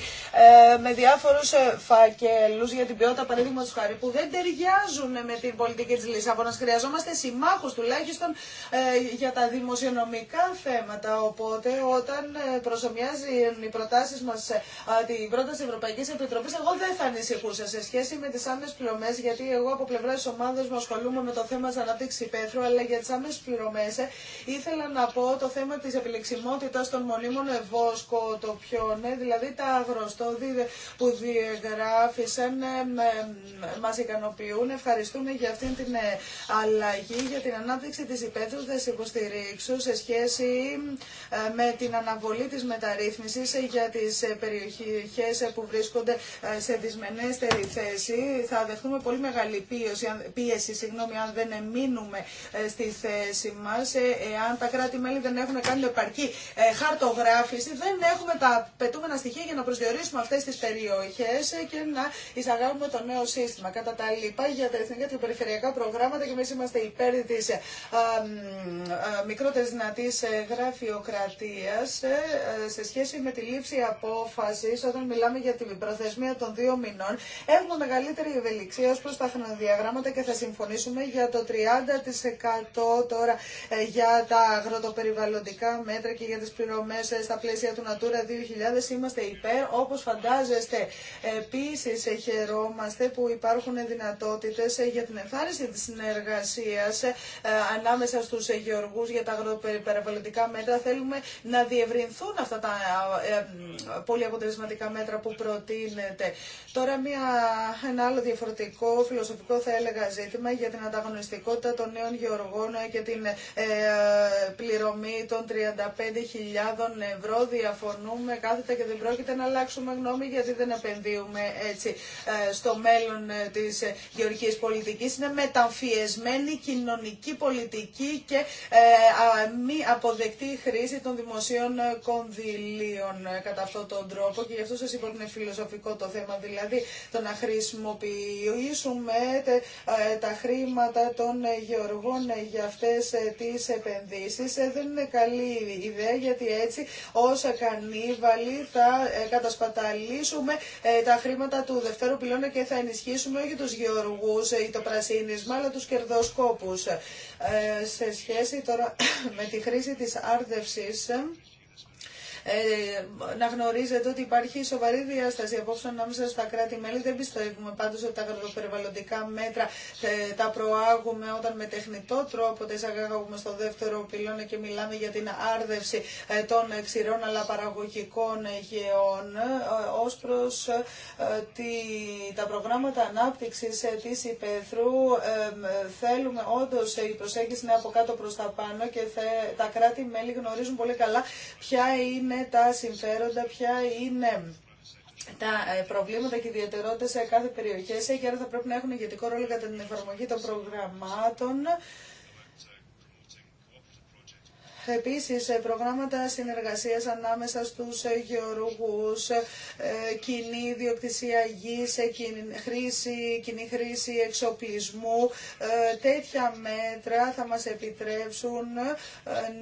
[SPEAKER 4] ε, με διάφορου ε, φακέλου για την ποιότητα, παραδείγματο χάρη, που δεν ταιριάζουν με την πολιτική τη Λισαβόνα. Χρειαζόμαστε συμμάχου τουλάχιστον ε, για τα δημοσιονομικά θέματα. Οπότε όταν προσωμιάζουν οι προτάσει μα την πρόταση Ευρωπαϊκή Επιτροπή, εγώ δεν θα ανησυχούσα σε σχέση με τι άμεσε πληρωμέ, γιατί εγώ από πλευρά τη ομάδα μου ασχολούμαι με το θέμα τη ανάπτυξη υπαίθρου, αλλά για τι άμεσε πληρωμέ Ήθελα να πω το θέμα της επιλεξιμότητας των μονίμων ευόσκο το ε, δηλαδή τα αγροστόδη που διεγράφησαν ε, ε, μας ικανοποιούν. Ευχαριστούμε για αυτήν την αλλαγή, για την ανάπτυξη της υπέτρου υποστηρίξου σε σχέση με την αναβολή της μεταρρύθμισης για τις περιοχές που βρίσκονται σε δυσμενέστερη θέση. Θα δεχτούμε πολύ μεγάλη πίεση, αν δεν μείνουμε στη θέση μας εάν τα κράτη-μέλη δεν έχουν κάνει επαρκή ε, χαρτογράφηση, δεν έχουμε τα πετούμενα στοιχεία για να προσδιορίσουμε αυτέ τι περιοχέ και να εισαγάγουμε το νέο σύστημα. Κατά τα λοιπά, για τα εθνικά και περιφερειακά προγράμματα και εμεί είμαστε υπέρ τη ε, ε, μικρότερη δυνατή γραφειοκρατία σε σχέση με τη λήψη απόφαση όταν μιλάμε για την προθεσμία των δύο μηνών. Έχουμε μεγαλύτερη ευελιξία ω προ τα χρονοδιαγράμματα και θα συμφωνήσουμε για το 30% τώρα για τα αγροτοπεριβαλλοντικά μέτρα και για τις πληρωμές ε, στα πλαίσια του Natura 2000 είμαστε υπέρ. Όπως φαντάζεστε, επίσης ε, χαιρόμαστε που υπάρχουν δυνατότητες ε, για την εμφάνιση της συνεργασίας ανάμεσα στους γεωργούς για τα αγροτοπεριβαλλοντικά μέτρα. Θέλουμε να διευρυνθούν αυτά τα πολύ αποτελεσματικά μέτρα που προτείνεται. Τώρα μια, ένα άλλο διαφορετικό φιλοσοφικό θα έλεγα ζήτημα για την ανταγωνιστικότητα των νέων γεωργών και την πληρωμή των 35.000 ευρώ. Διαφωνούμε κάθετα και δεν πρόκειται να αλλάξουμε γνώμη γιατί δεν επενδύουμε έτσι ε, στο μέλλον ε, της γεωργικής πολιτικής. Είναι μεταμφιεσμένη κοινωνική πολιτική και ε, μη αποδεκτή χρήση των δημοσίων κονδυλίων κατά αυτόν τον τρόπο και γι' αυτό σας είπα ότι είναι φιλοσοφικό το θέμα, δηλαδή το να χρησιμοποιήσουμε τα χρήματα των γεωργών για αυτές τις επενδύσεις ε, δεν είναι καλή ιδέα γιατί έτσι ω κανίβαλοι θα ε, κατασπαταλήσουμε ε, τα χρήματα του δευτέρου πυλώνα και θα ενισχύσουμε όχι τους γεωργού, ή το πρασίνισμα αλλά τους κερδοσκόπους. Σε σχέση τώρα με τη χρήση της άρδευση. Ε, να γνωρίζετε ότι υπάρχει σοβαρή διάσταση απόψε ανάμεσα στα κράτη-μέλη. Δεν πιστεύουμε πάντω ότι τα αγροπεριβαλλοντικά μέτρα ε, τα προάγουμε όταν με τεχνητό τρόπο τα εισαγάγουμε στο δεύτερο πυλώνα και μιλάμε για την άρδευση ε, των ξηρών αλλά παραγωγικών γεών Ω προ τα προγράμματα ανάπτυξης της υπαίθρου θέλουμε όντως η προσέγγιση να είναι από κάτω προ τα πάνω και τα κράτη-μέλη γνωρίζουν πολύ καλά ποια είναι τα συμφέροντα, ποια είναι τα ε, προβλήματα και ιδιαιτερότητε σε κάθε περιοχή. Και άρα θα πρέπει να έχουν ηγετικό ρόλο κατά την εφαρμογή των προγραμμάτων Επίσης, ε, προγράμματα συνεργασίας ανάμεσα στους ε, γεωργούς, ε, κοινή διοκτησία γης, χρήση, κοινή χρήση εξοπλισμού. Τέτοια μέτρα θα μας επιτρέψουν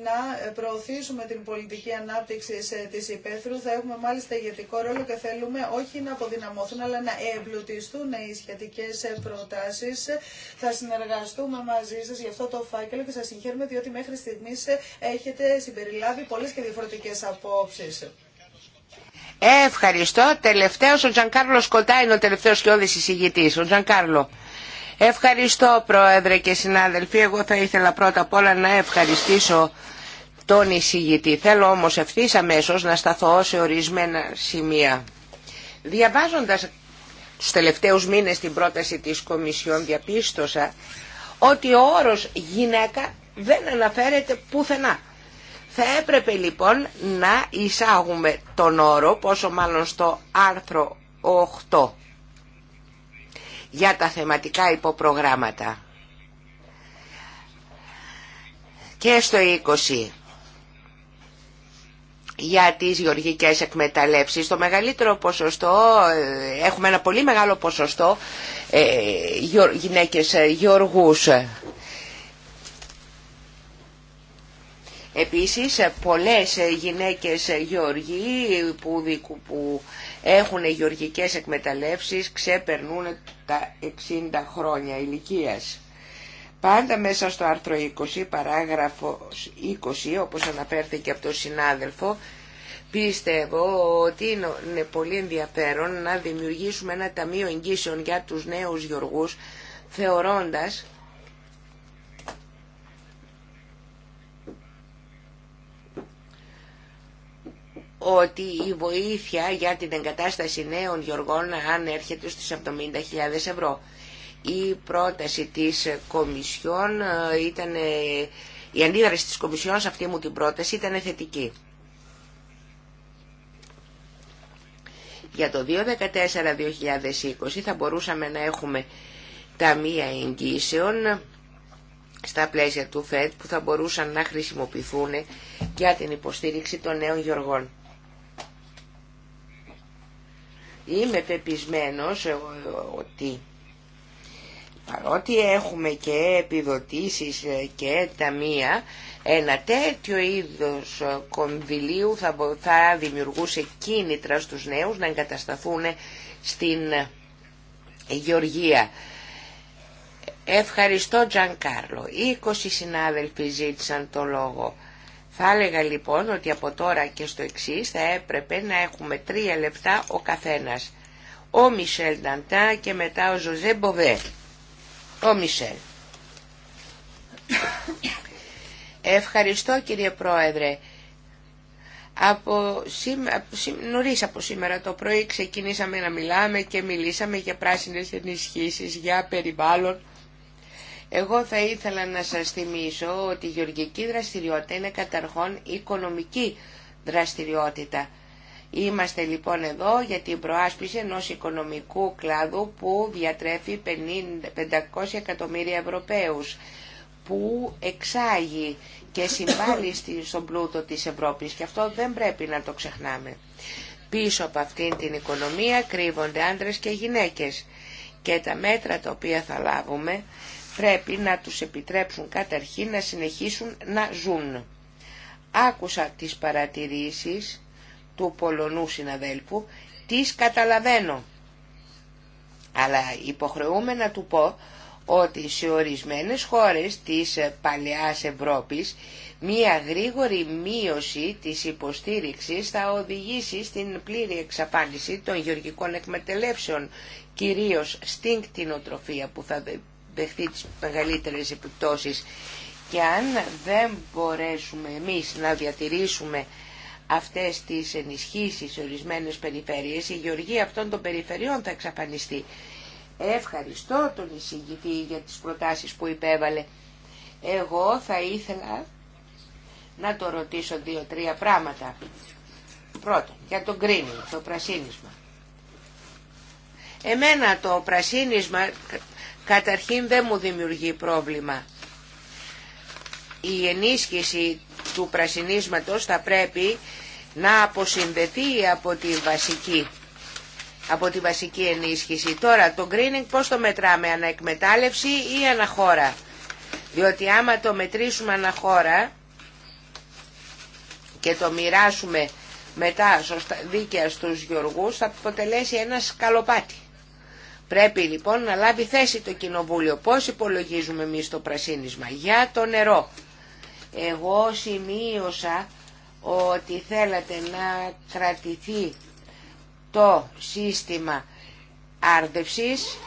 [SPEAKER 4] να προωθήσουμε την πολιτική ανάπτυξη της υπαίθρου. Θα έχουμε μάλιστα ηγετικό ρόλο και θέλουμε όχι να αποδυναμωθούν, αλλά να εμπλουτιστούν οι σχετικές προτάσεις. Θα συνεργαστούμε μαζί σας για αυτό το φάκελο και σας συγχαίρουμε διότι μέχρι στιγμής έχετε συμπεριλάβει πολλές και διαφορετικές απόψεις.
[SPEAKER 2] Ευχαριστώ. Τελευταίος ο Τζανκάρλο Σκοτά είναι ο τελευταίος και όδης εισηγητής. Ο Τζανκάρλο. Ευχαριστώ Πρόεδρε και συνάδελφοι. Εγώ θα ήθελα πρώτα απ' όλα να ευχαριστήσω τον εισηγητή. Θέλω όμως ευθύ αμέσω να σταθώ σε ορισμένα σημεία. Διαβάζοντας τους τελευταίους μήνες την πρόταση της Κομισιόν διαπίστωσα ότι ο όρος γυναίκα δεν αναφέρεται πουθενά. Θα έπρεπε λοιπόν να εισάγουμε τον όρο, πόσο μάλλον στο άρθρο 8, για τα θεματικά υποπρογράμματα. Και στο 20 για τις γεωργικές εκμεταλλεύσεις. Το μεγαλύτερο ποσοστό, ε, έχουμε ένα πολύ μεγάλο ποσοστό ε, γυναίκες ε, γεωργούς. Επίσης, πολλές γυναίκες γεωργοί που, έχουν γεωργικές εκμεταλλεύσεις ξεπερνούν τα 60 χρόνια ηλικίας. Πάντα μέσα στο άρθρο 20, παράγραφος 20, όπως αναφέρθηκε από τον συνάδελφο, Πιστεύω ότι είναι πολύ ενδιαφέρον να δημιουργήσουμε ένα ταμείο εγγύσεων για τους νέους γεωργούς, θεωρώντας ότι η βοήθεια για την εγκατάσταση νέων γεωργών αν έρχεται στους 70.000 ευρώ. Η πρόταση της Κομισιόν ε, ήταν, ε, η αντίδραση της Κομισιόν σε αυτή μου την πρόταση ήταν θετική. Για το 2014-2020 θα μπορούσαμε να έχουμε ταμεία εγγύσεων στα πλαίσια του ΦΕΤ που θα μπορούσαν να χρησιμοποιηθούν για την υποστήριξη των νέων γεωργών. Είμαι πεπισμένος ε, ότι παρότι έχουμε και επιδοτήσεις ε, και ταμεία, ένα τέτοιο είδος ε, κονδυλίου θα, θα δημιουργούσε κίνητρα στους νέους να εγκατασταθούν στην Γεωργία. Ευχαριστώ Τζαν Κάρλο. 20 συνάδελφοι ζήτησαν το λόγο. Θα έλεγα λοιπόν ότι από τώρα και στο εξή θα έπρεπε να έχουμε τρία λεπτά ο καθένας. Ο Μισελ Νταντά και μετά ο Ζωζέ Μποβέ. Ο Μισελ. Ευχαριστώ κύριε Πρόεδρε. Από σήμερα, νωρίς από σήμερα το πρωί ξεκινήσαμε να μιλάμε και μιλήσαμε για πράσινες ενισχύσεις, για περιβάλλον. Εγώ θα ήθελα να σας θυμίσω ότι η γεωργική δραστηριότητα είναι καταρχόν οικονομική δραστηριότητα. Είμαστε λοιπόν εδώ για την προάσπιση ενός οικονομικού κλάδου που διατρέφει 500 εκατομμύρια Ευρωπαίους, που εξάγει και συμβάλλει στον πλούτο της Ευρώπης και αυτό δεν πρέπει να το ξεχνάμε. Πίσω από αυτήν την οικονομία κρύβονται άντρες και γυναίκες και τα μέτρα τα οποία θα λάβουμε πρέπει να τους επιτρέψουν καταρχήν να συνεχίσουν να ζουν. Άκουσα τις παρατηρήσεις του Πολωνού συναδέλφου, τις καταλαβαίνω. Αλλά υποχρεούμε να του πω ότι σε ορισμένες χώρες της παλαιάς Ευρώπης μία γρήγορη μείωση της υποστήριξης θα οδηγήσει στην πλήρη εξαφάνιση των γεωργικών εκμετελεύσεων. κυρίως στην κτηνοτροφία που θα δεχτεί τις μεγαλύτερες επιπτώσεις και αν δεν μπορέσουμε εμείς να διατηρήσουμε αυτές τις ενισχύσεις σε ορισμένες περιφέρειες, η γεωργία αυτών των περιφερειών θα εξαφανιστεί. Ευχαριστώ τον εισηγητή για τις προτάσεις που υπέβαλε. Εγώ θα ήθελα να το ρωτήσω δύο-τρία πράγματα. Πρώτον, για το greening, το πρασίνισμα. Εμένα το πρασίνισμα καταρχήν δεν μου δημιουργεί πρόβλημα. Η ενίσχυση του πρασινίσματος θα πρέπει να αποσυνδεθεί από τη βασική από τη βασική ενίσχυση. Τώρα, το greening πώς το μετράμε, αναεκμετάλλευση ή αναχώρα. Διότι άμα το μετρήσουμε αναχώρα και το μοιράσουμε μετά σωστά, δίκαια στους γεωργούς, θα αποτελέσει ένα σκαλοπάτι. Πρέπει λοιπόν να λάβει θέση το Κοινοβούλιο. Πώς υπολογίζουμε εμεί το πρασίνισμα. Για το νερό. Εγώ σημείωσα ότι θέλατε να κρατηθεί το σύστημα άρδευσης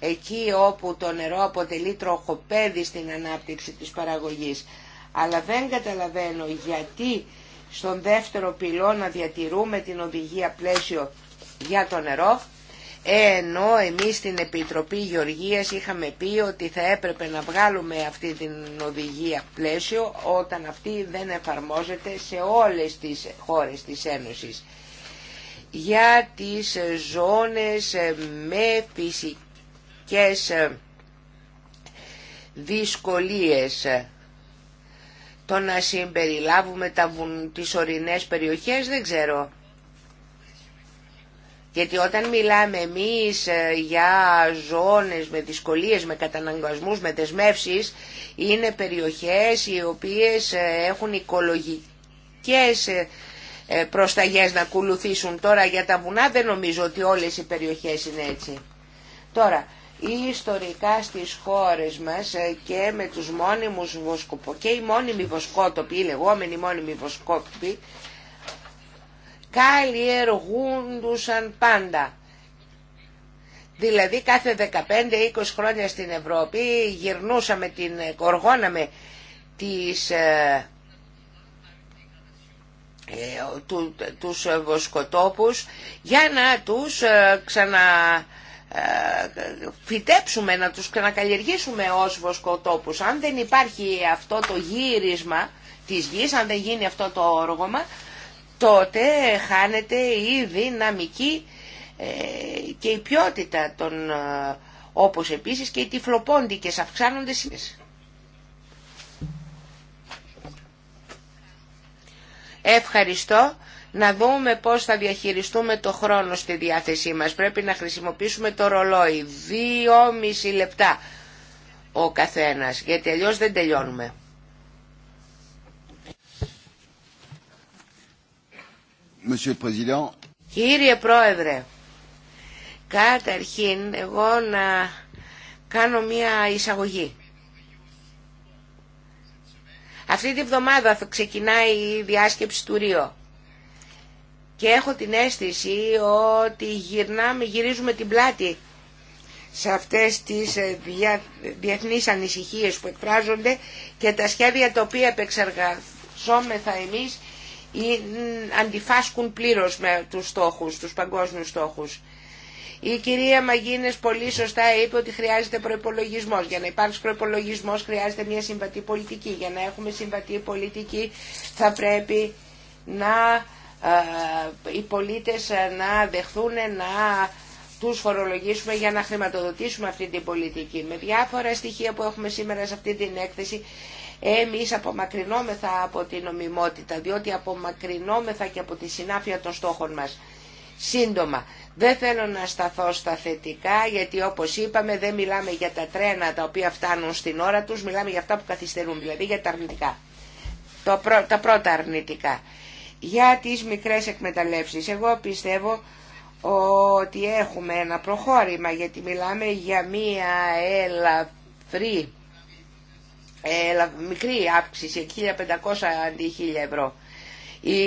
[SPEAKER 2] εκεί όπου το νερό αποτελεί τροχοπέδι στην ανάπτυξη της παραγωγής. Αλλά δεν καταλαβαίνω γιατί στον δεύτερο να διατηρούμε την οδηγία πλαίσιο για το νερό ενώ εμείς στην Επιτροπή Γεωργίας είχαμε πει ότι θα έπρεπε να βγάλουμε αυτή την οδηγία πλαίσιο όταν αυτή δεν εφαρμόζεται σε όλες τις χώρες της Ένωσης. Για τις ζώνες με φυσικές δυσκολίες το να συμπεριλάβουμε τα, τις ορεινές περιοχές δεν ξέρω γιατί όταν μιλάμε εμείς ε, για ζώνες με δυσκολίες, με καταναγκασμούς, με δεσμεύσεις, είναι περιοχές οι οποίες ε, έχουν οικολογικές ε, προσταγές να ακολουθήσουν. Τώρα για τα βουνά δεν νομίζω ότι όλες οι περιοχές είναι έτσι. Τώρα, ή ιστορικά στις χώρες μας και με τους μόνιμους βοσκοπο... και οι μόνιμοι βοσκότοποι, οι λεγόμενοι μόνιμοι βοσκότοποι, καλλιεργούντουσαν πάντα. Δηλαδή κάθε 15-20 χρόνια στην Ευρώπη γυρνούσαμε την, κοργόναμε τις, ε, ε, του, τους βοσκοτόπους για να τους ε, ε να τους ξανακαλλιεργήσουμε ως βοσκοτόπους. Αν δεν υπάρχει αυτό το γύρισμα της γης, αν δεν γίνει αυτό το όργωμα, τότε χάνεται η δυναμική ε, και η ποιότητα των ε, όπως επίσης και οι τυφλοπόντικες αυξάνονται Ευχαριστώ. Να δούμε πώς θα διαχειριστούμε το χρόνο στη διάθεσή μας. Πρέπει να χρησιμοποιήσουμε το ρολόι. Δύο μισή λεπτά ο καθένας, γιατί αλλιώς δεν τελειώνουμε. Κύριε Πρόεδρε, καταρχήν εγώ να κάνω μία εισαγωγή. Αυτή τη βδομάδα θα ξεκινάει η διάσκεψη του Ρίο και έχω την αίσθηση ότι γυρνάμε, γυρίζουμε την πλάτη σε αυτές τις ε, δια, διεθνείς ανησυχίες που εκφράζονται και τα σχέδια τα οποία επεξεργαζόμεθα εμείς ή αντιφάσκουν πλήρως με τους στόχους, τους παγκόσμιους στόχους. Η κυρία Μαγίνες πολύ σωστά είπε ότι χρειάζεται προπολογισμό. Για να υπάρξει προπολογισμό χρειάζεται μια συμβατή πολιτική. Για να έχουμε συμβατή πολιτική θα πρέπει να ε, οι πολίτες ε, να δεχθούν να τους φορολογήσουμε για να χρηματοδοτήσουμε αυτή την πολιτική. Με διάφορα στοιχεία που έχουμε σήμερα σε αυτή την έκθεση εμείς απομακρυνόμεθα από την νομιμότητα, διότι απομακρυνόμεθα και από τη συνάφεια των στόχων μας. Σύντομα, δεν θέλω να σταθώ στα θετικά, γιατί όπως είπαμε δεν μιλάμε για τα τρένα τα οποία φτάνουν στην ώρα τους, μιλάμε για αυτά που καθυστερούν, δηλαδή για τα αρνητικά. Το τα πρώτα αρνητικά. Για τις μικρές εκμεταλλεύσεις, εγώ πιστεύω ότι έχουμε ένα προχώρημα, γιατί μιλάμε για μία έλαφρή μικρή αύξηση, 1500 αντί 1000 ευρώ.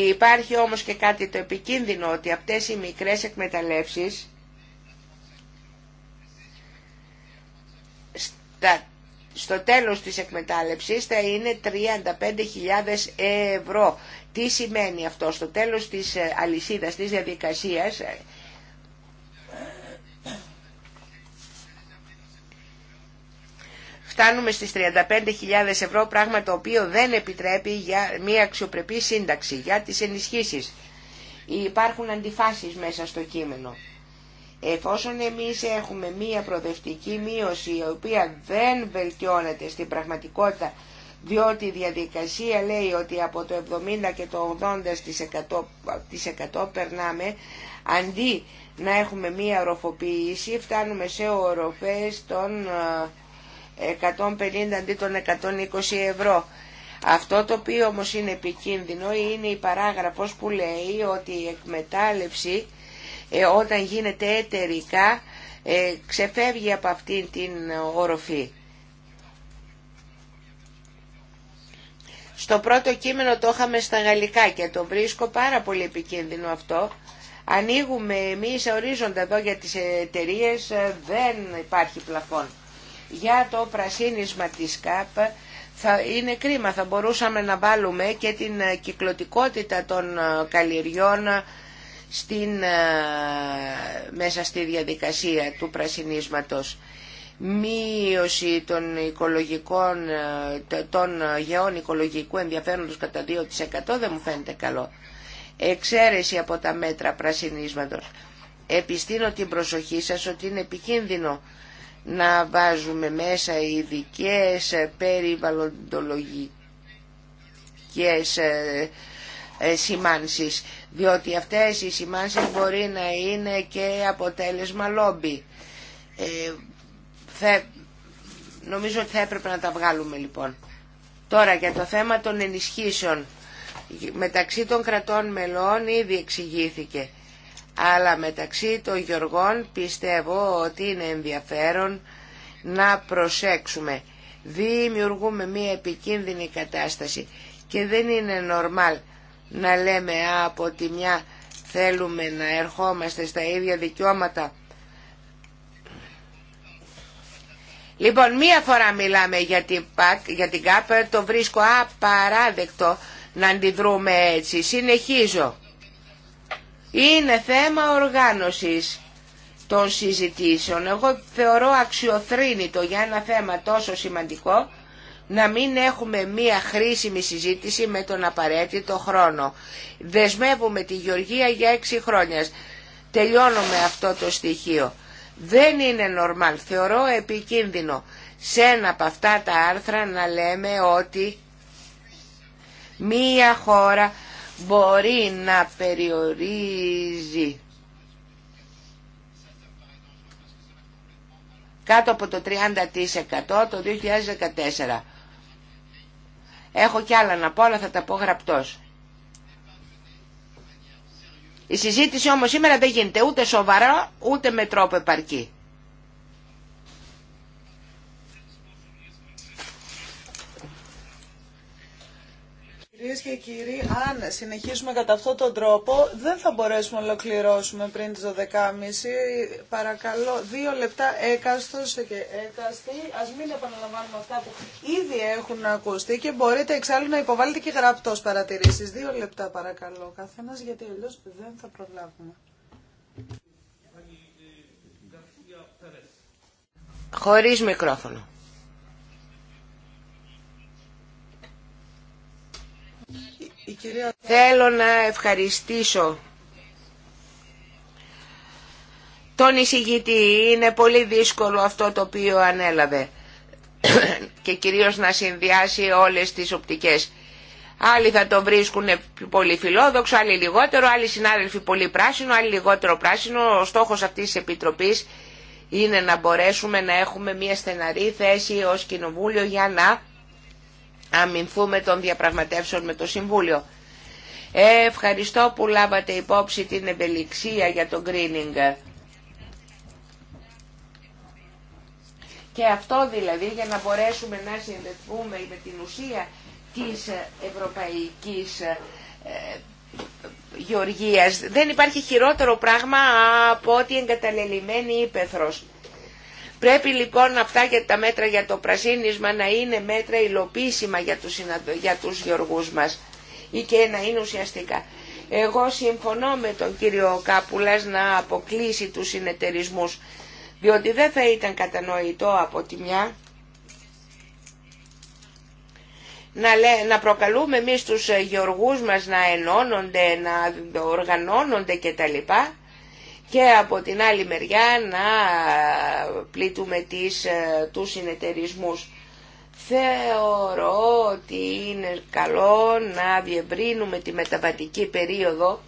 [SPEAKER 2] Υπάρχει όμως και κάτι το επικίνδυνο ότι αυτές οι μικρές εκμεταλλεύσεις στο τέλος της εκμετάλλευσης θα είναι 35.000 ευρώ. Τι σημαίνει αυτό στο τέλος της ε, αλυσίδας της διαδικασίας φτάνουμε στις 35.000 ευρώ, πράγμα το οποίο δεν επιτρέπει για μια αξιοπρεπή σύνταξη, για τις ενισχύσεις. Υπάρχουν αντιφάσεις μέσα στο κείμενο. Εφόσον εμείς έχουμε μία προοδευτική μείωση η οποία δεν βελτιώνεται στην πραγματικότητα διότι η διαδικασία λέει ότι από το 70 και το 80% 100 περνάμε αντί να έχουμε μία οροφοποίηση φτάνουμε σε οροφές των ε, 150 αντί των 120 ευρώ. Αυτό το οποίο όμως είναι επικίνδυνο είναι η παράγραφος που λέει ότι η εκμετάλλευση ε, όταν γίνεται εταιρικά ε, ξεφεύγει από αυτήν την οροφή. Στο πρώτο κείμενο το είχαμε στα γαλλικά και το βρίσκω πάρα πολύ επικίνδυνο αυτό. Ανοίγουμε εμείς ορίζοντα εδώ για τις εταιρείες, ε, δεν υπάρχει πλαφόν για το πρασίνισμα της ΚΑΠ θα είναι κρίμα. Θα μπορούσαμε να βάλουμε και την ε, κυκλωτικότητα των ε, καλλιεργιών ε, στην, μέσα στη διαδικασία του πρασινίσματος. Μείωση των, οικολογικών, των γεών οικολογικού ενδιαφέροντος κατά 2% δεν μου φαίνεται καλό. Εξαίρεση από τα μέτρα πρασινίσματος. Επιστήνω την προσοχή σας ότι είναι επικίνδυνο να βάζουμε μέσα ειδικέ περιβαλλοντολογικές ε, ε, σημάνσεις διότι αυτές οι σημάνσεις μπορεί να είναι και αποτέλεσμα λόμπι. Ε, νομίζω ότι θα έπρεπε να τα βγάλουμε λοιπόν. Τώρα για το θέμα των ενισχύσεων μεταξύ των κρατών μελών ήδη εξηγήθηκε αλλά μεταξύ των Γιωργών πιστεύω ότι είναι ενδιαφέρον να προσέξουμε. Δημιουργούμε μία επικίνδυνη κατάσταση και δεν είναι νορμάλ να λέμε από τη μια θέλουμε να ερχόμαστε στα ίδια δικαιώματα. Λοιπόν, μία φορά μιλάμε για την, ΠΑΚ, για το βρίσκω απαράδεκτο να αντιδρούμε έτσι. Συνεχίζω. Είναι θέμα οργάνωσης των συζητήσεων. Εγώ θεωρώ αξιοθρύνητο για ένα θέμα τόσο σημαντικό να μην έχουμε μία χρήσιμη συζήτηση με τον απαραίτητο χρόνο. Δεσμεύουμε τη Γεωργία για έξι χρόνια. Τελειώνω με αυτό το στοιχείο. Δεν είναι νορμάλ. Θεωρώ επικίνδυνο σε ένα από αυτά τα άρθρα να λέμε ότι μία χώρα μπορεί να περιορίζει κάτω από το 30% το 2014. Έχω κι άλλα να πω, αλλά θα τα πω γραπτός. Η συζήτηση όμως σήμερα δεν γίνεται ούτε σοβαρά, ούτε με τρόπο επαρκή.
[SPEAKER 4] Κυρίε και κύριοι, αν συνεχίσουμε κατά αυτόν τον τρόπο, δεν θα μπορέσουμε να ολοκληρώσουμε πριν τι 12.30. Παρακαλώ, δύο λεπτά έκαστος και έκαστη. Ας μην επαναλαμβάνουμε αυτά που ήδη έχουν ακουστεί και μπορείτε εξάλλου να υποβάλλετε και γραπτός παρατηρήσει. Δύο λεπτά παρακαλώ καθένας, γιατί αλλιώ δεν θα προλάβουμε.
[SPEAKER 2] Χωρί μικρόφωνο. Θέλω να ευχαριστήσω τον εισηγητή. Είναι πολύ δύσκολο αυτό το οποίο ανέλαβε και κυρίως να συνδυάσει όλες τις οπτικές. Άλλοι θα το βρίσκουν πολύ φιλόδοξο, άλλοι λιγότερο, άλλοι συνάδελφοι πολύ πράσινο, άλλοι λιγότερο πράσινο. Ο στόχος αυτής της Επιτροπής είναι να μπορέσουμε να έχουμε μια στεναρή θέση ως Κοινοβούλιο για να αμυνθούμε των διαπραγματεύσεων με το Συμβούλιο. Ε, ευχαριστώ που λάβατε υπόψη την ευελιξία για το greening. Και αυτό δηλαδή για να μπορέσουμε να συνδεθούμε με την ουσία της ευρωπαϊκής ε, γεωργίας. Δεν υπάρχει χειρότερο πράγμα από ότι εγκαταλελειμμένη ύπεθρος. Πρέπει λοιπόν αυτά για τα μέτρα για το πρασίνισμα να είναι μέτρα υλοποίησιμα για τους, για τους γεωργούς μας ή και να είναι ουσιαστικά. Εγώ συμφωνώ με τον κύριο Κάπουλας να αποκλείσει τους συνεταιρισμούς, διότι δεν θα ήταν κατανοητό από τη μια να, προκαλούμε εμεί τους γεωργούς μας να ενώνονται, να οργανώνονται κτλ και από την άλλη μεριά να πλήττουμε τις, ε, τους συνεταιρισμούς. Θεωρώ ότι είναι καλό να διευρύνουμε τη μεταβατική περίοδο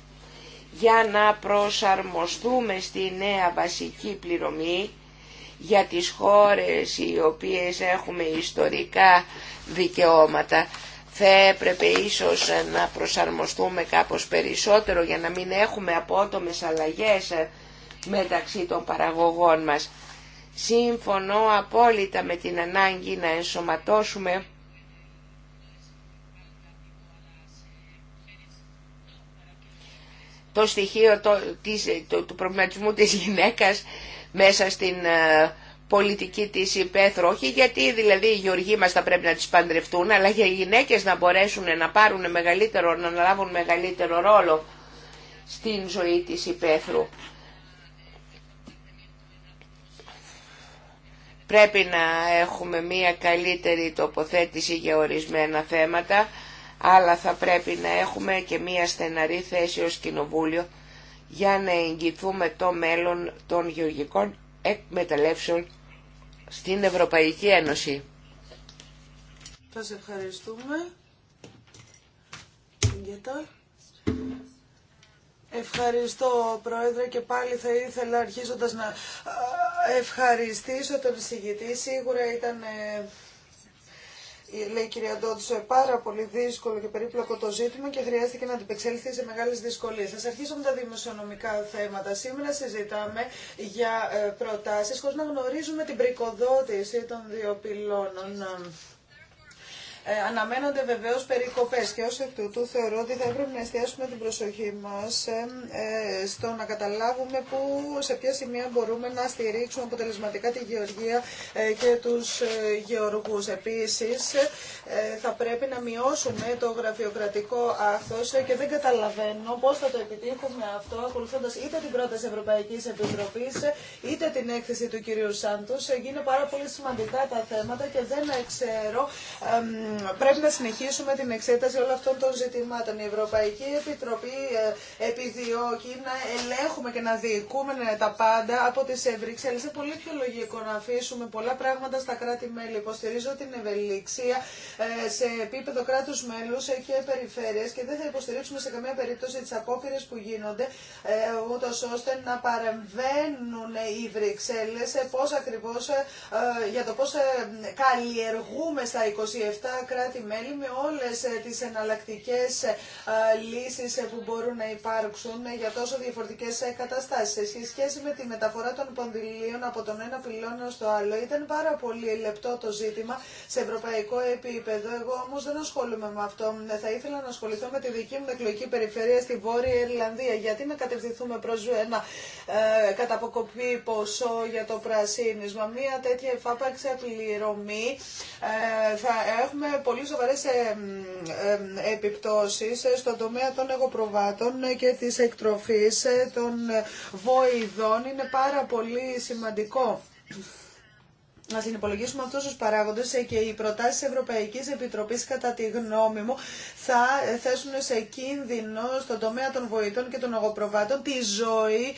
[SPEAKER 2] για να προσαρμοστούμε στη νέα βασική πληρωμή για τις χώρες οι οποίες έχουμε ιστορικά δικαιώματα θα έπρεπε ίσως ε, να προσαρμοστούμε κάπως περισσότερο για να μην έχουμε απότομες αλλαγές ε, μεταξύ των παραγωγών μας. Σύμφωνο απόλυτα με την ανάγκη να ενσωματώσουμε το στοιχείο το, του προβληματισμού της γυναίκας μέσα στην ε, πολιτική της υπαίθρου, όχι γιατί δηλαδή οι γεωργοί μας θα πρέπει να τις παντρευτούν, αλλά για οι γυναίκες να μπορέσουν να πάρουν μεγαλύτερο, να αναλάβουν μεγαλύτερο ρόλο στην ζωή της υπαίθρου. Πρέπει να έχουμε μία καλύτερη τοποθέτηση για ορισμένα θέματα, αλλά θα πρέπει να έχουμε και μία στεναρή θέση ως κοινοβούλιο για να εγγυθούμε το μέλλον των γεωργικών εκμεταλλεύσεων στην Ευρωπαϊκή Ένωση.
[SPEAKER 4] σε ευχαριστούμε. Ευχαριστώ Πρόεδρε και πάλι θα ήθελα αρχίζοντας να ευχαριστήσω τον εισηγητή. Σίγουρα ήταν ε, λέει η κυρία Ντότσο, «Ε, πάρα πολύ δύσκολο και περίπλοκο το ζήτημα και χρειάστηκε να αντιπεξέλθει σε μεγάλες δυσκολίε. Α αρχίσω με τα δημοσιονομικά θέματα. Σήμερα συζητάμε για ε, προτάσεις χωρίς να γνωρίζουμε την πρικοδότηση των δύο πυλώνων. Ε, αναμένονται βεβαίω περικοπέ και ω εκ τούτου θεωρώ ότι θα έπρεπε να εστιάσουμε την προσοχή μας ε, ε, στο να καταλάβουμε που, σε ποια σημεία μπορούμε να στηρίξουμε αποτελεσματικά τη γεωργία και τους γεωργούς. Επίσης θα πρέπει να μειώσουμε το γραφειοκρατικό ε, και δεν καταλαβαίνω πώ θα το επιτύχουμε αυτό ακολουθώντα είτε την πρόταση Ευρωπαϊκής Επιτροπής είτε την έκθεση του κυρίου Σάντους. Γίνουν πάρα πολύ σημαντικά τα θέματα και δεν ξέρω πρέπει να συνεχίσουμε την εξέταση όλων αυτών των ζητημάτων. Η Ευρωπαϊκή Επιτροπή ε, επιδιώκει να ελέγχουμε και να διοικούμε τα πάντα από τις ευρυξέλλες. Είναι πολύ πιο λογικό να αφήσουμε πολλά πράγματα στα κράτη-μέλη. Υποστηρίζω την ευελιξία ε, σε επίπεδο κράτους μέλους ε, και περιφέρειες και δεν θα υποστηρίξουμε σε καμία περίπτωση τις απόπειρες που γίνονται ούτω ώστε να παρεμβαίνουν οι Βρυξέλλες για το πώς καλλιεργούμε στα 27 κράτη-μέλη με όλες ε, τις εναλλακτικές ε, λύσεις ε, που μπορούν να υπάρξουν για τόσο διαφορετικές καταστάσεις. Σε σχέση με τη μεταφορά των πονδυλίων από τον ένα πυλώνα στο άλλο ήταν πάρα πολύ λεπτό το ζήτημα σε ευρωπαϊκό επίπεδο. Εγώ όμως δεν ασχολούμαι με αυτό. Θα ήθελα να ασχοληθώ με τη δική μου εκλογική περιφέρεια στη Βόρεια Ιρλανδία. Γιατί να κατευθυνθούμε προς ένα ε, καταποκοπή ποσό για το πρασίνισμα. Μία τέτοια εφάπαξη πληρωμή ε, θα έχουμε πολύ σοβαρές επιπτώσεις στον τομέα των εγωπροβάτων και της εκτροφής ε, των ε, βοηδών. Είναι πάρα πολύ σημαντικό να συνυπολογίσουμε αυτούς τους παράγοντες ε, και οι προτάσεις Ευρωπαϊκής Επιτροπής κατά τη γνώμη μου θα ε, θέσουν σε κίνδυνο στον τομέα των βοητών και των αγοπροβάτων τη ζωή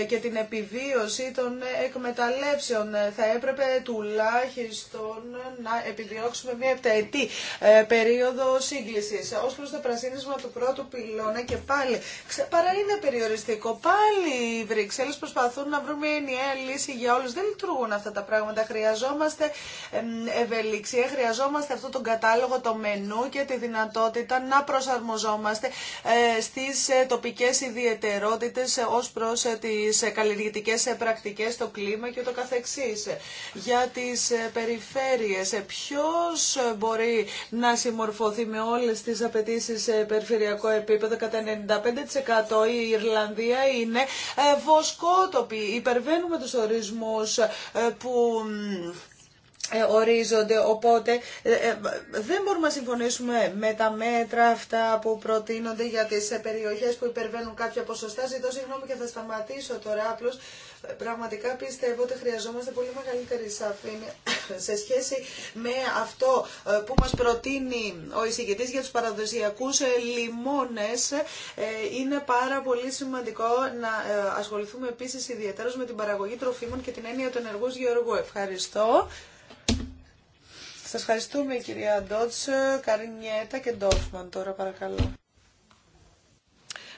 [SPEAKER 4] ε, και την επιβίωση των εκμεταλλεύσεων. Θα έπρεπε τουλάχιστον να επιδιώξουμε μια επταετή περίοδο σύγκλησης. Ως προς το πρασίνισμα του πρώτου πυλώνα και πάλι, παρά είναι περιοριστικό, πάλι οι Βρυξέλλες προσπαθούν να βρουν μια ενιαία λύση για όλους. Δεν λειτουργούν αυτά τα πράγματα Χρειαζόμαστε ευελιξία, χρειαζόμαστε αυτό τον κατάλογο, το μενού και τη δυνατότητα να προσαρμοζόμαστε ε, στις ε, τοπικές ιδιαιτερότητες ως προς ε, τις καλλιεργητικές πρακτικές, το κλίμα και το καθεξής. Για τις περιφέρειες, ποιος μπορεί να συμμορφωθεί με όλες τις απαιτήσεις σε περιφερειακό επίπεδο κατά 95% η Ιρλανδία είναι βοσκότοπη. Υπερβαίνουμε τους ορισμούς που Μύχη. Mm. Ε, ορίζονται. Οπότε ε, ε, δεν μπορούμε να συμφωνήσουμε με τα μέτρα αυτά που προτείνονται για τις περιοχές που υπερβαίνουν κάποια ποσοστά. Ζητώ συγγνώμη και θα σταματήσω τώρα απλώς. Πραγματικά πιστεύω ότι χρειαζόμαστε πολύ μεγαλύτερη σαφήνεια σε σχέση με αυτό που μας προτείνει ο εισηγητής για τους παραδοσιακούς λιμόνες. Είναι πάρα πολύ σημαντικό να ασχοληθούμε επίσης ιδιαίτερα με την παραγωγή τροφίμων και την έννοια του ενεργούς γεωργού. Ευχαριστώ. Σας ευχαριστούμε κυρία Ντότς, Καρινιέτα και Ντόφμαν τώρα παρακαλώ.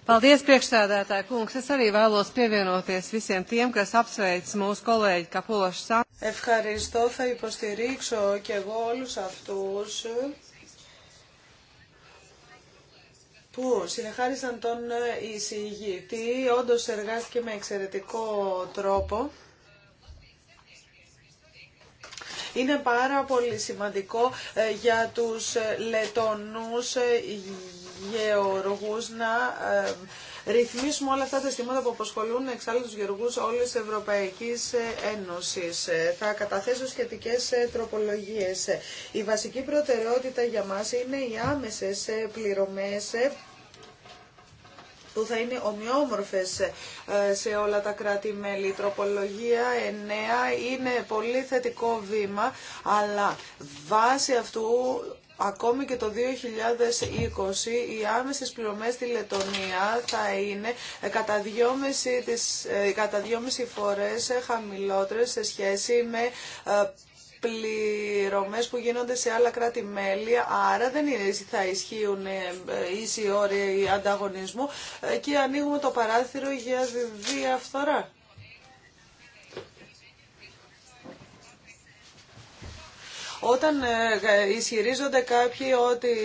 [SPEAKER 2] Paldies, priekšsēdētāji kungs. Es arī vēlos pievienoties visiem tiem, kas apsveic mūsu kolēģi Kapulašu Sānu.
[SPEAKER 4] Ευχαριστώ, θα υποστηρίξω και εγώ όλους αυτούς που συνεχάρισαν τον εισηγητή. Όντως εργάστηκε με εξαιρετικό τρόπο. είναι πάρα πολύ σημαντικό ε, για τους ε, Λετονούς ε, γεωργούς να ρυθμίσουμε όλα αυτά τα αισθήματα που αποσχολούν εξάλλου τους γεωργούς όλης της Ευρωπαϊκής Ένωσης. Θα καταθέσω σχετικές τροπολογίες. Η βασική προτεραιότητα για μας είναι οι άμεσες πληρωμές που θα είναι ομοιόμορφες ε, σε όλα τα κράτη-μέλη. Η τροπολογία 9 είναι πολύ θετικό βήμα, αλλά βάσει αυτού Ακόμη και το 2020 οι άμεσες πληρωμές στη Λετωνία θα είναι κατά 2,5 ε, φορές χαμηλότερες σε σχέση με ε, πληρωμές που γίνονται σε άλλα κράτη-μέλη, άρα δεν θα ισχύουν ε, ε, ίσοι όροι ανταγωνισμού ε, και ανοίγουμε το παράθυρο για διαφθορά. Όταν ισχυρίζονται κάποιοι ότι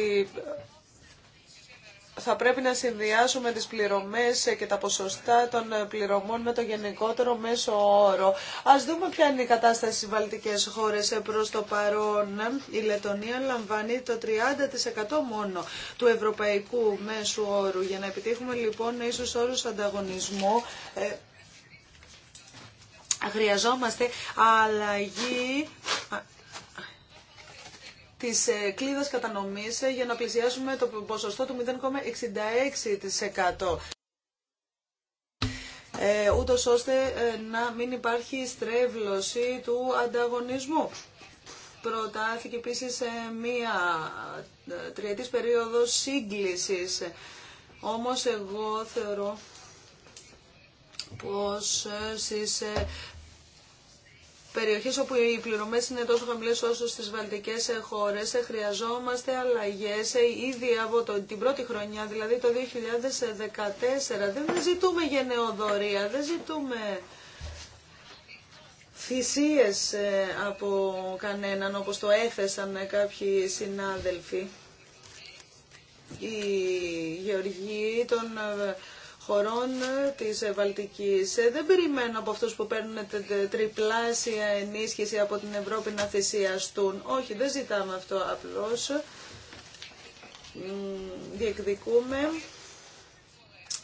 [SPEAKER 4] θα πρέπει να συνδυάσουμε τις πληρωμές και τα ποσοστά των πληρωμών με το γενικότερο μέσο όρο. Ας δούμε ποια είναι η κατάσταση στις βαλτικές χώρες προς το παρόν. Η Λετωνία λαμβάνει το 30% μόνο του ευρωπαϊκού μέσου όρου. Για να επιτύχουμε λοιπόν ίσως όρους ανταγωνισμού, ε, χρειαζόμαστε αλλαγή της ε, κλίδας κατανομής ε, για να πλησιάσουμε το ποσοστό του 0,66% ε, ούτως ώστε να μην υπάρχει στρέβλωση του ανταγωνισμού. Προτάθηκε επίσης μία τριετή περίοδος σύγκληση. Όμως εγώ θεωρώ πως στις περιοχές όπου οι πληρωμές είναι τόσο χαμηλές όσο στις βαλτικές χώρες ε, χρειαζόμαστε αλλαγές ε, ήδη από την πρώτη χρονιά, δηλαδή το 2014. Δεν ζητούμε γενεοδορία, δεν ζητούμε θυσίες ε, από κανέναν όπως το έθεσαν κάποιοι συνάδελφοι. Οι γεωργοί των χωρών ε, της ε, Βαλτικής. Ε, δεν περιμένω από αυτούς που παίρνουν τριπλάσια ενίσχυση από την Ευρώπη να θυσιαστούν. Όχι, δεν ζητάμε αυτό απλώς. Διεκδικούμε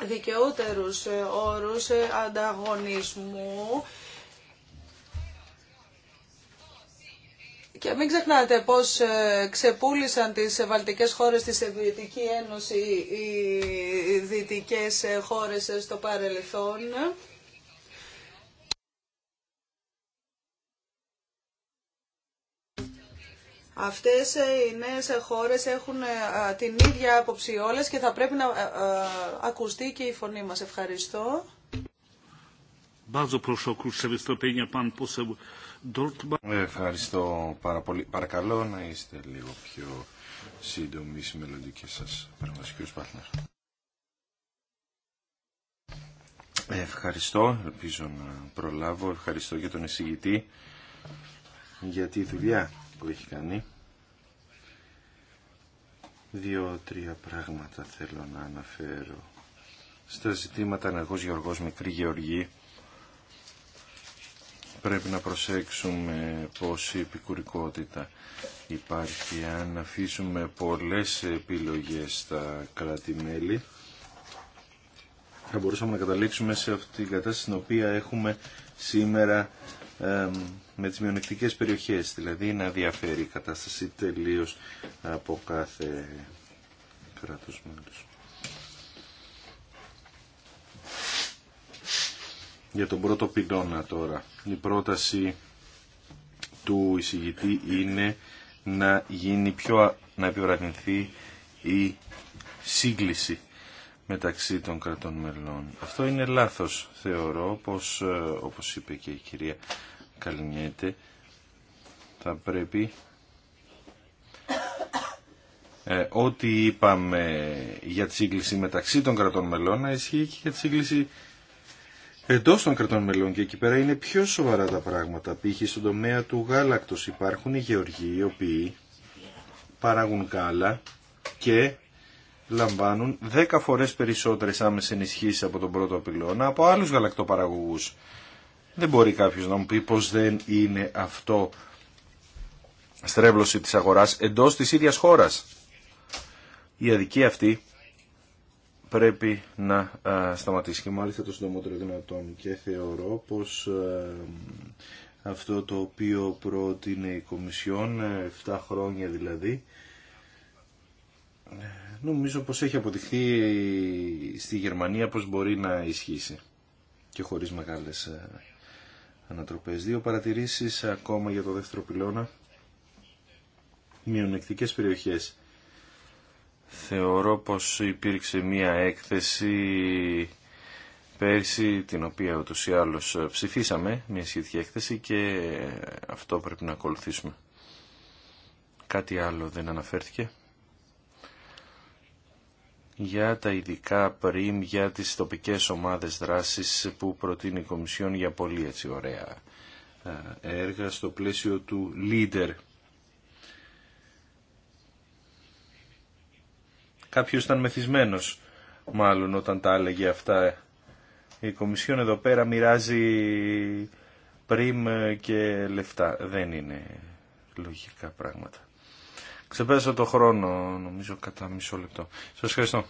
[SPEAKER 4] δικαιότερους όρους ανταγωνισμού Και μην ξεχνάτε πώς ε, ξεπούλησαν τις βαλτικές χώρες της Σοβιετική Ένωση οι δυτικές ε, χώρες ε, στο παρελθόν. Αυτές οι νέες χώρες έχουν την ίδια άποψη όλες και θα πρέπει να ακουστεί και η φωνή μας. Ευχαριστώ.
[SPEAKER 3] Ευχαριστώ πάρα πολύ. Παρακαλώ να είστε
[SPEAKER 5] λίγο πιο σύντομοι στι μελλοντικέ σας παρεμβάσει, Ευχαριστώ, ελπίζω να προλάβω. Ευχαριστώ για τον εισηγητή για τη δουλειά που έχει κάνει. Δύο-τρία πράγματα θέλω να αναφέρω. Στα ζητήματα ενεργός Γεωργός Μικρή Γεωργή πρέπει να προσέξουμε πόση επικουρικότητα υπάρχει. Αν αφήσουμε πολλές επιλογές στα κράτη-μέλη, θα μπορούσαμε να καταλήξουμε σε αυτή την κατάσταση την οποία έχουμε σήμερα με τις μειονεκτικές περιοχές. Δηλαδή να διαφέρει η κατάσταση τελείως από κάθε κράτος μέλος. Για τον πρώτο πυλώνα τώρα. Η πρόταση του εισηγητή είναι να γίνει πιο να επιβραδυνθεί η σύγκληση μεταξύ των κρατών μελών. Αυτό είναι λάθος, θεωρώ, πως, ε, όπως είπε και η κυρία Καλινιέτε, θα πρέπει ε, ό,τι είπαμε για τη σύγκληση μεταξύ των κρατών μελών να ισχύει και για τη σύγκληση Εντό των κρατών μελών και εκεί πέρα είναι πιο σοβαρά τα πράγματα. Π.χ. στον τομέα του γάλακτος υπάρχουν οι γεωργοί οι οποίοι παράγουν γάλα και λαμβάνουν 10 φορές περισσότερες άμεσες ενισχύσεις από τον πρώτο πυλώνα από άλλους γαλακτοπαραγωγούς. Δεν μπορεί κάποιος να μου πει πως δεν είναι αυτό στρέβλωση της αγοράς εντός της ίδιας χώρας. Η αδικία αυτή πρέπει να σταματήσει και μάλιστα το συντομότερο δυνατόν και θεωρώ πως αυτό το οποίο πρότεινε η Κομισιόν 7 ε, χρόνια δηλαδή ε, νομίζω πως έχει αποδειχθεί στη Γερμανία πως μπορεί να ισχύσει και χωρίς μεγάλες ε, ανατροπές. Δύο παρατηρήσεις ακόμα για το δεύτερο πυλώνα μειονεκτικές περιοχές Θεωρώ πως υπήρξε μία έκθεση πέρσι, την οποία ούτως ή άλλως ψηφίσαμε, μία σχετική έκθεση και αυτό πρέπει να ακολουθήσουμε. Κάτι άλλο δεν αναφέρθηκε. Για τα ειδικά πριν, για τις τοπικές ομάδες δράσης που προτείνει η Κομισιόν για πολύ έτσι ωραία ε, έργα στο πλαίσιο του LEADER Κάποιος ήταν μεθυσμένος μάλλον όταν τα έλεγε αυτά. Η Κομισιόν εδώ πέρα μοιράζει πριμ και λεφτά. Δεν είναι λογικά πράγματα. Ξεπέρασα το χρόνο, νομίζω, κατά μισό λεπτό. Σας ευχαριστώ.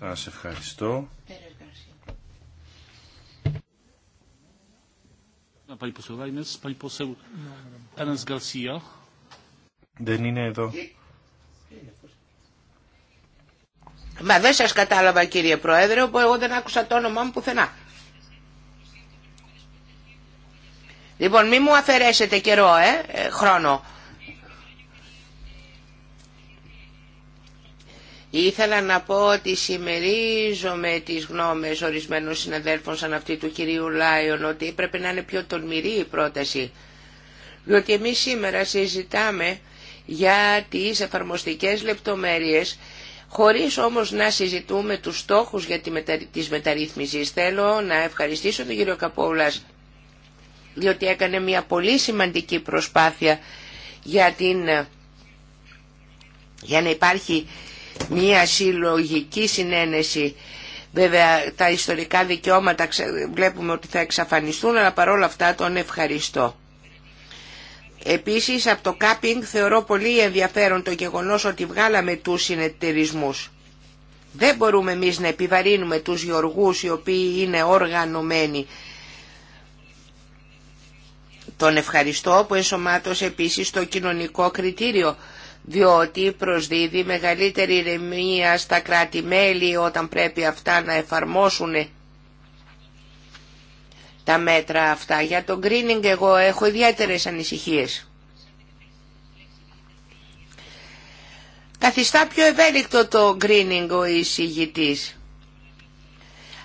[SPEAKER 3] Σας ευχαριστώ.
[SPEAKER 5] Δεν είναι εδώ.
[SPEAKER 3] Μα δεν σας κατάλαβα κύριε
[SPEAKER 2] Πρόεδρε, όπου εγώ δεν άκουσα το όνομά μου πουθενά. Λοιπόν, μη μου αφαιρέσετε καιρό, ε, ε χρόνο. Ήθελα να πω ότι συμμερίζομαι τις γνώμες ορισμένων συναδέλφων σαν αυτή του κυρίου Λάιον ότι πρέπει να είναι πιο τολμηρή η πρόταση. Διότι εμείς σήμερα συζητάμε για τις εφαρμοστικές λεπτομέρειες χωρίς όμως να συζητούμε τους στόχους για τη μετα... της μεταρρύθμισης. Θέλω να ευχαριστήσω τον κύριο Καπόουλας διότι έκανε μια πολύ σημαντική προσπάθεια για, την... για να υπάρχει μια συλλογική συνένεση. Βέβαια τα ιστορικά δικαιώματα βλέπουμε ότι θα εξαφανιστούν, αλλά παρόλα αυτά τον ευχαριστώ. Επίσης από το κάπινγκ θεωρώ πολύ ενδιαφέρον το γεγονός ότι βγάλαμε τους συνεταιρισμούς. Δεν μπορούμε εμείς να επιβαρύνουμε τους γιοργούς... οι οποίοι είναι οργανωμένοι. Τον ευχαριστώ που ενσωμάτωσε επίσης το κοινωνικό κριτήριο διότι προσδίδει μεγαλύτερη ηρεμία στα κράτη-μέλη όταν πρέπει αυτά να εφαρμόσουν τα μέτρα αυτά. Για το greening εγώ έχω ιδιαίτερες ανησυχίες. Καθιστά πιο ευέλικτο το greening ο εισηγητής.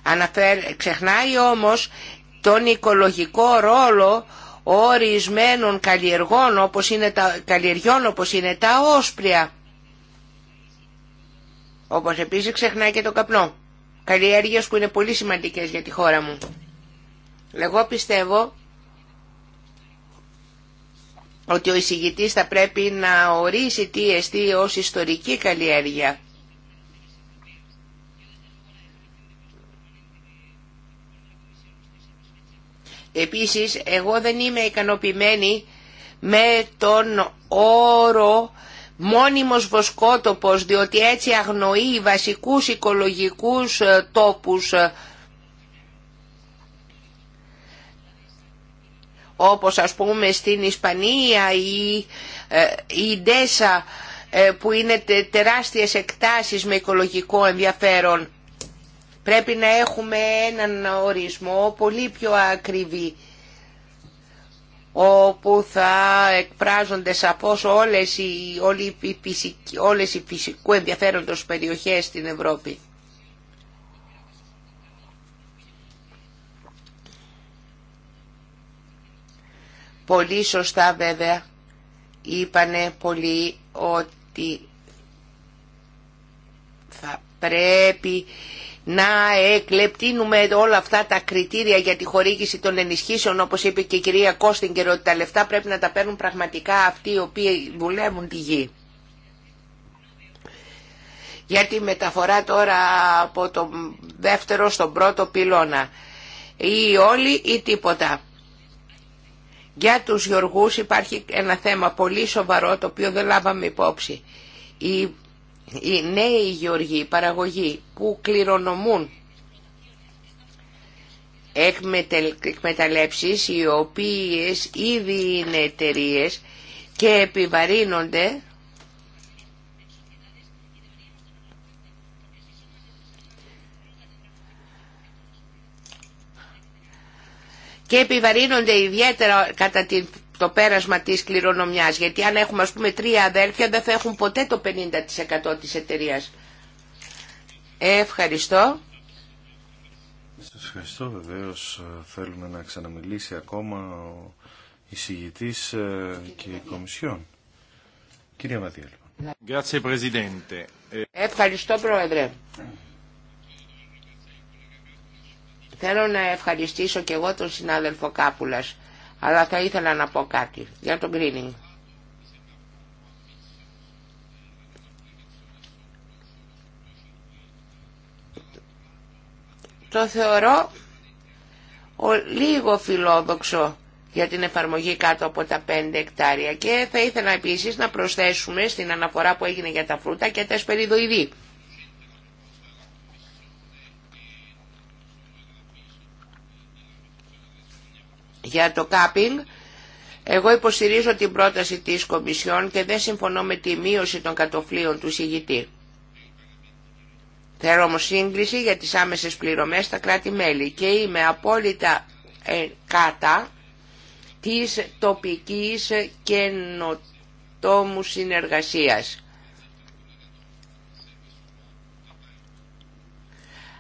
[SPEAKER 2] Αναφέρ, ξεχνάει όμως τον οικολογικό ρόλο ορισμένων καλλιεργών όπως είναι τα, καλλιεργιών όπως είναι τα όσπρια. Όπως επίσης ξεχνάει και το καπνό. Καλλιέργειες που είναι πολύ σημαντικές για τη χώρα μου. Εγώ πιστεύω ότι ο εισηγητής θα πρέπει να ορίσει τι εστί ως ιστορική καλλιέργεια. Επίσης, εγώ δεν είμαι ικανοποιημένη με τον όρο μόνιμος βοσκότοπος, διότι έτσι αγνοεί βασικούς οικολογικούς ε, τόπους, ε, όπως ας πούμε στην Ισπανία ή ε, η Ντέσα που είναι τεράστιες εκτάσεις με οικολογικό ενδιαφέρον. Πρέπει να έχουμε έναν ορισμό πολύ πιο ακριβή όπου θα εκπράζονται σαφώς όλες οι, όλοι οι φυσικοί, όλες οι φυσικού ενδιαφέροντος περιοχές στην Ευρώπη. Πολύ σωστά βέβαια είπανε πολύ ότι θα πρέπει να εκλεπτύνουμε όλα αυτά τα κριτήρια για τη χορήγηση των ενισχύσεων όπως είπε και η κυρία Κώστιγκερ ότι τα λεφτά πρέπει να τα παίρνουν πραγματικά αυτοί οι οποίοι δουλεύουν τη γη. Γιατί τη μεταφορά τώρα από το δεύτερο στον πρώτο πυλώνα. Ή όλοι ή τίποτα. Για τους Γιοργούς υπάρχει ένα θέμα πολύ σοβαρό το οποίο δεν λάβαμε υπόψη. Η οι νέοι γεωργοί, παραγωγοί που κληρονομούν εκμεταλλεύσεις οι οποίες ήδη είναι εταιρείε και επιβαρύνονται και επιβαρύνονται ιδιαίτερα κατά την το πέρασμα της κληρονομιάς. Γιατί αν έχουμε ας πούμε τρία αδέρφια δεν θα έχουν ποτέ το 50% της εταιρεία. ευχαριστώ.
[SPEAKER 5] Σας ευχαριστώ βεβαίως. Ε, θέλουμε να ξαναμιλήσει ακόμα ο εισηγητής ε, και η Κομισιόν. Κυρία Ματία,
[SPEAKER 3] λοιπόν. ε,
[SPEAKER 2] Ευχαριστώ, Πρόεδρε. Θέλω να ευχαριστήσω και εγώ τον συνάδελφο Κάπουλας αλλά θα ήθελα να πω κάτι για τον greening. Το θεωρώ λίγο φιλόδοξο για την εφαρμογή κάτω από τα 5 εκτάρια και θα ήθελα επίσης να προσθέσουμε στην αναφορά που έγινε για τα φρούτα και τα σπεριδοειδή. Για το κάπινγκ, εγώ υποστηρίζω την πρόταση της Κομισιόν και δεν συμφωνώ με τη μείωση των κατοφλίων του συγητή. Θέλω όμως σύγκριση για τις άμεσες πληρωμές στα κράτη-μέλη και είμαι απόλυτα ε, κατά της τοπικής καινοτόμου συνεργασίας.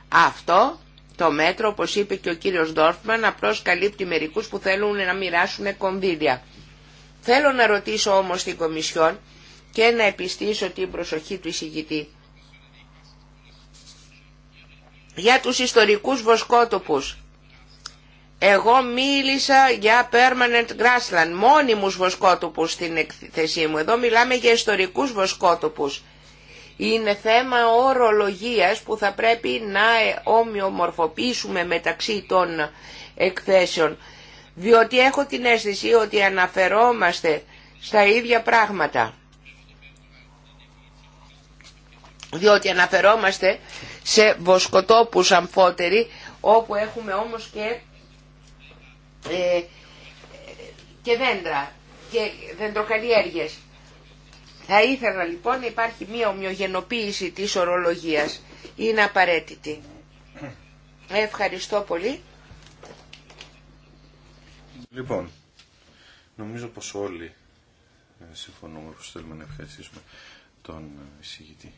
[SPEAKER 2] Αυτό το μέτρο, όπως είπε και ο κύριος Ντόρφμαν, απλώς καλύπτει μερικούς που θέλουν να μοιράσουν κονδύλια. Θέλω να ρωτήσω όμως την Κομισιόν και να επιστήσω την προσοχή του εισηγητή. Για τους ιστορικούς βοσκότοπους. Εγώ μίλησα για permanent grassland, μόνιμους βοσκότοπους στην εκθεσή μου. Εδώ μιλάμε για ιστορικούς βοσκότοπους. Είναι θέμα ορολογίας που θα πρέπει να ομοιομορφοποιήσουμε μεταξύ των εκθέσεων. Διότι έχω την αίσθηση ότι αναφερόμαστε στα ίδια πράγματα. Διότι αναφερόμαστε σε βοσκοτόπους αμφότεροι, όπου έχουμε όμως και, ε, και δέντρα και δεντροκαλλιέργειες. Θα ήθελα λοιπόν να υπάρχει μία ομοιογενοποίηση της ορολογίας. Είναι απαραίτητη. Ευχαριστώ πολύ.
[SPEAKER 5] Λοιπόν, νομίζω πως όλοι ε, συμφωνούμε πως θέλουμε να ευχαριστήσουμε τον ε, εισηγητή.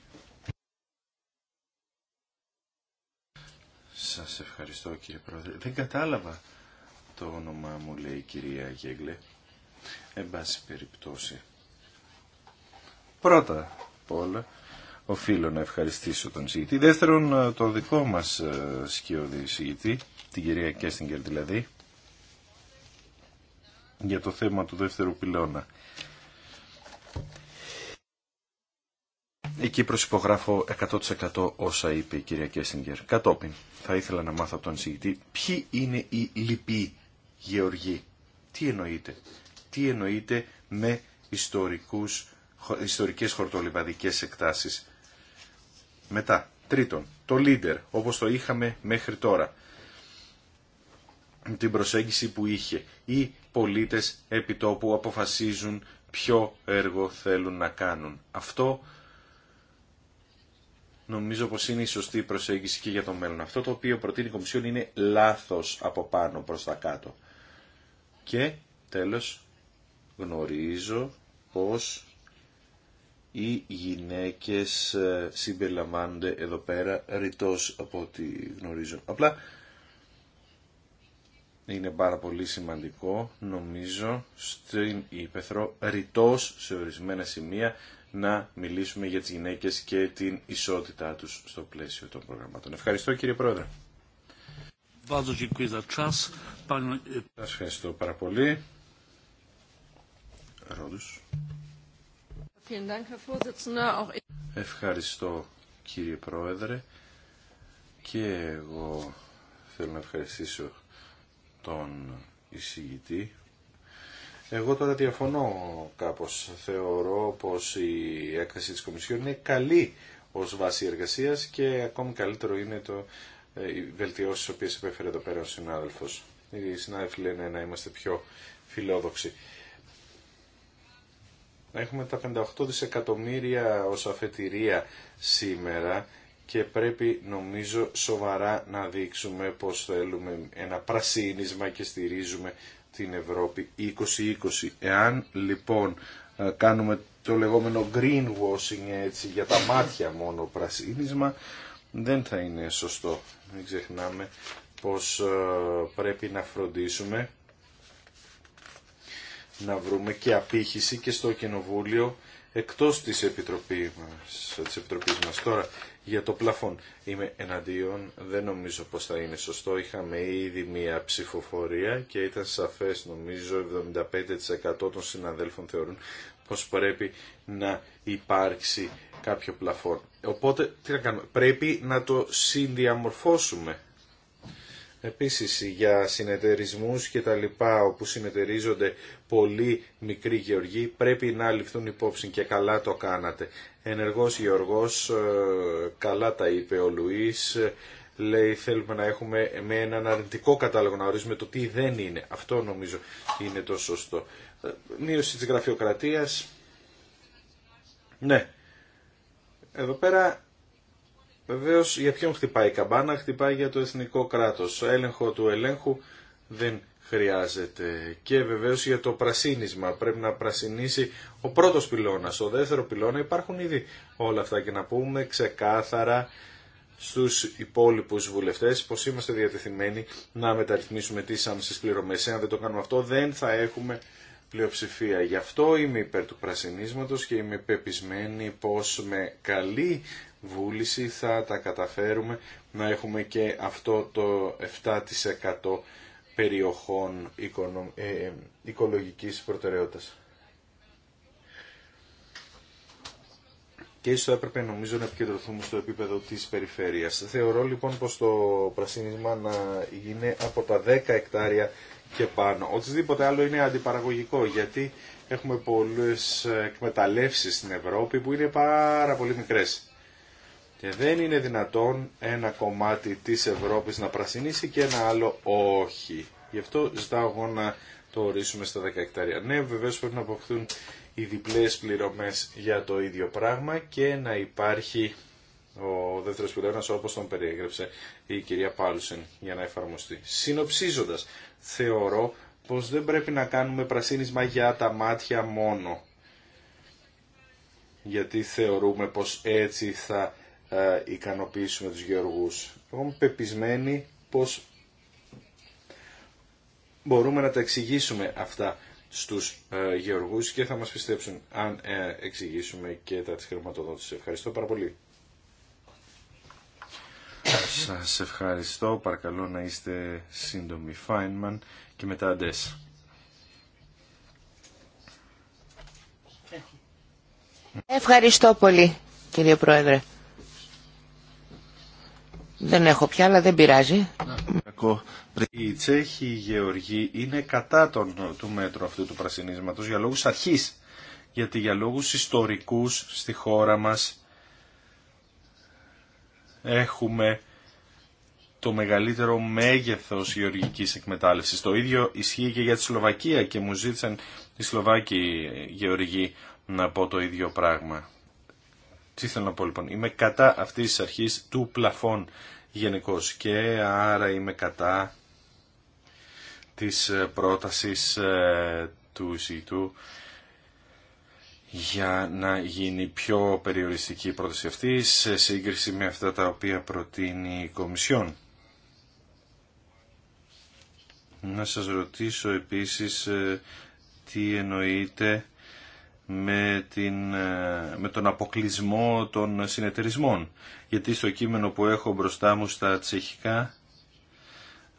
[SPEAKER 5] Σας ευχαριστώ κύριε Πρόεδρε. Δεν κατάλαβα το όνομά μου λέει η κυρία Γέγλε. Εν πάση περιπτώσει. Πρώτα απ' όλα οφείλω να ευχαριστήσω τον συγητή. Δεύτερον, το δικό μας ε, σκιώδη συγητή, την κυρία Κέστιγκερ δηλαδή, για το θέμα του δεύτερου πυλώνα. Εκεί προσυπογράφω 100% όσα είπε η κυρία Κέστιγκερ. Κατόπιν, θα ήθελα να μάθω από τον συγητή ποιοι είναι οι λυποί γεωργοί. Τι εννοείται. Τι εννοείται με ιστορικούς ιστορικές χορτολιβαδικές εκτάσεις. Μετά, τρίτον, το leader, όπως το είχαμε μέχρι τώρα, την προσέγγιση που είχε. Οι πολίτες επιτόπου αποφασίζουν ποιο έργο θέλουν να κάνουν. Αυτό νομίζω πως είναι η σωστή προσέγγιση και για το μέλλον. Αυτό το οποίο προτείνει η Κομισιόν είναι λάθος από πάνω προς τα κάτω. Και τέλος γνωρίζω πως οι γυναίκες ε, συμπεριλαμβάνονται εδώ πέρα ρητός από ό,τι γνωρίζω. Απλά είναι πάρα πολύ σημαντικό νομίζω στην Υπεθρό, ρητός σε ορισμένα σημεία να μιλήσουμε για τις γυναίκες και την ισότητά τους στο πλαίσιο των προγραμμάτων. Ευχαριστώ κύριε
[SPEAKER 3] Πρόεδρε. ευχαριστώ πάρα πολύ. Ρόδους.
[SPEAKER 5] Ευχαριστώ κύριε Πρόεδρε και εγώ θέλω να ευχαριστήσω τον εισηγητή. Εγώ τώρα διαφωνώ κάπως. Θεωρώ πως η έκθεση της Κομισιόν είναι καλή ως βάση εργασίας και ακόμη καλύτερο είναι το, ε, οι βελτιώσεις οποίες επέφερε εδώ πέρα ο συνάδελφος. Οι συνάδελφοι λένε να είμαστε πιο φιλόδοξοι. Έχουμε τα 58 δισεκατομμύρια ως αφετηρία σήμερα και πρέπει νομίζω σοβαρά να δείξουμε πως θέλουμε ένα πρασίνισμα και στηρίζουμε την Ευρώπη 2020. Εάν λοιπόν ε, κάνουμε το λεγόμενο greenwashing έτσι για τα μάτια μόνο πρασίνισμα δεν θα είναι σωστό. Μην ξεχνάμε πως ε, πρέπει να φροντίσουμε να βρούμε και απήχηση και στο Κοινοβούλιο εκτός της Επιτροπής μας, της Επιτροπής μας. Τώρα, για το πλαφόν. Είμαι εναντίον, δεν νομίζω πως θα είναι σωστό. Είχαμε ήδη μία ψηφοφορία και ήταν σαφές, νομίζω, 75% των συναδέλφων θεωρούν πως πρέπει να υπάρξει κάποιο πλαφόν. Οπότε, τι να κάνουμε, πρέπει να το συνδιαμορφώσουμε Επίσης για συνεταιρισμούς και τα λοιπά όπου συνεταιρίζονται πολύ μικροί γεωργοί πρέπει να ληφθούν υπόψη και καλά το κάνατε. Ενεργός γεωργός, ε, καλά τα είπε ο Λουίς, λέει θέλουμε να έχουμε με έναν αρνητικό κατάλογο να ορίζουμε το τι δεν είναι. Αυτό νομίζω είναι το σωστό. Ε, μείωση της γραφειοκρατίας, ναι. Εδώ πέρα Βεβαίω, για ποιον χτυπάει η καμπάνα, χτυπάει για το εθνικό κράτο. έλεγχο του ελέγχου δεν χρειάζεται. Και βεβαίω για το πρασίνισμα. Πρέπει να πρασινίσει ο πρώτο πυλώνας. Ο δεύτερο πυλώνα υπάρχουν ήδη όλα αυτά και να πούμε ξεκάθαρα στου υπόλοιπου βουλευτέ, πώ είμαστε διατεθειμένοι να μεταρρυθμίσουμε τι άμεσε πληρωμές. Εάν δεν το κάνουμε αυτό δεν θα έχουμε πλειοψηφία. Γι' αυτό είμαι υπέρ του πρασινίσματος και είμαι πεπισμένη πως με καλή βούληση θα τα καταφέρουμε να έχουμε και αυτό το 7% περιοχών οικονο... Ε, ε, οικολογικής προτεραιότητας. Και ίσως έπρεπε νομίζω να επικεντρωθούμε στο επίπεδο της περιφέρειας. Θεωρώ λοιπόν πως το πρασίνισμα να γίνει από τα 10 εκτάρια και πάνω. Οτιδήποτε άλλο είναι αντιπαραγωγικό γιατί έχουμε πολλές εκμεταλλεύσεις στην Ευρώπη που είναι πάρα πολύ μικρές. Και δεν είναι δυνατόν ένα κομμάτι της Ευρώπης να πρασινίσει και ένα άλλο όχι. Γι' αυτό ζητάω εγώ να το ορίσουμε στα 10 εκτάρια. Ναι, βεβαίω πρέπει να αποκτούν οι διπλές πληρωμές για το ίδιο πράγμα και να υπάρχει ο δεύτερος πυλώνας όπως τον περιέγραψε η κυρία Πάλουσεν για να εφαρμοστεί. Συνοψίζοντας, θεωρώ πως δεν πρέπει να κάνουμε πρασίνισμα για τα μάτια μόνο. Γιατί θεωρούμε πως έτσι θα ε, ικανοποιήσουμε τους γεωργούς. Εγώ είμαι πεπισμένη πως μπορούμε να τα εξηγήσουμε αυτά στους ε, γεωργούς και θα μας πιστέψουν αν ε, εξηγήσουμε και τα της χρηματοδότησης. Ευχαριστώ πάρα πολύ. Σας ευχαριστώ. Παρακαλώ να είστε σύντομοι. Φάινμαν και μετά Αντές.
[SPEAKER 2] Ευχαριστώ πολύ κύριε Πρόεδρε. Δεν έχω πια, αλλά δεν πειράζει.
[SPEAKER 5] Οι Τσέχοι Γεωργοί είναι κατά τον, του μέτρου αυτού του πρασινίσματος για λόγους αρχής. Γιατί για λόγους ιστορικούς στη χώρα μας
[SPEAKER 3] έχουμε
[SPEAKER 5] το μεγαλύτερο μέγεθος γεωργικής εκμετάλλευσης. Το ίδιο ισχύει και για τη Σλοβακία και μου ζήτησαν οι Σλοβάκοι Γεωργοί να πω το ίδιο πράγμα. Τι θέλω να πω λοιπόν, είμαι κατά αυτής της αρχής του πλαφών γενικώ και άρα είμαι κατά της ε, πρότασης ε, του εισηγητού για να γίνει πιο περιοριστική η πρόταση αυτή σε σύγκριση με αυτά τα οποία προτείνει η Κομισιόν. Να σας ρωτήσω επίσης ε, τι εννοείται με, την, ε, με τον αποκλεισμό των συνεταιρισμών. Γιατί στο κείμενο που έχω μπροστά μου στα τσεχικά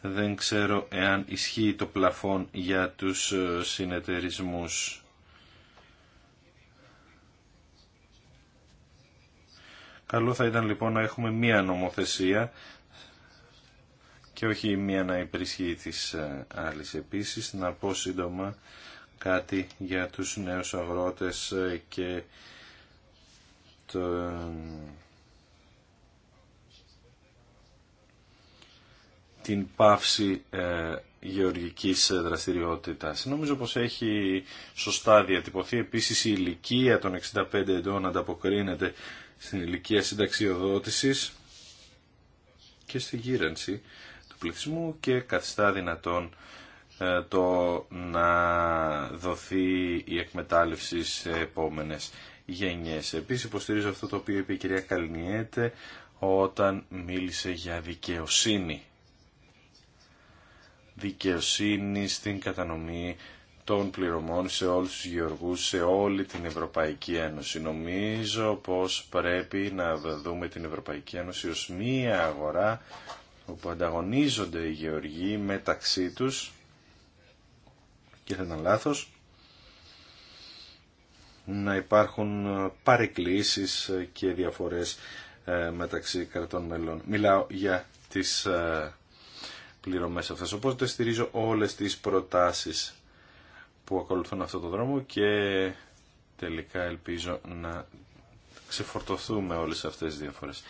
[SPEAKER 5] δεν ξέρω εάν ισχύει το πλαφόν για τους ε, συνεταιρισμούς. Καλό θα ήταν λοιπόν να έχουμε μία νομοθεσία και όχι μία να υπερισχύει της ε, άλλης. Επίσης να πω σύντομα κάτι για τους νέους αγρότες και το... την πάυση ε, γεωργικής δραστηριότητας. Νομίζω πως έχει σωστά διατυπωθεί. Επίσης η ηλικία των 65 ετών ανταποκρίνεται στην ηλικία συνταξιοδότησης και στη γύρανση του πληθυσμού και καθιστά δυνατόν ε, το να δοθεί η εκμετάλλευση σε επόμενες γενιές. Επίσης υποστηρίζω αυτό το οποίο είπε η κυρία Καλνιέτε όταν μίλησε για δικαιοσύνη. Δικαιοσύνη στην κατανομή των πληρωμών σε όλους τους γεωργούς, σε όλη την Ευρωπαϊκή Ένωση. Νομίζω πως πρέπει να δούμε την Ευρωπαϊκή Ένωση ως μία αγορά όπου ανταγωνίζονται οι γεωργοί μεταξύ τους και θα ήταν λάθος να υπάρχουν παρεκκλήσεις και διαφορές ε, μεταξύ κρατών μελών. Μιλάω για τις ε, πληρωμές αυτές. Οπότε στηρίζω όλες τις προτάσεις που ακολουθούν αυτό το δρόμο και τελικά ελπίζω να ξεφορτωθούμε όλες αυτές τις διαφορές.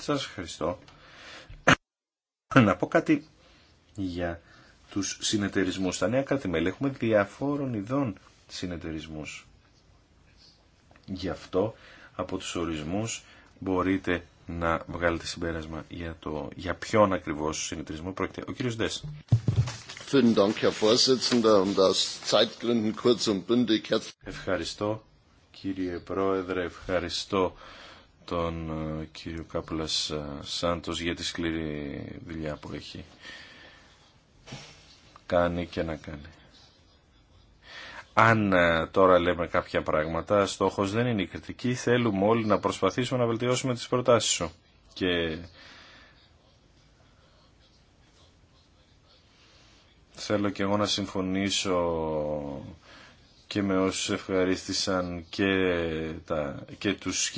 [SPEAKER 5] Σας ευχαριστώ. να πω κάτι για τους συνεταιρισμούς. Στα νέα κράτη-μέλη έχουμε διαφόρων ειδών συνεταιρισμούς. Γι' αυτό από τους ορισμούς μπορείτε να βγάλετε συμπέρασμα για, το, για ποιον ακριβώς συνεταιρισμό πρόκειται. Ο κύριος Ντες. Ευχαριστώ κύριε Πρόεδρε, ευχαριστώ τον ε, κύριο Κάπουλας ε, Σάντος για τη σκληρή δουλειά που έχει κάνει και να κάνει. Αν ε, τώρα λέμε κάποια πράγματα, στόχος δεν είναι η κριτική, θέλουμε όλοι να προσπαθήσουμε να βελτιώσουμε τις προτάσεις σου. Και θέλω και εγώ να συμφωνήσω και με όσους ευχαρίστησαν και, τα, και τους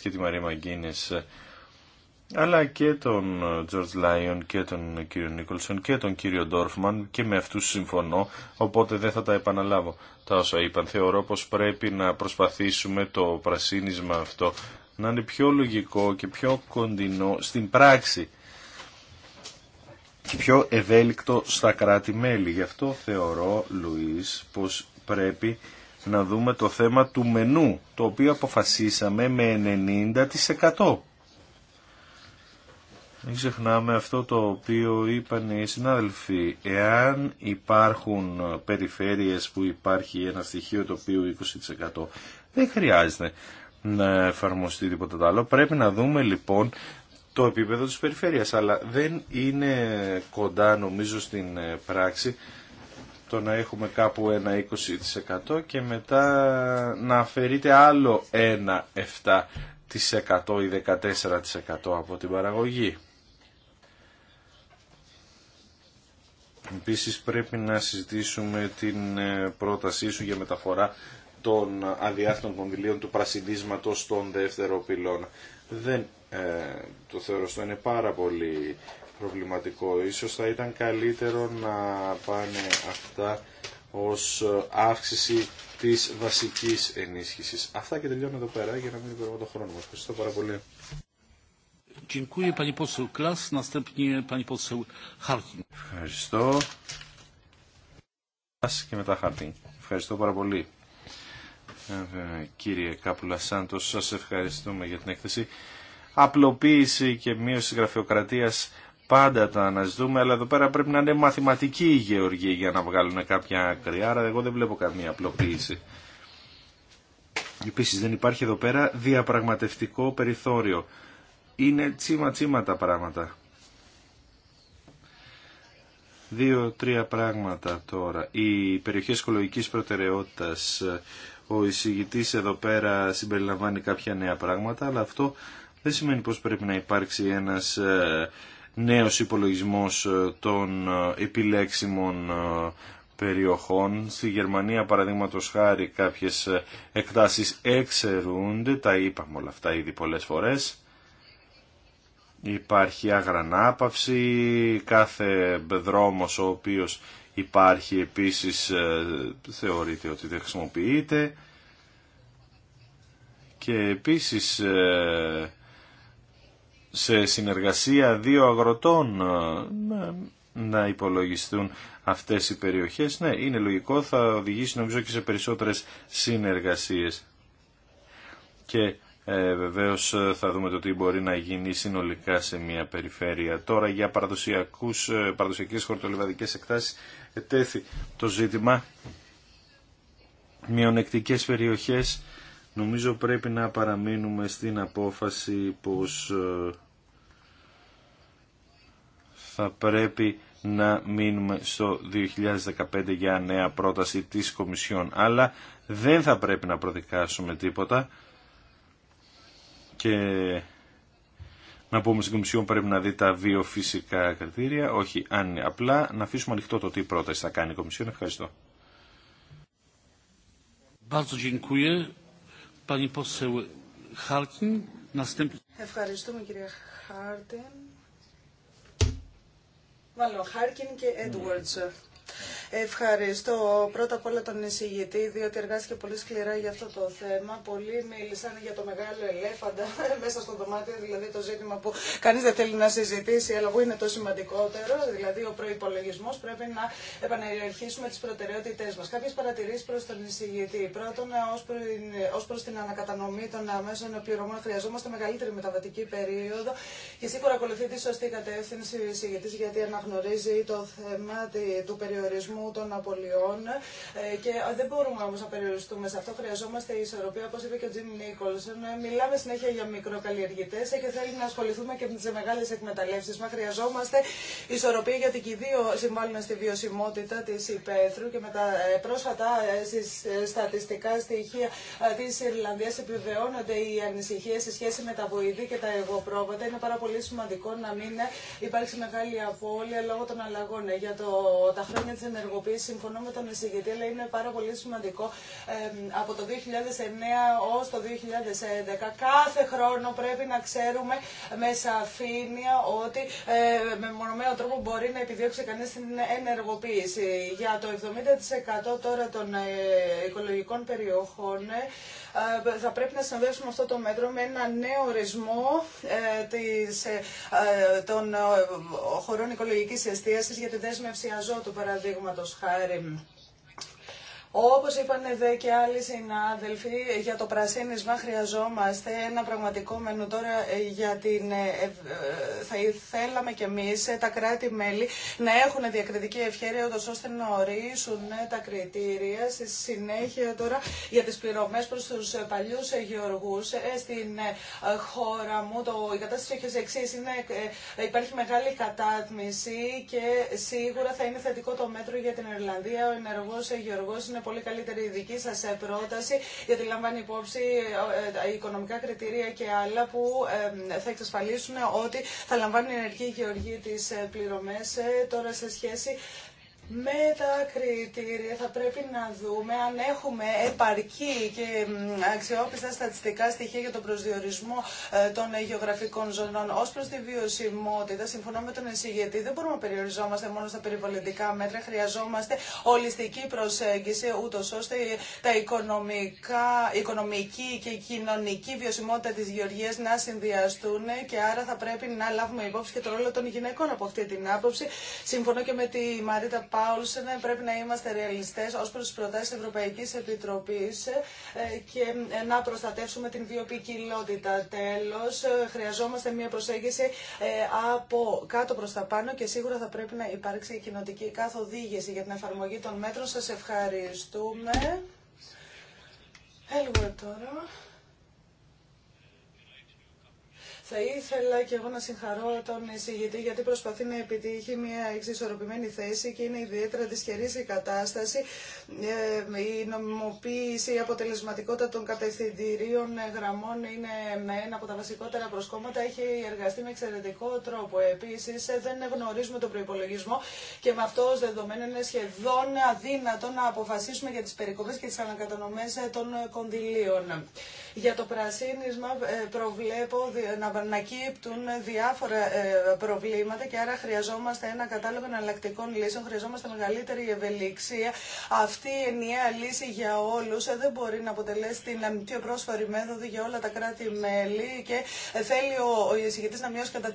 [SPEAKER 5] και τη Μαρία Μαγκίνες αλλά και τον ε, George Λάιον ε, και τον κύριο Νίκολσον και τον κύριο Ντόρφμαν και με αυτούς συμφωνώ, οπότε δεν θα τα επαναλάβω τα όσα είπαν. Θεωρώ πως πρέπει να προσπαθήσουμε το πρασίνισμα αυτό να είναι πιο λογικό και πιο κοντινό στην πράξη και πιο ευέλικτο στα κράτη-μέλη. Γι' αυτό θεωρώ, Λουίς, πως πρέπει να δούμε το θέμα του μενού, το οποίο αποφασίσαμε με 90%. Μην ξεχνάμε αυτό το οποίο είπαν οι συνάδελφοι. Εάν υπάρχουν περιφέρειες που υπάρχει ένα στοιχείο το οποίο 20% δεν χρειάζεται να εφαρμοστεί τίποτα άλλο. Πρέπει να δούμε λοιπόν το επίπεδο της περιφέρειας, αλλά δεν είναι κοντά νομίζω στην ε, πράξη το να έχουμε κάπου ένα 20% και μετά να αφαιρείται άλλο ένα 7% ή 14% από την παραγωγή. Επίση πρέπει να συζητήσουμε την ε, πρότασή σου για μεταφορά των αδιάθετων κονδυλίων του πρασινίσματος στον δεύτερο πυλώνα. Δεν ε, το θεωρώ αυτό είναι πάρα πολύ προβληματικό. Ίσως θα ήταν καλύτερο να πάνε αυτά ως ε, αύξηση της βασικής ενίσχυσης. Αυτά και τελειώνω εδώ πέρα για να μην υπερβώ το χρόνο μας. Ευχαριστώ πάρα πολύ.
[SPEAKER 3] Ευχαριστώ.
[SPEAKER 5] Ευχαριστώ πάρα πολύ. Ε, κύριε Κάπουλα Σάντος, σας ευχαριστούμε για την έκθεση. Απλοποίηση και μείωση γραφειοκρατίας πάντα τα αναζητούμε, αλλά εδώ πέρα πρέπει να είναι μαθηματική η γεωργία για να βγάλουν κάποια άκρη. Άρα εγώ δεν βλέπω καμία απλοποίηση. Επίσης δεν υπάρχει εδώ πέρα διαπραγματευτικό περιθώριο είναι τσίμα τσίμα τα πράγματα. Δύο-τρία πράγματα τώρα. Οι περιοχέ οικολογική προτεραιότητα, ο εισηγητή εδώ πέρα συμπεριλαμβάνει κάποια νέα πράγματα, αλλά αυτό δεν σημαίνει πω πρέπει να υπάρξει ένας ε, νέο υπολογισμό ε, των ε, επιλέξιμων περιοχών. Στη Γερμανία, παραδείγματο χάρη, κάποιε εκτάσει εξαιρούνται, τα είπαμε όλα αυτά ήδη πολλέ φορές υπάρχει αγρανάπαυση, κάθε δρόμος ο οποίος υπάρχει επίσης ε, θεωρείται ότι δεν χρησιμοποιείται και επίσης ε, σε συνεργασία δύο αγροτών ε, να υπολογιστούν αυτές οι περιοχές. Ναι, είναι λογικό, θα οδηγήσει νομίζω και σε περισσότερες συνεργασίες. Και ε, βεβαίως ε, θα δούμε το τι μπορεί να γίνει συνολικά σε μια περιφέρεια. Τώρα για παραδοσιακούς, ε, παραδοσιακές χορτολιβαδικές εκτάσεις ετέθη το ζήτημα. Μειονεκτικές περιοχές νομίζω πρέπει να παραμείνουμε στην απόφαση πως ε, θα πρέπει να μείνουμε στο 2015 για νέα πρόταση της Κομισιόν. Αλλά δεν θα πρέπει να προδικάσουμε τίποτα και να πούμε στην Κομισιόν πρέπει να δει τα βιοφυσικά κριτήρια, όχι αν είναι απλά, να αφήσουμε ανοιχτό το τι πρόταση θα κάνει η Κομισιόν. Ευχαριστώ.
[SPEAKER 4] Ευχαριστούμε κυρία Χάρτιν. Χάρκιν και Έντουαρτς. Ευχαριστώ πρώτα απ' όλα τον εισηγητή, διότι εργάστηκε πολύ σκληρά για αυτό το θέμα. Πολλοί μίλησαν για το μεγάλο ελέφαντα μέσα στο δωμάτιο, δηλαδή το ζήτημα που κανεί δεν θέλει να συζητήσει, αλλά που είναι το σημαντικότερο, δηλαδή ο προπολογισμό πρέπει να επανερχίσουμε τι προτεραιότητε μα. Κάποιε παρατηρήσει προ τον εισηγητή. Πρώτον, ω προ την ανακατανομή των αμέσων πληρωμών χρειαζόμαστε μεγαλύτερη μεταβατική περίοδο και σίγουρα ακολουθεί τη σωστή κατεύθυνση ο γιατί αναγνωρίζει το θέμα του περιορισμού των απολειών ε, και ε, δεν μπορούμε όμως να περιοριστούμε σε αυτό. Χρειαζόμαστε ισορροπία, όπω είπε και ο Τζιμ Νίκολσον. Ε, μιλάμε συνέχεια για μικροκαλλιεργητές και θέλει να ασχοληθούμε και με τι μεγάλε εκμεταλλεύσεις. Μα χρειαζόμαστε ισορροπία γιατί και οι δύο συμβάλλουν στη βιωσιμότητα τη υπαίθρου και με τα πρόσφατα στατιστικά στοιχεία τη Ιρλανδίας επιβεβαιώνονται οι ανησυχίε σε σχέση με τα βοηθή και τα εγωπρόβατα. Είναι πάρα πολύ σημαντικό να μην υπάρξει μεγάλη απώλεια λόγω των αλλαγών. Για το, τα χρόνια της ενεργοποίηση. Συμφωνώ με τον εισηγητή, αλλά είναι πάρα πολύ σημαντικό από το 2009 ως το 2011. Κάθε χρόνο πρέπει να ξέρουμε με σαφήνεια ότι ε, με μονομένο τρόπο μπορεί να επιδιώξει κανείς την ενεργοποίηση. Για το 70% τώρα των ε, οικολογικών περιοχών ε, ε, θα πρέπει να συνδέσουμε αυτό το μέτρο με ένα νέο ορισμό ε, ε, των χωρών οικολογικής εστίασης για τη δέσμευση αζότου παραδείγματος χάρη. Όπως είπαν δε και άλλοι συνάδελφοι, για το πρασίνισμα χρειαζόμαστε ένα πραγματικό μενού τώρα ε, για την... Ε, ε, θα θέλαμε κι εμείς τα κράτη-μέλη να έχουν διακριτική ευχαίρεια ώστε να ορίσουν τα κριτήρια στη συνέχεια τώρα για τις πληρωμές προς τους παλιούς γεωργούς. Στην χώρα μου το, η κατάσταση έχει ως εξής. Είναι, υπάρχει μεγάλη κατάτμιση και σίγουρα θα είναι θετικό το μέτρο για την Ιρλανδία. Ο ενεργός γεωργός είναι πολύ καλύτερη η δική σας ε, πρόταση, γιατί λαμβάνει υπόψη ε, ε, οικονομικά κριτήρια και άλλα που θα εξασφαλίσουν ότι θα λαμβάνουν ενεργή γεωργή τις πληρωμές τώρα σε σχέση με τα κριτήρια θα πρέπει να δούμε αν έχουμε επαρκή και αξιόπιστα στατιστικά στοιχεία για τον προσδιορισμό ε, των γεωγραφικών ζωνών ω προ τη βιωσιμότητα. Συμφωνώ με τον εισηγητή, δεν μπορούμε να περιοριζόμαστε μόνο στα περιβαλλοντικά μέτρα. Χρειαζόμαστε ολιστική προσέγγιση, ούτω ώστε τα οικονομικά, οικονομική και κοινωνική βιωσιμότητα τη γεωργία να συνδυαστούν και άρα θα πρέπει να λάβουμε υπόψη και το ρόλο των γυναικών από αυτή την άποψη. Συμφωνώ και με τη Μαρίτα Πάουλσεν πρέπει να είμαστε ρεαλιστές ω προ τι προτάσει Ευρωπαϊκή Ευρωπαϊκής Επιτροπής ε, και ε, να προστατεύσουμε την βιοποικιλότητα. Τέλος, ε, χρειαζόμαστε μια προσέγγιση από κάτω προ τα πάνω και σίγουρα θα πρέπει να υπάρξει κοινοτική καθοδήγηση για την εφαρμογή των μέτρων. Σας ευχαριστούμε. Έλγο τώρα. Θα ήθελα και εγώ να συγχαρώ τον εισηγητή γιατί προσπαθεί να επιτύχει μια εξισορροπημένη θέση και είναι ιδιαίτερα δυσχερή η κατάσταση. Ε, η νομιμοποίηση, η αποτελεσματικότητα των κατευθυντηρίων γραμμών είναι με ένα από τα βασικότερα προσκόμματα. Έχει εργαστεί με εξαιρετικό τρόπο. Επίση, δεν γνωρίζουμε τον προπολογισμό και με αυτό ω δεδομένο είναι σχεδόν αδύνατο να αποφασίσουμε για τι περικοπέ και τι ανακατανομέ των κονδυλίων. Για το πρασίνισμα ε, προβλέπω να ανακύπτουν διάφορα ε, προβλήματα και άρα χρειαζόμαστε ένα κατάλογο εναλλακτικών λύσεων, χρειαζόμαστε μεγαλύτερη ευελιξία. Αυτή η ενιαία λύση για όλου ε, δεν μπορεί να αποτελέσει την πιο πρόσφορη μέθοδο για όλα τα κράτη-μέλη και θέλει ο εισηγητή να μειώσει κατά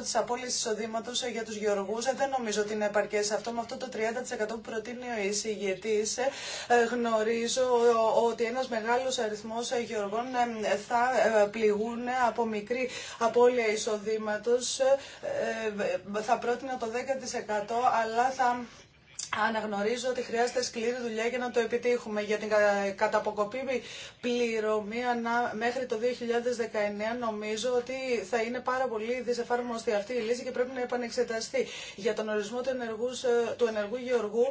[SPEAKER 4] 30% τη απόλυση εισοδήματο για του γεωργού. Δεν νομίζω ότι είναι επαρκέ αυτό. Με αυτό το 30% που προτείνει ο εισηγητή γνωρίζω ότι ένα μεγάλο αριθμό γεωργών Λοιπόν, ε, θα ε, πληγούν από μικρή απώλεια εισοδήματος. Ε, θα πρότεινα το 10% αλλά θα Αναγνωρίζω ότι χρειάζεται σκληρή δουλειά για να το επιτύχουμε. Για την καταποκοπή πληρωμή μέχρι το 2019 νομίζω ότι θα είναι πάρα πολύ δυσεφάρμοστη αυτή η λύση και πρέπει να επανεξεταστεί. Για τον ορισμό του ενεργού, του ενεργού γεωργού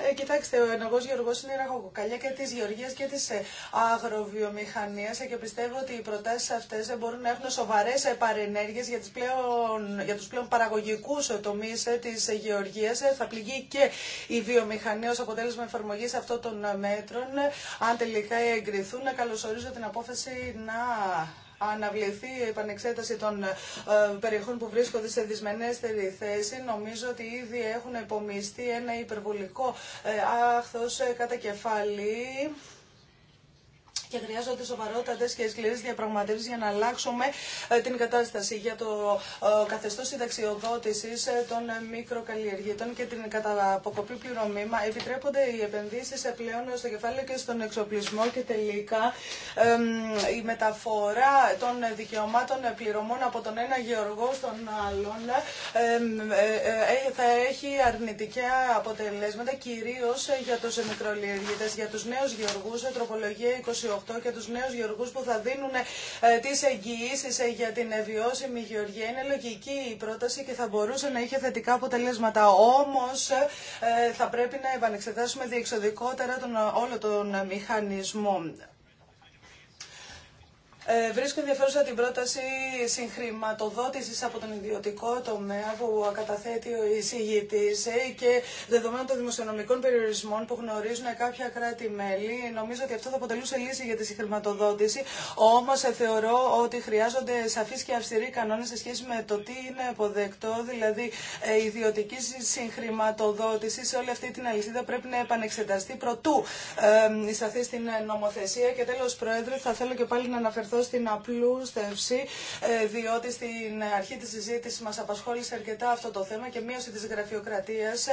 [SPEAKER 4] ε, κοιτάξτε, ο ενεργό γεωργό είναι ραχοκοκαλιά και τη γεωργία και τη ε, αγροβιομηχανία ε, και πιστεύω ότι οι προτάσει αυτέ μπορούν να έχουν σοβαρέ ε, παρενέργειε για, πλέον, για του πλέον παραγωγικού τομεί τη γεωργία. Θα πληγεί και η βιομηχανία ω αποτέλεσμα εφαρμογή αυτών των μέτρων. Αν τελικά εγκριθούν, να καλωσορίζω την απόφαση να αναβληθεί η επανεξέταση των ε, περιοχών που βρίσκονται σε δυσμενέστερη θέση. Νομίζω ότι ήδη έχουν επομιστεί ένα υπερβολικό ε, άχθος ε, κατά κεφάλι και χρειάζονται σοβαρότατε και σκληρέ διαπραγματεύσει για να αλλάξουμε ε, την κατάσταση για το ε, καθεστώ συνταξιοδότηση ε, των μικροκαλλιεργητών και την καταποκοπή πληρωμή. Επιτρέπονται οι επενδύσει πλέον στο κεφάλαιο και στον εξοπλισμό και τελικά η μεταφορά των δικαιωμάτων πληρωμών από τον ένα γεωργό στον άλλον θα έχει αρνητικά αποτελέσματα κυρίως για τους μικρολιεργητές, για τους νέους γεωργούς, τροπολογία 28 και τους νέους γεωργούς που θα δίνουν ε, τις εγγυήσεις ε, για την ε, βιώσιμη γεωργία. Είναι λογική η πρόταση και θα μπορούσε να είχε θετικά αποτελέσματα. Όμως θα πρέπει να επανεξετάσουμε διεξοδικότερα τον, όλο τον μηχανισμό. Ε, βρίσκω ενδιαφέρουσα την πρόταση συγχρηματοδότησης από τον ιδιωτικό τομέα που καταθέτει ο εισηγητής ε, και δεδομένων των δημοσιονομικών περιορισμών που γνωρίζουν κάποια κράτη-μέλη. Νομίζω ότι αυτό θα αποτελούσε λύση για τη συγχρηματοδότηση, όμως ε, θεωρώ ότι χρειάζονται σαφείς και αυστηροί κανόνες σε σχέση με το τι είναι αποδεκτό, δηλαδή ιδιωτική συγχρηματοδότηση σε όλη αυτή την αλυσίδα πρέπει να επανεξεταστεί προτού εισαθεί στην νομοθεσία. Και τέλος, Πρόεδρε, θα θέλω και πάλι να αναφερθώ στην απλούστευση, ε, διότι στην αρχή της συζήτηση μας απασχόλησε αρκετά αυτό το θέμα και μείωση της γραφειοκρατίας.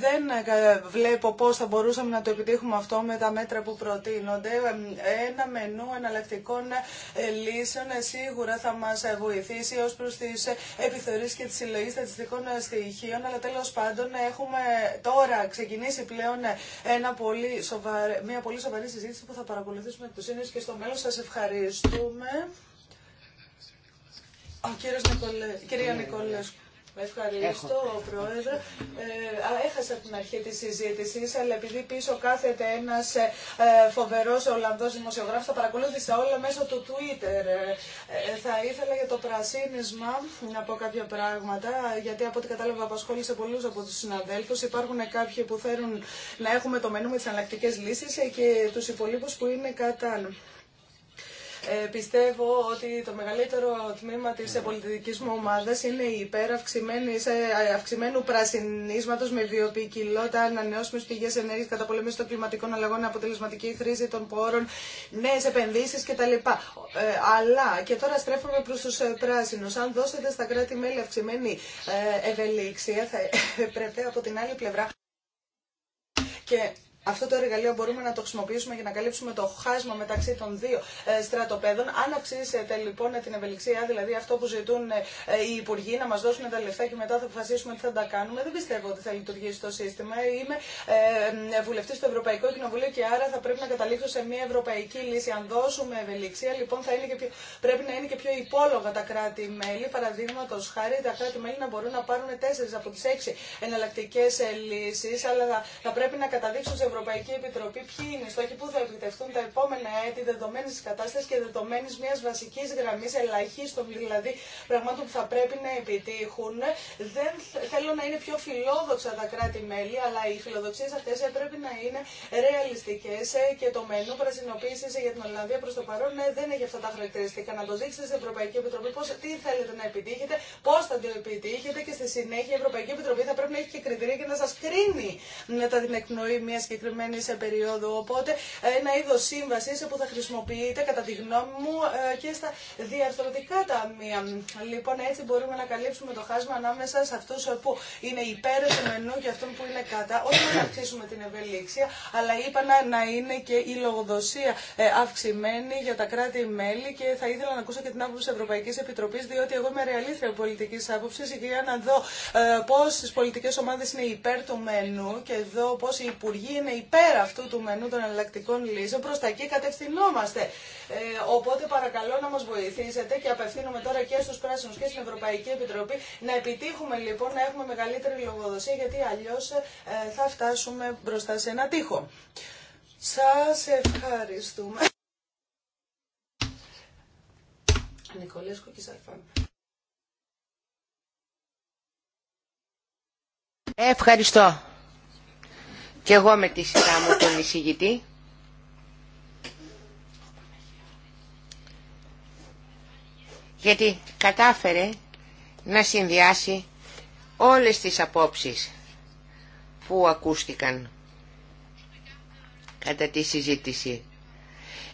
[SPEAKER 4] Δεν ε, βλέπω πώς θα μπορούσαμε να το επιτύχουμε αυτό με τα μέτρα που προτείνονται. Ε, ένα μενού εναλλακτικών λύσεων σίγουρα θα μας βοηθήσει ως προς τις επιθεωρήσεις και τη συλλογή στατιστικών στοιχείων, αλλά τέλος πάντων έχουμε τώρα ξεκινήσει πλέον ένα πολύ μια πολύ σοβαρή συζήτηση που θα παρακολουθήσουμε εκ του και στο μέλλον. Σας ευχαριστώ. Ευχαριστούμε. Ο κύριος Νικολέ... Κυρία ναι, ναι, ναι. Ευχαριστώ, Έχω. Πρόεδρε. Ε, έχασα την αρχή της συζήτησης, αλλά επειδή πίσω κάθεται ένας ε, ε, φοβερός Ολλανδός δημοσιογράφος, θα παρακολούθησα όλα μέσω του Twitter. Ε, ε, θα ήθελα για το πρασίνισμα να πω κάποια πράγματα, γιατί από ό,τι κατάλαβα απασχόλησε πολλούς από τους συναδέλφους. Υπάρχουν κάποιοι που θέλουν να έχουμε το μενού με τις αναλλακτικές λύσεις και τους υπολείπους που είναι κατά. Ε, πιστεύω ότι το μεγαλύτερο τμήμα της πολιτική μου ομάδα είναι σε αυξημένου πρασινίσματο με βιοποικιλότητα, ανανεώσιμε πηγές ενέργειας, καταπολέμηση των κλιματικών αλλαγών, αποτελεσματική χρήση των πόρων, νέε επενδύσει κτλ. Ε, αλλά και τώρα στρέφομαι προς τους ε, πράσινου. Αν δώσετε στα κράτη-μέλη αυξημένη ευελιξία, θα πρέπει από την άλλη πλευρά και αυτό το εργαλείο μπορούμε να το χρησιμοποιήσουμε για να καλύψουμε το χάσμα μεταξύ των δύο ε, στρατοπέδων. Αν αυξήσετε λοιπόν την ευελιξία, δηλαδή αυτό που ζητούν ε, οι υπουργοί να μα δώσουν τα λεφτά και μετά θα αποφασίσουμε τι θα τα κάνουμε, δεν πιστεύω ότι θα λειτουργήσει το σύστημα. Είμαι ε, βουλευτή στο Ευρωπαϊκό Κοινοβούλιο και άρα θα πρέπει να καταλήξω σε μια ευρωπαϊκή λύση. Αν δώσουμε ευελιξία, λοιπόν θα είναι και πρέπει να είναι και πιο υπόλογα τα κράτη-μέλη. Παραδείγματο χάρη, τα κράτη-μέλη να μπορούν να πάρουν τέσσερι από τι έξι εναλλακτικέ λύσει, αλλά θα, πρέπει να καταδείξουν σε Ευρωπαϊκή Επιτροπή ποιοι είναι οι στόχοι που θα επιτευχθούν τα επόμενα έτη δεδομένη τη κατάσταση και δεδομένη μια βασική γραμμή ελαχίστων δηλαδή πραγμάτων που θα πρέπει να επιτύχουν. Δεν θέλω να είναι πιο φιλόδοξα τα κράτη-μέλη, αλλά οι φιλοδοξίε αυτέ πρέπει να είναι ρεαλιστικέ και το μενού πρασινοποίηση για την Ολλανδία προ το παρόν ναι, δεν έχει αυτά τα χαρακτηριστικά. Να το δείξετε στην Ευρωπαϊκή Επιτροπή πώς, τι θέλετε να επιτύχετε, πώ θα το επιτύχετε και στη συνέχεια η Ευρωπαϊκή Επιτροπή θα πρέπει να έχει και κριτήρια και να σα κρίνει μετά ναι, την εκπνοή μια συγκεκριμένη συγκεκριμένη σε περίοδο. Οπότε ένα είδο σύμβαση που θα χρησιμοποιείται κατά τη γνώμη μου ε, και στα διαρθρωτικά ταμεία. Λοιπόν, έτσι μπορούμε να καλύψουμε το χάσμα ανάμεσα σε αυτού ε, που είναι υπέρ του μενού και αυτών που είναι κατά. Όχι να αυξήσουμε την ευελίξια, αλλά είπα να είναι και η λογοδοσία ε, αυξημένη για τα κράτη-μέλη και θα ήθελα να ακούσω και την άποψη τη Ευρωπαϊκή Επιτροπή, διότι εγώ είμαι ρεαλίθρια πολιτική άποψη για να δω πώ τι πολιτικέ ομάδε είναι υπέρ του μενού και εδώ πώ οι υπουργοί είναι υπέρ αυτού του μενού των εναλλακτικών λύσεων, προς τα εκεί κατευθυνόμαστε. Ε, οπότε παρακαλώ να μας βοηθήσετε και απευθύνομαι τώρα και στους πράσινους και στην Ευρωπαϊκή Επιτροπή να επιτύχουμε λοιπόν να έχουμε μεγαλύτερη λογοδοσία γιατί αλλιώς ε, θα φτάσουμε μπροστά σε ένα τείχο. Σας ευχαριστούμε.
[SPEAKER 2] Ευχαριστώ. Και εγώ με τη σειρά μου τον εισηγητή. Γιατί κατάφερε να συνδυάσει όλες τις απόψεις που ακούστηκαν κατά τη συζήτηση.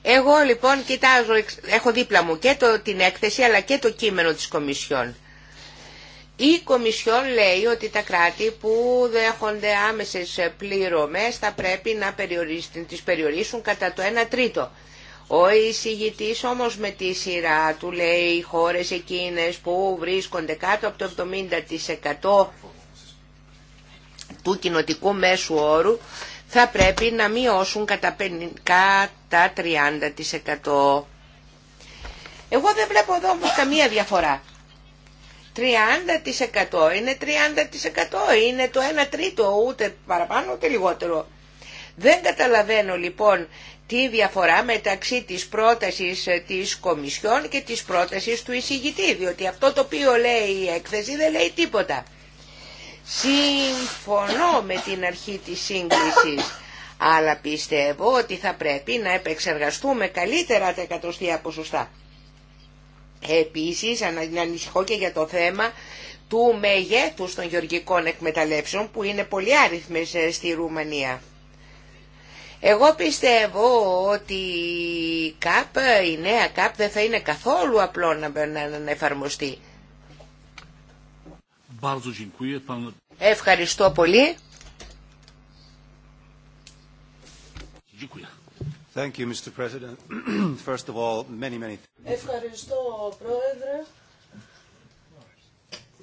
[SPEAKER 2] Εγώ λοιπόν κοιτάζω, έχω δίπλα μου και το, την έκθεση αλλά και το κείμενο της Κομισιόν. Η Κομισιόν λέει ότι τα κράτη που δέχονται άμεσες πληρωμές θα πρέπει να τις περιορίσουν κατά το 1 τρίτο. Ο εισηγητής όμως με τη σειρά του λέει οι χώρες εκείνες που βρίσκονται κάτω από το 70% του κοινοτικού μέσου όρου θα πρέπει να μειώσουν κατά 30%. Εγώ δεν βλέπω εδώ όμως καμία διαφορά. 30% είναι 30% είναι το 1 τρίτο ούτε παραπάνω ούτε λιγότερο. Δεν καταλαβαίνω λοιπόν τη διαφορά μεταξύ της πρότασης ε, της Κομισιόν και της πρότασης του εισηγητή, διότι αυτό το οποίο λέει η έκθεση δεν λέει τίποτα. Συμφωνώ με την αρχή της σύγκρισης, αλλά πιστεύω ότι θα πρέπει να επεξεργαστούμε καλύτερα τα εκατοστία ποσοστά. Επίσης ανησυχώ και για το θέμα του μεγέθους των γεωργικών εκμεταλλεύσεων που είναι πολύ άριθμες ε, στη Ρουμανία. Εγώ πιστεύω ότι η ΚΑΠ, η νέα ΚΑΠ δεν θα είναι καθόλου απλό να, εφαρμοστεί. Ευχαριστώ πολύ.
[SPEAKER 4] Ευχαριστώ, Πρόεδρε.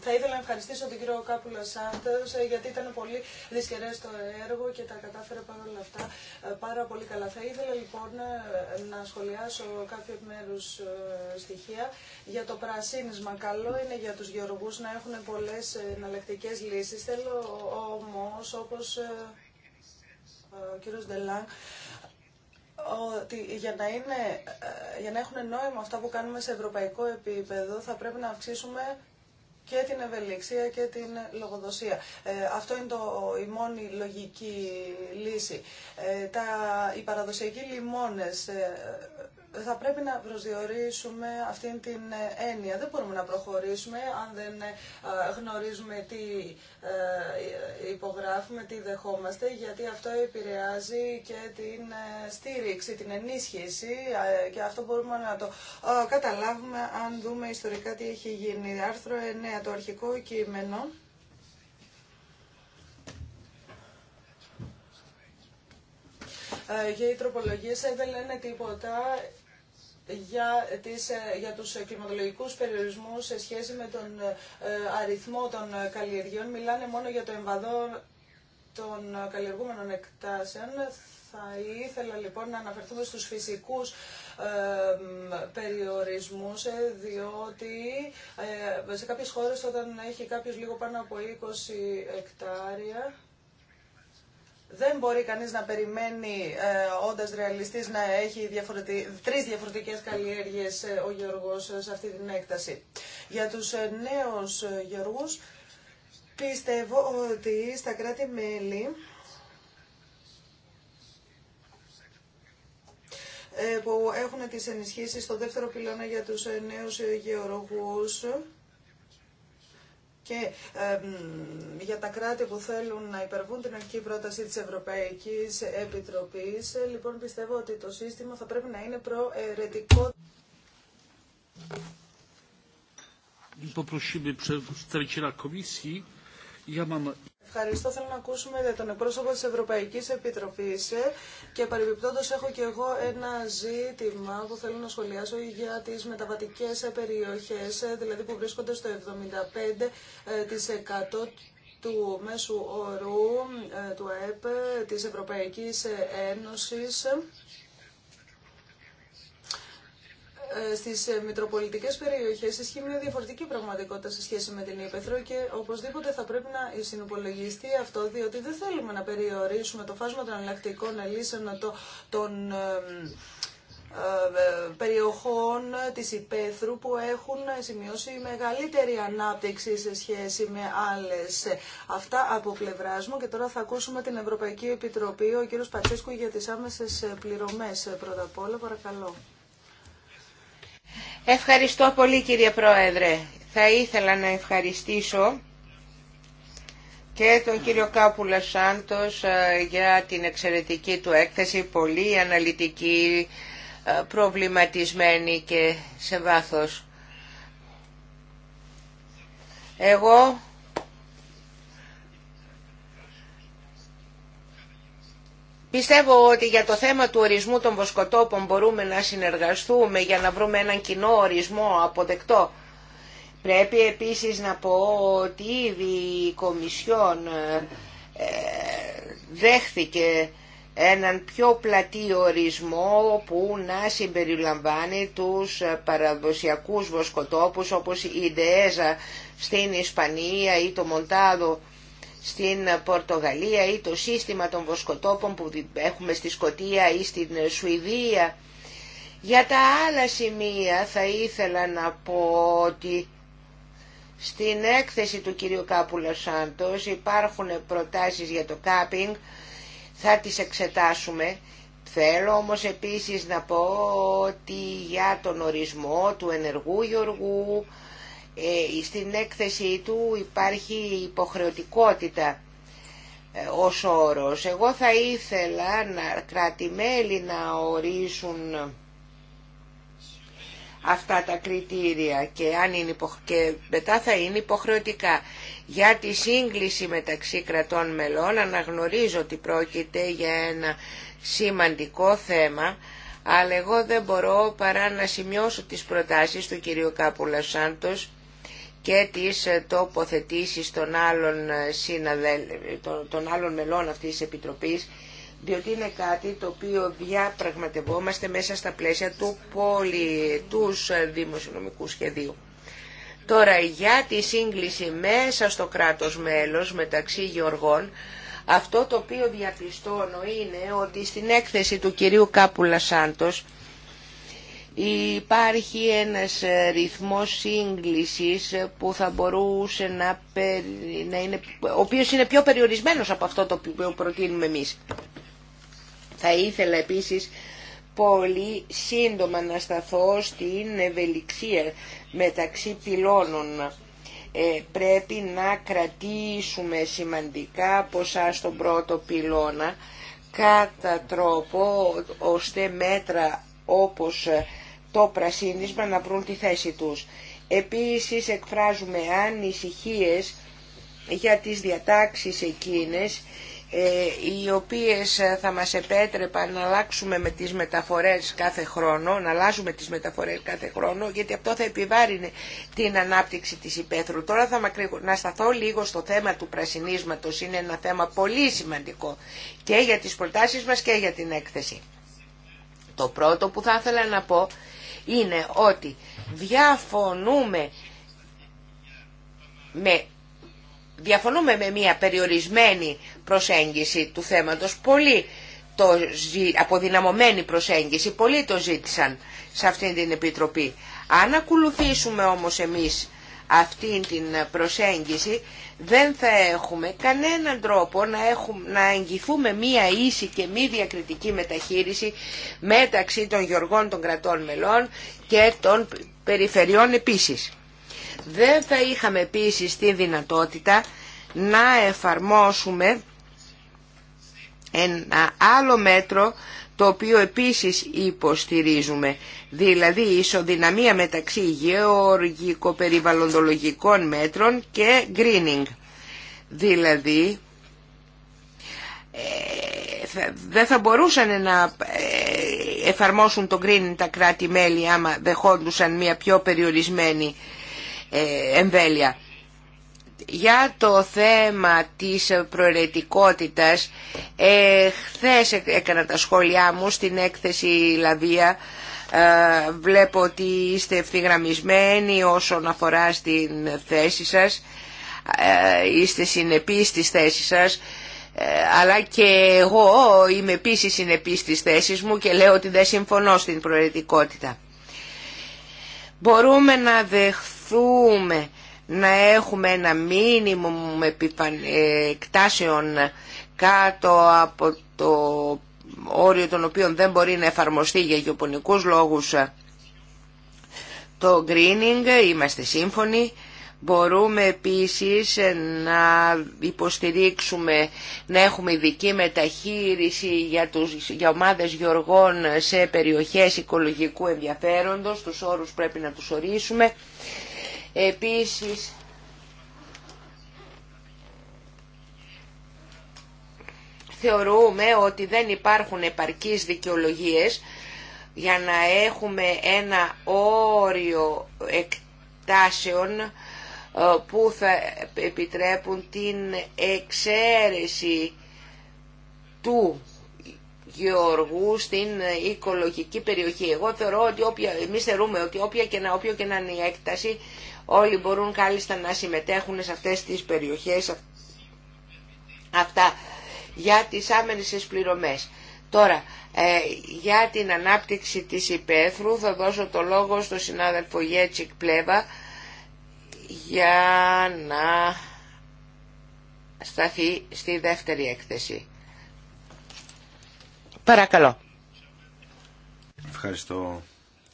[SPEAKER 4] Θα ήθελα να ευχαριστήσω τον κύριο Κάπουλα Σάντα ε, γιατί ήταν πολύ δυσκερέ το έργο και τα κατάφερε παρόλα αυτά ε, πάρα πολύ καλά. Θα ήθελα λοιπόν ε, να σχολιάσω κάποια μέρου στοιχεία για το πρασίνισμα. Καλό είναι για του γεωργού να έχουν πολλέ εναλλακτικέ λύσει. Θέλω όμω, όπω ο κύριο Ντελάν, ότι για να, είναι, ε, για να έχουν νόημα αυτά που κάνουμε σε ευρωπαϊκό επίπεδο θα πρέπει να αυξήσουμε και την ευελιξία και την λογοδοσία. Ε, αυτό είναι το, η μόνη λογική λύση. Ε, τα, οι παραδοσιακοί λιμόνες θα πρέπει να προσδιορίσουμε αυτήν την ε, έννοια. Δεν μπορούμε να προχωρήσουμε αν δεν ε, γνωρίζουμε τι ε, υπογράφουμε, τι δεχόμαστε, γιατί αυτό επηρεάζει και την στήριξη, την ενίσχυση και αυτό μπορούμε να το καταλάβουμε αν δούμε ιστορικά τι έχει γίνει. Άρθρο 9, το αρχικό κείμενο. για οι τροπολογίες δεν λένε τίποτα για, τις, ε, για τους ε, κλιματολογικούς περιορισμούς σε σχέση με τον ε, αριθμό των καλλιεργειών. Μιλάνε μόνο για το εμβαδό των καλλιεργούμενων εκτάσεων. Θα ήθελα λοιπόν να αναφερθούμε στους φυσικούς ε, περιορισμούς, διότι σε κάποιες χώρες όταν έχει κάποιος λίγο πάνω από 20 εκτάρια, δεν μπορεί κανείς να περιμένει, ε, όντας ρεαλιστής, να έχει διαφορετι... τρεις διαφορετικές καλλιέργειες ε, ο Γεωργός ε, σε αυτή την έκταση. Για τους ε, νέους Γεωργούς, πιστεύω ότι στα κράτη-μέλη που έχουν τις ενισχύσεις στο δεύτερο πυλώνα για τους νέους γεωργούς, και για τα κράτη που θέλουν να υπερβούν την αρχική πρόταση της Ευρωπαϊκής Επιτροπής. Ε, λοιπόν, πιστεύω ότι το σύστημα θα πρέπει να είναι προαιρετικό. Ευχαριστώ. Θέλω να ακούσουμε τον εκπρόσωπο της Ευρωπαϊκής Επιτροπής ε, και παρεμπιπτόντως έχω και εγώ ένα ζήτημα που θέλω να σχολιάσω για τις μεταβατικές περιοχές, ε, δηλαδή που βρίσκονται στο 75% ε, του μέσου ορού του ΑΕΠ της Ευρωπαϊκής Ένωσης. Ε, στις ε, μητροπολιτικές περιοχές ισχύει μια διαφορετική πραγματικότητα σε σχέση με την Ήπεθρο και οπωσδήποτε θα πρέπει να συνυπολογιστεί αυτό διότι δεν θέλουμε να περιορίσουμε το φάσμα των εναλλακτικών λύσεων των ε, περιοχών της Υπέθρου που έχουν σημειώσει μεγαλύτερη ανάπτυξη σε σχέση με άλλες. Αυτά από πλευρά, μου και τώρα θα ακούσουμε την Ευρωπαϊκή Επιτροπή, ο κύριος Πατσίσκου για τις άμεσες πληρωμές πρώτα απ' όλα, παρακαλώ.
[SPEAKER 2] Ευχαριστώ πολύ κύριε Πρόεδρε. Θα ήθελα να ευχαριστήσω και τον κύριο Κάπουλα Σάντος ε, για την εξαιρετική του έκθεση, πολύ αναλυτική, ε, προβληματισμένη και σε βάθος. Εγώ Πιστεύω ότι για το θέμα του ορισμού των βοσκοτόπων μπορούμε να συνεργαστούμε για να βρούμε έναν κοινό ορισμό αποδεκτό. Πρέπει επίσης να πω ότι ήδη η Κομισιόν ε, ε, δέχθηκε έναν πιο πλατή ορισμό που να συμπεριλαμβάνει τους παραδοσιακούς βοσκοτόπους όπως η Ιντεέζα στην Ισπανία ή το Μοντάδο στην Πορτογαλία ή το σύστημα των βοσκοτόπων που έχουμε στη Σκοτία ή στην Σουηδία. Για τα άλλα σημεία θα ήθελα να πω ότι στην έκθεση του κυρίου Κάπουλα Σάντος υπάρχουν προτάσεις για το κάπινγκ, θα τις εξετάσουμε. Θέλω όμως επίσης να πω ότι για τον ορισμό του ενεργού Γιώργου... Ε, στην έκθεση του υπάρχει υποχρεωτικότητα ε, ως όρος. Εγώ θα ήθελα να κρατημέλη να ορίσουν αυτά τα κριτήρια και, αν είναι μετά θα είναι υποχρεωτικά. Για τη σύγκληση μεταξύ κρατών μελών αναγνωρίζω ότι πρόκειται για ένα σημαντικό θέμα, αλλά εγώ δεν μπορώ παρά να σημειώσω τις προτάσεις του κυρίου Κάπουλα Σάντος και τις ε, τοποθετήσεις των άλλων, ε, συναδελ... Ε, των άλλων μελών αυτής της Επιτροπής, διότι είναι κάτι το οποίο διαπραγματευόμαστε μέσα στα πλαίσια του πολιτούς δημοσιονομικού σχεδίου. Τώρα, για τη σύγκληση μέσα στο κράτος μέλος μεταξύ γεωργών, αυτό το οποίο διαπιστώνω είναι ότι στην έκθεση του κυρίου Κάπουλα Σάντος Υπάρχει ένας ε, ρυθμός σύγκλησης ε, που θα μπορούσε να, να είναι, ο οποίος είναι πιο περιορισμένος από αυτό το οποίο προτείνουμε εμείς. Θα ήθελα επίσης πολύ σύντομα να σταθώ στην ευελιξία μεταξύ πυλώνων. Ε, πρέπει να κρατήσουμε σημαντικά ποσά στον πρώτο πυλώνα κατά τρόπο ώστε μέτρα όπως το πρασίνισμα να βρουν τη θέση τους. Επίσης εκφράζουμε ανησυχίες για τις διατάξεις εκείνες ε, οι οποίες θα μας επέτρεπαν να αλλάξουμε με τις μεταφορές κάθε χρόνο, να αλλάζουμε τις μεταφορές κάθε χρόνο, γιατί αυτό θα επιβάρυνε την ανάπτυξη της υπαίθρου. Τώρα θα να σταθώ λίγο στο θέμα του πρασινίσματος, είναι ένα θέμα πολύ σημαντικό και για τις προτάσεις μας και για την έκθεση. Το πρώτο που θα ήθελα να πω είναι ότι διαφωνούμε με, διαφωνούμε με μια περιορισμένη προσέγγιση του θέματος. πολύ το, αποδυναμωμένη προσέγγιση, πολλοί το ζήτησαν σε αυτή την Επιτροπή. Αν ακολουθήσουμε όμως εμείς αυτήν την προσέγγιση δεν θα έχουμε κανέναν τρόπο να, έχουμε, να εγγυθούμε μία ίση και μη διακριτική μεταχείριση μεταξύ των γεωργών των κρατών μελών και των περιφερειών επίσης. Δεν θα είχαμε επίσης τη δυνατότητα να εφαρμόσουμε ένα άλλο μέτρο το οποίο επίσης υποστηρίζουμε, δηλαδή η ισοδυναμία μεταξύ γεωργικο-περιβαλλοντολογικών μέτρων και greening. Δηλαδή ε, δεν θα μπορούσαν να ε, εφαρμόσουν το greening τα κράτη-μέλη άμα δεχόντουσαν μια πιο περιορισμένη ε, εμβέλεια. Για το θέμα της προαιρετικότητας, ε, χθες έκανα τα σχόλιά μου στην έκθεση Λαβία. Ε, βλέπω ότι είστε ευθυγραμμισμένοι όσον αφορά στην θέση σας. Ε, είστε συνεπείς στις θέσεις σας. Ε, αλλά και εγώ είμαι επίσης συνεπής στις θέσεις μου και λέω ότι δεν συμφωνώ στην προαιρετικότητα. Μπορούμε να δεχθούμε να έχουμε ένα μίνιμουμ εκτάσεων κάτω από το όριο των οποίων δεν μπορεί να εφαρμοστεί για γεωπονικούς λόγους το greening, είμαστε σύμφωνοι. Μπορούμε επίσης να υποστηρίξουμε, να έχουμε ειδική μεταχείριση για, τους, για ομάδες γεωργών σε περιοχές οικολογικού ενδιαφέροντος, τους όρους πρέπει να τους ορίσουμε Επίσης, θεωρούμε ότι δεν υπάρχουν επαρκείς δικαιολογίες για να έχουμε ένα όριο εκτάσεων ε, που θα επιτρέπουν την εξαίρεση του γεωργού στην οικολογική περιοχή. Εγώ θεωρώ ότι όποια, εμείς θεωρούμε ότι όποια και να, όποιο και να είναι η έκταση όλοι μπορούν κάλλιστα να συμμετέχουν σε αυτές τις περιοχές αυτά για τις άμενες πληρωμές. Τώρα, ε, για την ανάπτυξη της υπαίθρου θα δώσω το λόγο στον συνάδελφο Γέτσικ Πλέβα για να σταθεί στη δεύτερη έκθεση.
[SPEAKER 5] Παρακαλώ. Ευχαριστώ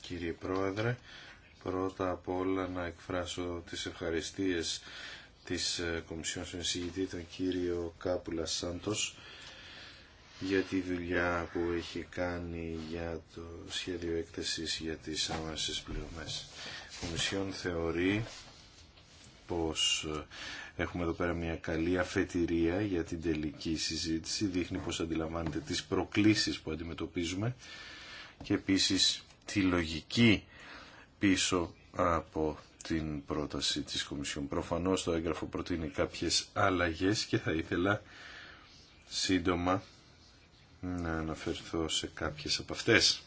[SPEAKER 5] κύριε Πρόεδρε. Πρώτα απ' όλα να εκφράσω τις ευχαριστίες της ε, Κομισιόν στον τον κύριο Κάπουλα Σάντος, για τη δουλειά που έχει κάνει για το σχέδιο έκθεσης για τις άμεσες πληρωμές. Η Κομισιόν θεωρεί πως ε, έχουμε εδώ πέρα μια καλή αφετηρία για την τελική συζήτηση, δείχνει πως αντιλαμβάνεται τις προκλήσεις που αντιμετωπίζουμε και επίσης τη λογική πίσω από την πρόταση της Κομισιόν. Προφανώς το έγγραφο προτείνει κάποιες αλλαγές και θα ήθελα σύντομα να αναφερθώ σε κάποιες από αυτές.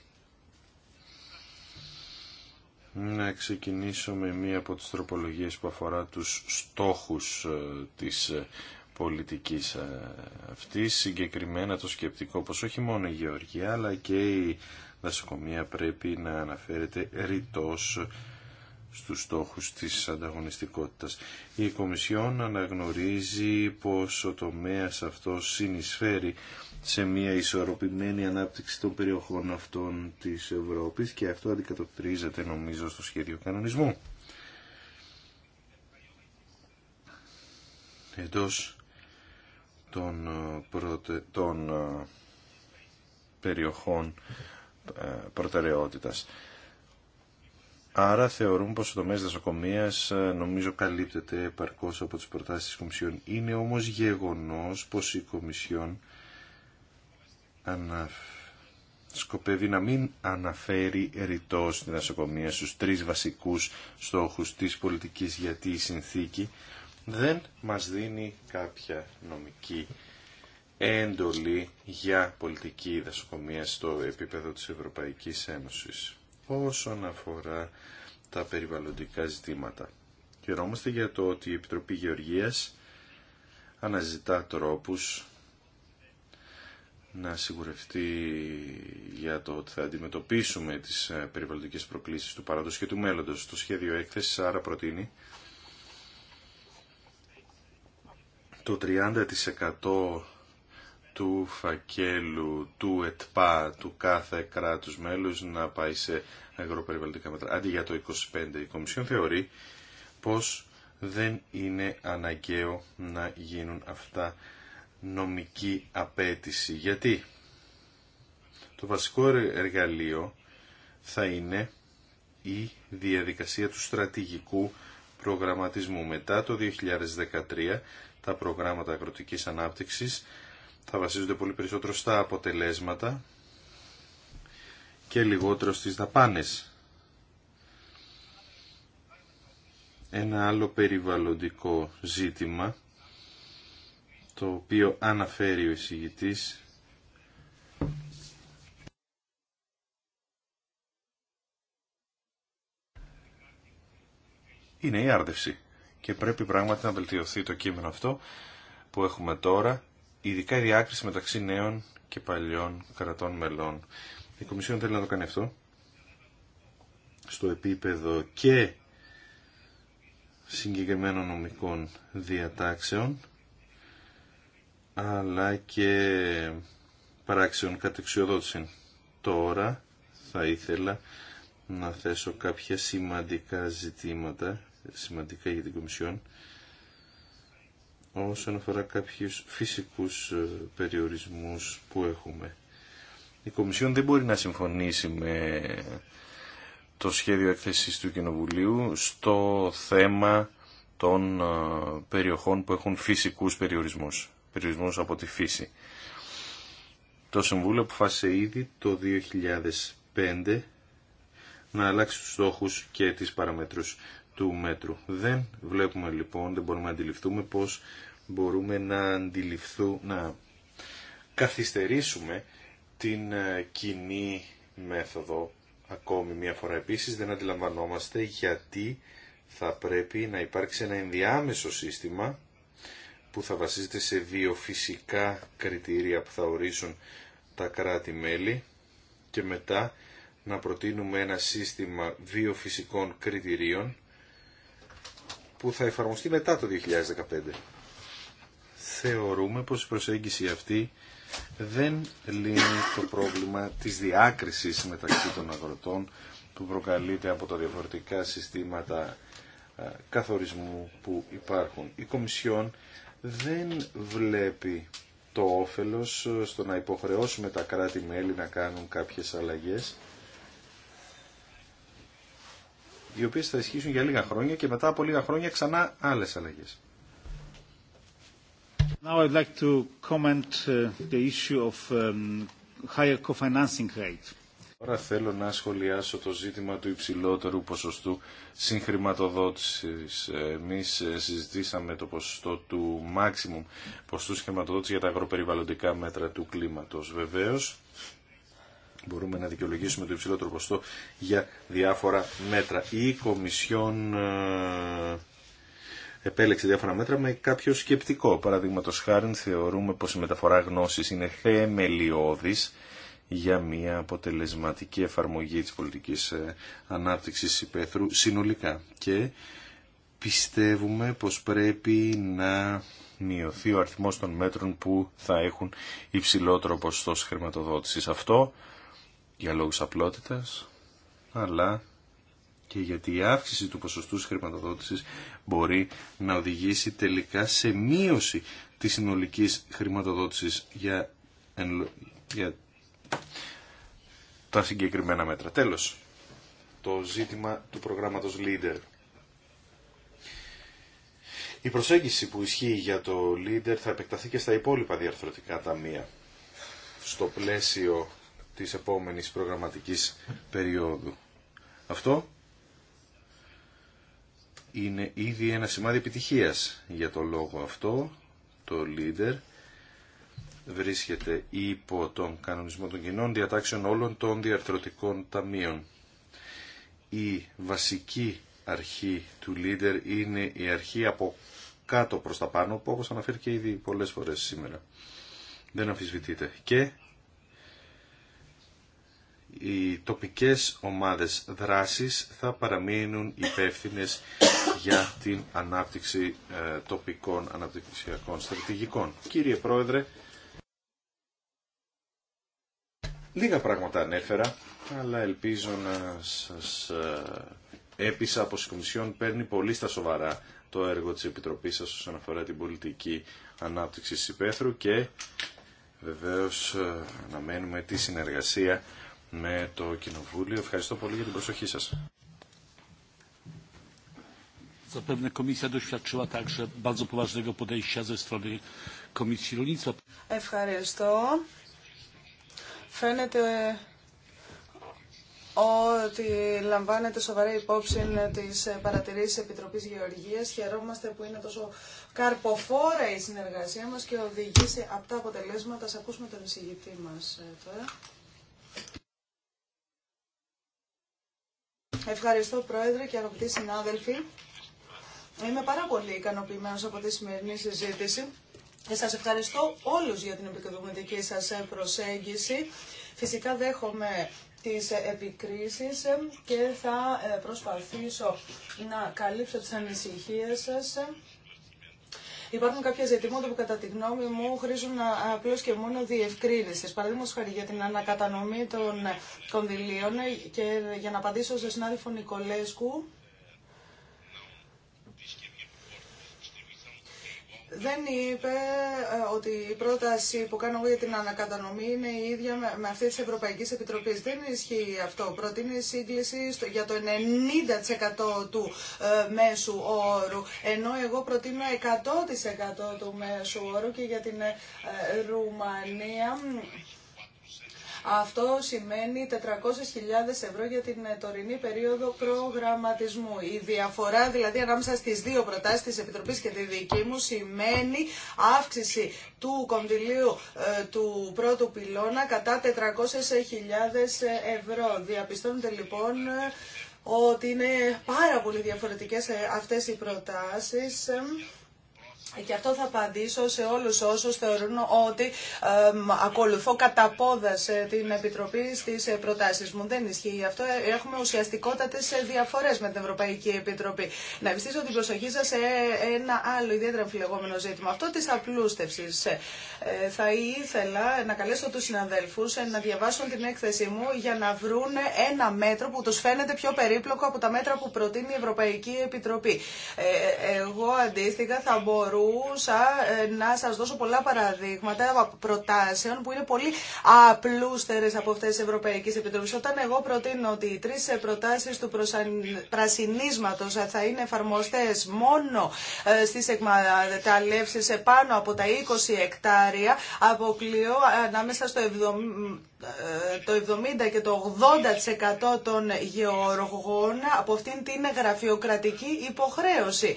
[SPEAKER 5] Να ξεκινήσω με μία από τις τροπολογίες που αφορά τους στόχους ε, της ε, πολιτικής ε, αυτής, συγκεκριμένα το σκεπτικό πως όχι μόνο η Γεωργία αλλά και η νοσοκομεία πρέπει να αναφέρεται ρητός στους στόχους της ανταγωνιστικότητας. Η Κομισιόν αναγνωρίζει πως ο τομέας αυτός συνεισφέρει σε μια ισορροπημένη ανάπτυξη των περιοχών αυτών της Ευρώπης και αυτό αντικατοπτρίζεται νομίζω στο σχέδιο κανονισμού. Εντός των, ε, των ε, περιοχών ε, προτεραιότητας. Άρα θεωρούν πως ο τομέας δασοκομείας ε, νομίζω καλύπτεται επαρκώς από τις προτάσεις της Κομισιόν. Είναι όμως γεγονός πως η Κομισιόν σκοπεύει να μην αναφέρει ρητό στην δασοκομεία στους τρεις βασικούς στόχους της πολιτικής γιατί η συνθήκη δεν μας δίνει κάποια νομική έντολη για πολιτική δασοκομεία στο επίπεδο της Ευρωπαϊκής Ένωσης όσον αφορά τα περιβαλλοντικά ζητήματα. Χαιρόμαστε για το ότι η Επιτροπή Γεωργίας αναζητά τρόπους να σιγουρευτεί για το ότι θα αντιμετωπίσουμε τις ε, περιβαλλοντικές προκλήσεις του παράδοσης και του μέλλοντος. Το σχέδιο έκθεσης άρα προτείνει το 30% του φακέλου του ΕΤΠΑ του κάθε κράτους μέλους να πάει σε αγροπεριβαλλοντικά μέτρα. Αντί για το 25, η Κομισιόν θεωρεί πως δεν είναι αναγκαίο να γίνουν αυτά νομική απέτηση. Γιατί το βασικό εργαλείο θα είναι η διαδικασία του στρατηγικού προγραμματισμού. Μετά το 2013 τα προγράμματα αγροτικής ανάπτυξης θα βασίζονται πολύ περισσότερο στα αποτελέσματα και λιγότερο στις δαπάνες. Ένα άλλο περιβαλλοντικό ζήτημα το οποίο αναφέρει ο εισηγητής είναι η άρδευση και πρέπει πράγματι να βελτιωθεί το κείμενο αυτό που έχουμε τώρα ειδικά η διάκριση μεταξύ νέων και παλιών κρατών μελών. Η Κομισιόν θέλει να το κάνει αυτό στο επίπεδο και συγκεκριμένων νομικών διατάξεων αλλά και παράξεων κατεξιοδότηση. Τώρα θα ήθελα να θέσω κάποια σημαντικά ζητήματα, σημαντικά για την Κομισιόν, όσον αφορά κάποιους φυσικούς ε, περιορισμούς που έχουμε. Η Κομισιόν δεν μπορεί να συμφωνήσει με το σχέδιο έκθεσης του Κοινοβουλίου στο θέμα των ε, περιοχών που έχουν φυσικούς περιορισμούς, περιορισμούς από τη φύση. Το Συμβούλιο αποφάσισε ήδη το 2005 να αλλάξει τους στόχους και τις παραμέτρους του μέτρου. Δεν βλέπουμε λοιπόν, δεν μπορούμε να αντιληφθούμε πώς μπορούμε να αντιληφθούμε, να καθυστερήσουμε την ε, κοινή μέθοδο ακόμη μία φορά. Επίσης δεν αντιλαμβανόμαστε γιατί θα πρέπει να υπάρξει ένα ενδιάμεσο σύστημα που θα βασίζεται σε δύο κριτήρια που θα ορίσουν τα κράτη-μέλη και μετά να προτείνουμε ένα σύστημα βιοφυσικών κριτηρίων που θα εφαρμοστεί μετά το 2015. Θεωρούμε πως η προσέγγιση αυτή δεν λύνει το πρόβλημα της διάκρισης μεταξύ των αγροτών που προκαλείται από τα διαφορετικά συστήματα καθορισμού που υπάρχουν. Η Κομισιόν δεν βλέπει το όφελος στο να υποχρεώσουμε τα κράτη-μέλη να κάνουν κάποιες αλλαγές οι οποίε θα ισχύσουν για λίγα χρόνια και μετά από λίγα χρόνια ξανά άλλε αλλαγέ.
[SPEAKER 3] Uh, um,
[SPEAKER 5] Τώρα θέλω να σχολιάσω το ζήτημα του υψηλότερου ποσοστού συγχρηματοδότησης. Εμείς ε, συζητήσαμε το ποσοστό του maximum ποστού συγχρηματοδότησης για τα αγροπεριβαλλοντικά μέτρα του κλίματος. Βεβαίως, μπορούμε να δικαιολογήσουμε το υψηλότερο ποστό για διάφορα μέτρα. Η Κομισιόν ε, επέλεξε διάφορα μέτρα με κάποιο σκεπτικό. Παραδείγματο χάρη θεωρούμε πως η μεταφορά γνώσης είναι θεμελιώδης για μια αποτελεσματική εφαρμογή της πολιτικής ε, ανάπτυξης υπέθρου συνολικά. Και πιστεύουμε πως πρέπει να μειωθεί ο αριθμός των μέτρων που θα έχουν υψηλότερο ποσοστό χρηματοδότησης. Αυτό για λόγους απλότητας, αλλά και γιατί η αύξηση του ποσοστού χρηματοδότησης μπορεί να οδηγήσει τελικά σε μείωση της συνολικής χρηματοδότησης για, για τα συγκεκριμένα μέτρα. Τέλος, το ζήτημα του προγράμματος Leader. Η προσέγγιση που ισχύει για το Leader θα επεκταθεί και στα υπόλοιπα διαρθρωτικά ταμεία. Στο πλαίσιο της επόμενης προγραμματικής περίοδου. Αυτό είναι ήδη ένα σημάδι επιτυχίας. Για το λόγο αυτό, το leader βρίσκεται υπό τον κανονισμό των κοινών διατάξεων όλων των διαρθρωτικών ταμείων. Η βασική αρχή του leader είναι η αρχή από κάτω προς τα πάνω, που όπως αναφέρει και ήδη πολλές φορές σήμερα. Δεν αμφισβητείτε. Και οι τοπικές ομάδες δράσης θα παραμείνουν υπεύθυνε για την ανάπτυξη ε, τοπικών αναπτυξιακών στρατηγικών. Κύριε Πρόεδρε, λίγα πράγματα ανέφερα, αλλά ελπίζω να σας ε, έπεισα πως η Κομισιόν παίρνει πολύ στα σοβαρά το έργο της Επιτροπής σας όσον αφορά την πολιτική ανάπτυξη της υπαίθρου και βεβαίως ε, αναμένουμε τη συνεργασία με το Κοινοβούλιο. Ευχαριστώ πολύ για την προσοχή σας.
[SPEAKER 4] Ευχαριστώ. Φαίνεται ότι λαμβάνεται σοβαρή υπόψη τις παρατηρήσεις της Επιτροπής Γεωργίας. Χαιρόμαστε που είναι τόσο καρποφόρα η συνεργασία μας και οδηγεί σε αυτά αποτελέσματα. Σας ακούσουμε τον εισηγητή μας ε, τώρα. Ευχαριστώ Πρόεδρε και αγαπητοί συνάδελφοι. Είμαι πάρα πολύ ικανοποιημένος από τη σημερινή συζήτηση και σας ευχαριστώ όλους για την επικοδομητική σας προσέγγιση. Φυσικά δέχομαι τις επικρίσεις και θα ε, προσπαθήσω να καλύψω τις ανησυχίες σας Υπάρχουν κάποια ζητήματα που κατά τη γνώμη μου χρήζουν απλώ και μόνο διευκρίνηση. Παραδείγματο χάρη για την ανακατανομή των κονδυλίων και για να απαντήσω στον συνάδελφο Νικολέσκου. δεν είπε ε, ότι η πρόταση που κάνω εγώ για την ανακατανομή είναι η ίδια με αυτή της Ευρωπαϊκής Επιτροπής. Δεν ισχύει αυτό. Προτείνει σύγκληση για το 90% του ε, μέσου όρου, ενώ εγώ προτείνω 100% του μέσου όρου και για την ε, Ρουμανία αυτό σημαίνει 400.000 ευρώ για την ε, τωρινή περίοδο προγραμματισμού. Η διαφορά δηλαδή ανάμεσα στις δύο προτάσεις της Επιτροπής και τη δική μου σημαίνει αύξηση του κονδυλίου ε, του πρώτου πυλώνα κατά 400.000 ευρώ. Διαπιστώνεται λοιπόν ε, ότι είναι πάρα πολύ διαφορετικές αυτές οι προτάσεις. Και αυτό θα απαντήσω σε όλους όσους θεωρούν ότι ε, ακολουθώ κατά πόδας την Επιτροπή στις ε, προτάσεις μου. Δεν ισχύει αυτό. Ε, έχουμε ουσιαστικότατες ε, διαφορές με την Ευρωπαϊκή Επιτροπή. Να ευστήσω την προσοχή σα σε ένα άλλο ιδιαίτερα αμφιλεγόμενο ζήτημα. Αυτό της απλούστευσης. θα ήθελα να καλέσω τους συναδέλφους να διαβάσουν την έκθεσή μου για να βρουν ένα μέτρο που τους φαίνεται πιο περίπλοκο από τα μέτρα που προτείνει η Ευρωπαϊκή Επιτροπή. εγώ αντίστοιχα θα μπορούσα μπορούσα ε, να σα δώσω πολλά παραδείγματα προτάσεων που είναι πολύ απλούστερε από αυτέ τη Ευρωπαϊκή Επιτροπή, Όταν εγώ προτείνω ότι οι τρει ε, προτάσει του πρασινίσματο ε, θα είναι εφαρμοστε μόνο στις σε πάνω από τα 20 εκτάρια, αποκλείω ανάμεσα στο 70 ε, το 70% και το 80% των γεωργών από αυτήν την γραφειοκρατική υποχρέωση.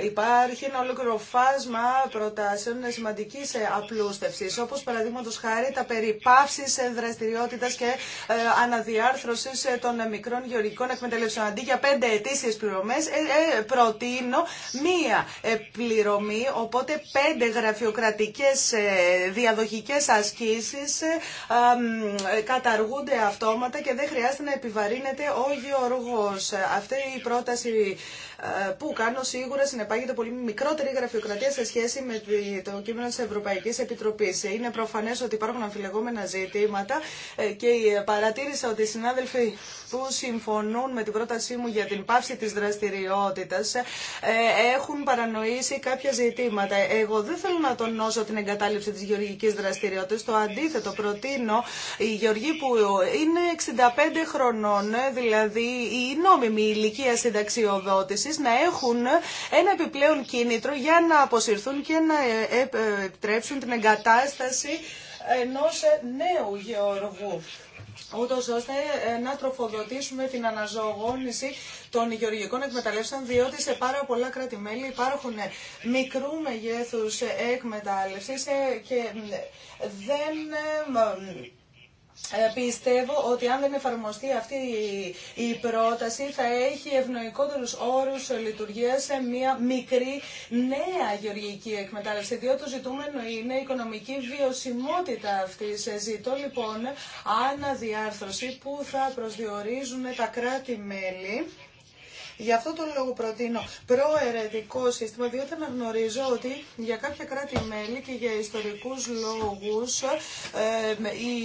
[SPEAKER 4] Υπάρχει ένα ολόκληρο φάσμα προτάσεων σημαντική ε, απλούστευση, όπω παραδείγματο χάρη τα περί ε, δραστηριότητα και αναδιάρθρωση των μικρών γεωργικών εκμεταλλεύσεων. Αντί για πέντε ετήσιε πληρωμέ, προτείνω μία πληρωμή, οπότε πέντε γραφειοκρατικέ διαδοχικέ ασκήσει καταργούνται αυτόματα και δεν χρειάζεται να επιβαρύνεται ο γεωργός. Αυτή η πρόταση που κάνω σίγουρα συνεπάγεται πολύ μικρότερη γραφειοκρατία σε σχέση με το κείμενο της Ευρωπαϊκής Επιτροπής. Είναι προφανές ότι υπάρχουν αμφιλεγόμενα ζητήματα ε, και ε, παρατήρησα ότι οι συνάδελφοι που συμφωνούν με την πρότασή μου για την πάυση της δραστηριότητας ε, έχουν παρανοήσει κάποια ζητήματα. Εγώ δεν θέλω να τονώσω την εγκατάλειψη της γεωργικής δραστηριότητας. Το αντίθετο προτείνω οι γεωργοί που είναι 65 χρονών, δηλαδή η νόμιμη ηλικία συνταξιοδότηση, να έχουν ένα επιπλέον κίνητρο για να αποσυρθούν και να ε, ε, ε, επιτρέψουν την εγκατάσταση ενός νέου γεωργού ούτως ώστε να τροφοδοτήσουμε την αναζωογόνηση των γεωργικών εκμεταλλεύσεων, διότι σε πάρα πολλά κράτη-μέλη υπάρχουν μικρού μεγέθους εκμετάλλευσης και δεν ε, πιστεύω ότι αν δεν εφαρμοστεί αυτή η πρόταση θα έχει ευνοϊκότερους όρους λειτουργία σε μια μικρή νέα γεωργική εκμετάλλευση διότι το ζητούμενο είναι η οικονομική βιωσιμότητα σε Ζητώ λοιπόν αναδιάρθρωση που θα προσδιορίζουν τα κράτη-μέλη Γι' αυτό τον λόγο προτείνω προαιρετικό σύστημα, διότι αναγνωρίζω ότι για κάποια κράτη-μέλη και για ιστορικούς λόγους η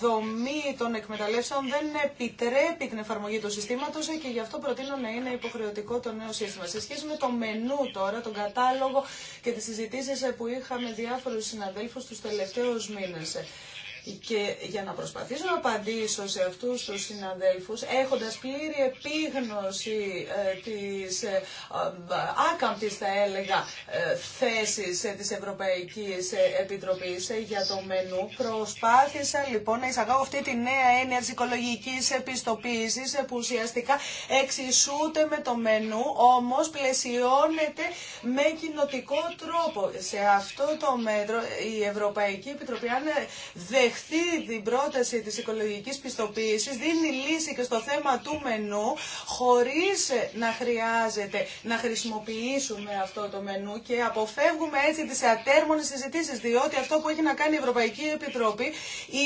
[SPEAKER 4] δομή των εκμεταλλεύσεων δεν επιτρέπει την εφαρμογή του συστήματος και γι' αυτό προτείνω να είναι υποχρεωτικό το νέο σύστημα. Σε σχέση με το μενού τώρα, τον κατάλογο και τις συζητήσεις που είχαμε διάφορους συναδέλφους τους τελευταίους μήνες. Και για να προσπαθήσω να απαντήσω σε αυτούς τους συναδέλφους, έχοντας πλήρη επίγνωση ε, της ε, ε θα έλεγα, ε, θέσης ε, της Ευρωπαϊκής ε, Επιτροπής για το μενού, προσπάθησα λοιπόν να εισαγάγω αυτή τη νέα έννοια της οικολογικής επιστοποίησης που ουσιαστικά εξισούται με το μενού, όμως πλαισιώνεται με κοινοτικό τρόπο. Σε αυτό το μέτρο η Ευρωπαϊκή Επιτροπή αν δεχτεί την πρόταση της οικολογικής πιστοποίησης, δίνει λύση και στο θέμα του μενού, χωρίς να χρειάζεται να χρησιμοποιήσουμε αυτό το μενού και αποφεύγουμε έτσι τις ατέρμονες συζητήσεις, διότι αυτό που έχει να κάνει η Ευρωπαϊκή Επιτροπή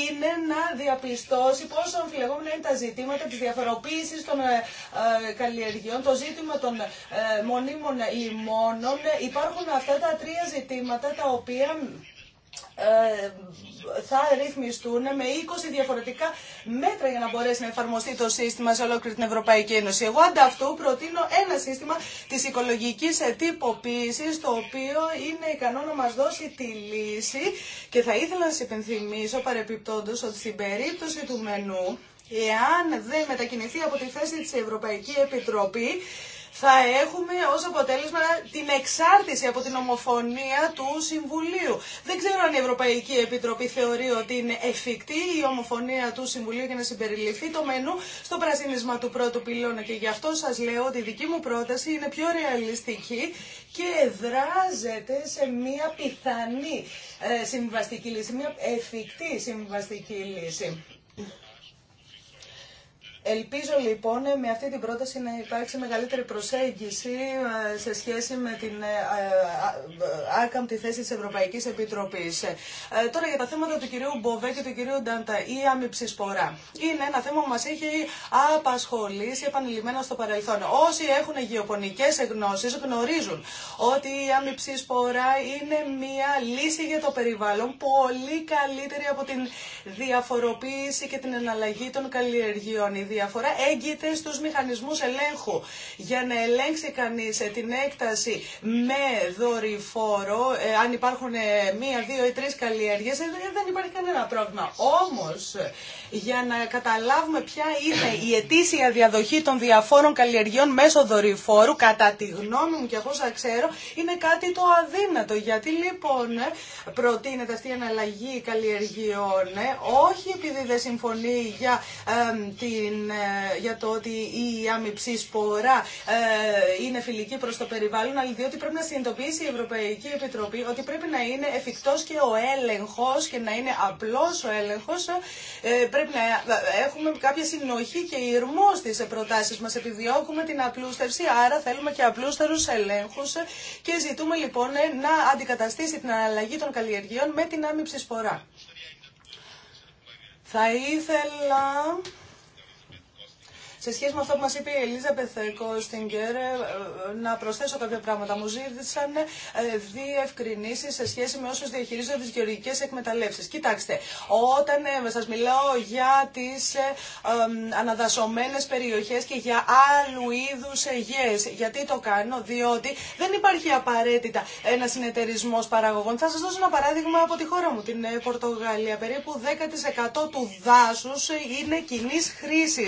[SPEAKER 4] είναι να διαπιστώσει πόσο αμφιλεγόμενα είναι τα ζητήματα της διαφοροποίησης των ε, ε, καλλιεργειών, το ζήτημα των ε, μονίμων μόνων. Υπάρχουν αυτά τα τρία ζητήματα τα οποία ε, θα ρυθμιστούν με 20 διαφορετικά μέτρα για να μπορέσει να εφαρμοστεί το σύστημα σε ολόκληρη την Ευρωπαϊκή Ένωση. Εγώ ανταυτού προτείνω ένα σύστημα τη οικολογική τυποποίηση, το οποίο είναι ικανό να μα δώσει τη λύση και θα ήθελα να σα υπενθυμίσω παρεπιπτόντω ότι στην περίπτωση του μενού Εάν δεν μετακινηθεί από τη θέση της Ευρωπαϊκή Επιτροπή, θα έχουμε ως αποτέλεσμα την εξάρτηση από την ομοφωνία του Συμβουλίου. Δεν ξέρω αν η Ευρωπαϊκή Επιτροπή θεωρεί ότι είναι εφικτή η ομοφωνία του Συμβουλίου για να συμπεριληφθεί το μενού στο πρασίνισμα του πρώτου πυλώνα και γι' αυτό σας λέω ότι η δική μου πρόταση είναι πιο ρεαλιστική και δράζεται σε μια πιθανή ε, συμβαστική λύση, μια εφικτή συμβαστική λύση. Ελπίζω λοιπόν με αυτή την πρόταση να υπάρξει μεγαλύτερη προσέγγιση ε, σε σχέση με την ε, ε, άκαμπτη θέση της Ευρωπαϊκής Επιτροπής. Τώρα για τα θέματα του κυρίου Μποβέ και του κυρίου Ντάντα, η άμυψη σπορά. Είναι ένα θέμα που μας έχει απασχολήσει επανειλημμένα στο παρελθόν. Όσοι έχουν γεωπονικές γνώσεις γνωρίζουν ότι η άμυψη σπορά είναι μια λύση για το περιβάλλον πολύ καλύτερη από την διαφοροποίηση και την εναλλαγή των καλλιεργειών διαφορά έγκυται στους μηχανισμούς ελέγχου. Για να ελέγξει κανείς ε, την έκταση με δορυφόρο, ε, αν υπάρχουν ε, μία, δύο ή τρεις καλλιέργειες, δεν υπάρχει κανένα πρόβλημα. Όμως, για να καταλάβουμε ποια είναι η ετήσια διαδοχή των διαφόρων καλλιεργειών μέσω δορυφόρου, κατά τη γνώμη μου και εγώ σας ξέρω, είναι κάτι το αδύνατο. Γιατί λοιπόν προτείνεται αυτή η αναλλαγή καλλιεργειών, όχι επειδή δεν συμφωνεί για την ε, για το ότι η άμυψη σπορά ε, είναι φιλική προς το περιβάλλον, αλλά διότι πρέπει να συνειδητοποιήσει η Ευρωπαϊκή Επιτροπή ότι πρέπει να είναι εφικτός και ο έλεγχος και να είναι απλός ο έλεγχος. Ε, πρέπει να έχουμε κάποια συνοχή και ηρμό στις προτάσεις μας. Επιδιώκουμε την απλούστευση, άρα θέλουμε και απλούστερους ελέγχους και ζητούμε λοιπόν να αντικαταστήσει την αλλαγή των καλλιεργειών με την άμυψη σπορά. Θα ήθελα σε σχέση με αυτό που μα είπε η Ελίζα στην ΚΕΡΕ, να προσθέσω κάποια πράγματα. Μου ζήτησαν ε, διευκρινήσει σε σχέση με όσου διαχειρίζονται τι γεωργικέ εκμεταλλεύσει. Κοιτάξτε, όταν ε, σα μιλάω για τι ε, αναδασωμένε περιοχέ και για άλλου είδου γέε, γιατί το κάνω, διότι δεν υπάρχει απαραίτητα ένα συνεταιρισμό παραγωγών. Θα σα δώσω ένα παράδειγμα από τη χώρα μου, την Πορτογαλία. Περίπου 10% του δάσου είναι κοινή χρήση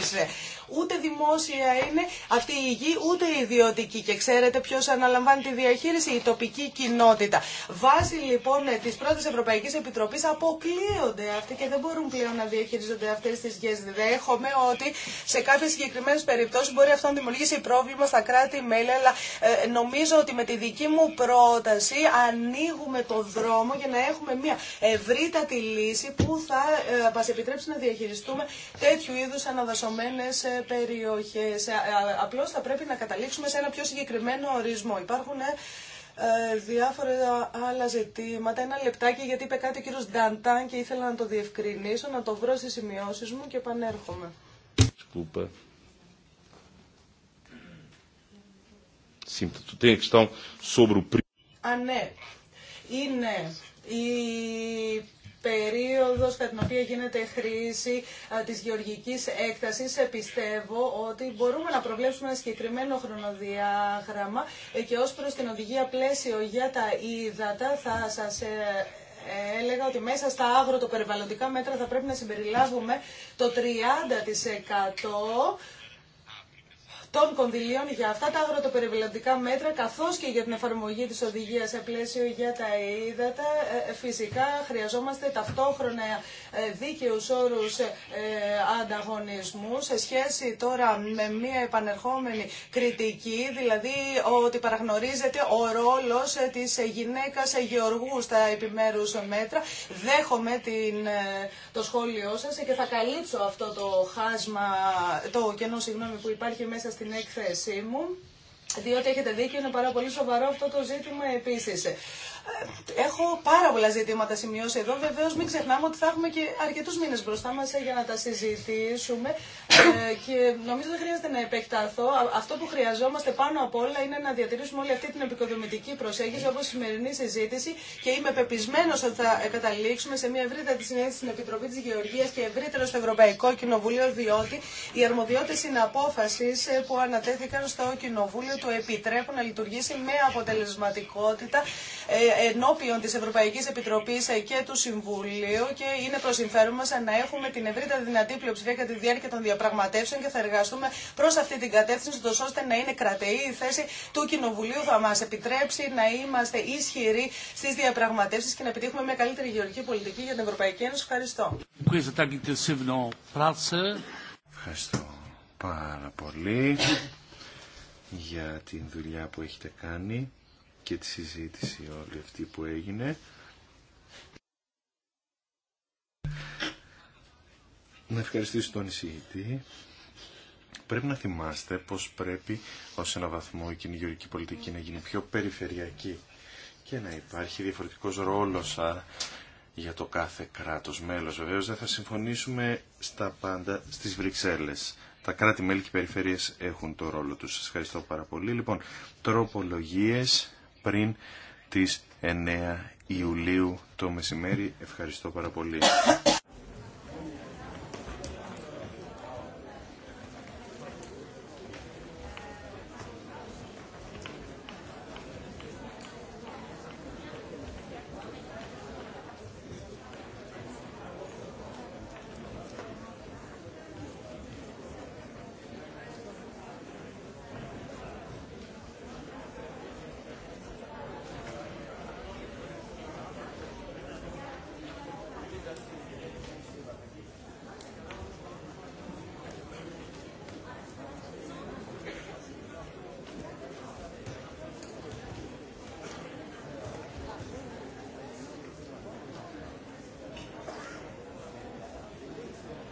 [SPEAKER 4] ούτε δημόσια είναι αυτή η γη, ούτε ιδιωτική. Και ξέρετε ποιο αναλαμβάνει τη διαχείριση, η τοπική κοινότητα. Βάσει λοιπόν τη πρώτη Ευρωπαϊκή Επιτροπή αποκλείονται αυτοί και δεν μπορούν πλέον να διαχειρίζονται αυτέ τι γη. Δέχομαι ότι σε κάποιε συγκεκριμένε περιπτώσει μπορεί αυτό να δημιουργήσει πρόβλημα στα κράτη-μέλη, αλλά ε, νομίζω ότι με τη δική μου πρόταση ανοίγουμε το δρόμο για να έχουμε μια ευρύτατη λύση που θα ε, μα επιτρέψει να διαχειριστούμε τέτοιου είδου αναδασωμένε ε, περιοχές. Ε, απλώς θα πρέπει να καταλήξουμε σε ένα πιο συγκεκριμένο ορισμό. Υπάρχουν ε, ε, διάφορα άλλα ζητήματα. Ένα λεπτάκι γιατί είπε κάτι ο κύριος Νταντάν και ήθελα να το διευκρινίσω, να το βρω στις σημειώσεις μου και επανέρχομαι.
[SPEAKER 3] Desculpa. Sim,
[SPEAKER 4] ναι. Είναι η περίοδος κατά την οποία γίνεται χρήση της γεωργικής έκτασης. Ε, πιστεύω ότι μπορούμε να προβλέψουμε ένα συγκεκριμένο χρονοδιάγραμμα ε, και ως προς την οδηγία πλαίσιο για τα ύδατα θα σας ε, έλεγα ότι μέσα στα περιβαλλοντικά μέτρα θα πρέπει να συμπεριλάβουμε το 30% των κονδυλίων για αυτά τα αγροτοπεριβαλλοντικά μέτρα καθώς και για την εφαρμογή της οδηγίας σε πλαίσιο για τα ύδατα. Ε, ε, φυσικά χρειαζόμαστε ταυτόχρονα ε, δίκαιους όρους ε, ανταγωνισμού σε σχέση τώρα με μια επανερχόμενη κριτική, δηλαδή ότι παραγνωρίζεται ο ρόλος της γυναίκας γεωργού στα επιμέρους μέτρα. Δέχομαι την, ε, το σχόλιο σας και θα καλύψω αυτό το χάσμα, το κενό συγγνώμη που υπάρχει μέσα στην έκθεσή μου. Διότι έχετε δίκιο, είναι πάρα πολύ σοβαρό αυτό το ζήτημα επίση. Ε, έχω πάρα πολλά ζητήματα σημειώσει εδώ. Βεβαίω, μην ξεχνάμε ότι θα έχουμε και αρκετού μήνε μπροστά μα ε, για να τα συζητήσουμε. Ε, και νομίζω δεν χρειάζεται να επεκταθώ. Αυτό που χρειαζόμαστε πάνω απ' όλα είναι να διατηρήσουμε όλη αυτή την επικοδομητική προσέγγιση όπω η σημερινή συζήτηση. Και είμαι πεπισμένο ότι θα καταλήξουμε σε μια ευρύτατη συνέντευξη στην Επιτροπή τη Γεωργία και ευρύτερο στο Ευρωπαϊκό Κοινοβούλιο, διότι οι αρμοδιότητε συναπόφαση που ανατέθηκαν στο Κοινοβούλιο το επιτρέπουν να λειτουργήσει με αποτελεσματικότητα ενώπιον της Ευρωπαϊκής Επιτροπής ε, και του Συμβουλίου και είναι προς συμφέρον μας ε, να έχουμε την ευρύτερη δυνατή πλειοψηφία κατά τη διάρκεια των διαπραγματεύσεων και θα εργαστούμε προς αυτή την κατεύθυνση ώστε να είναι κρατεή η θέση του Κοινοβουλίου θα μας επιτρέψει να είμαστε ισχυροί στις διαπραγματεύσεις και να επιτύχουμε μια καλύτερη γεωργική πολιτική για την Ευρωπαϊκή Ένωση. Ευχαριστώ.
[SPEAKER 3] Ευχαριστώ πάρα πολύ
[SPEAKER 5] για την δουλειά που έχετε κάνει και τη συζήτηση όλη αυτή που έγινε. Να ευχαριστήσω τον εισηγητή. Πρέπει να θυμάστε πως πρέπει ως ένα βαθμό η κοινωνική πολιτική να γίνει πιο περιφερειακή και να υπάρχει διαφορετικός ρόλος για το κάθε κράτος μέλος. Βεβαίως δεν θα συμφωνήσουμε στα πάντα στις Βρυξέλλες. Τα κράτη-μέλη και οι περιφέρειες έχουν το ρόλο τους. Σας ευχαριστώ πάρα πολύ. Λοιπόν, τροπολογίες πριν τις 9 Ιουλίου το μεσημέρι. Ευχαριστώ πάρα πολύ.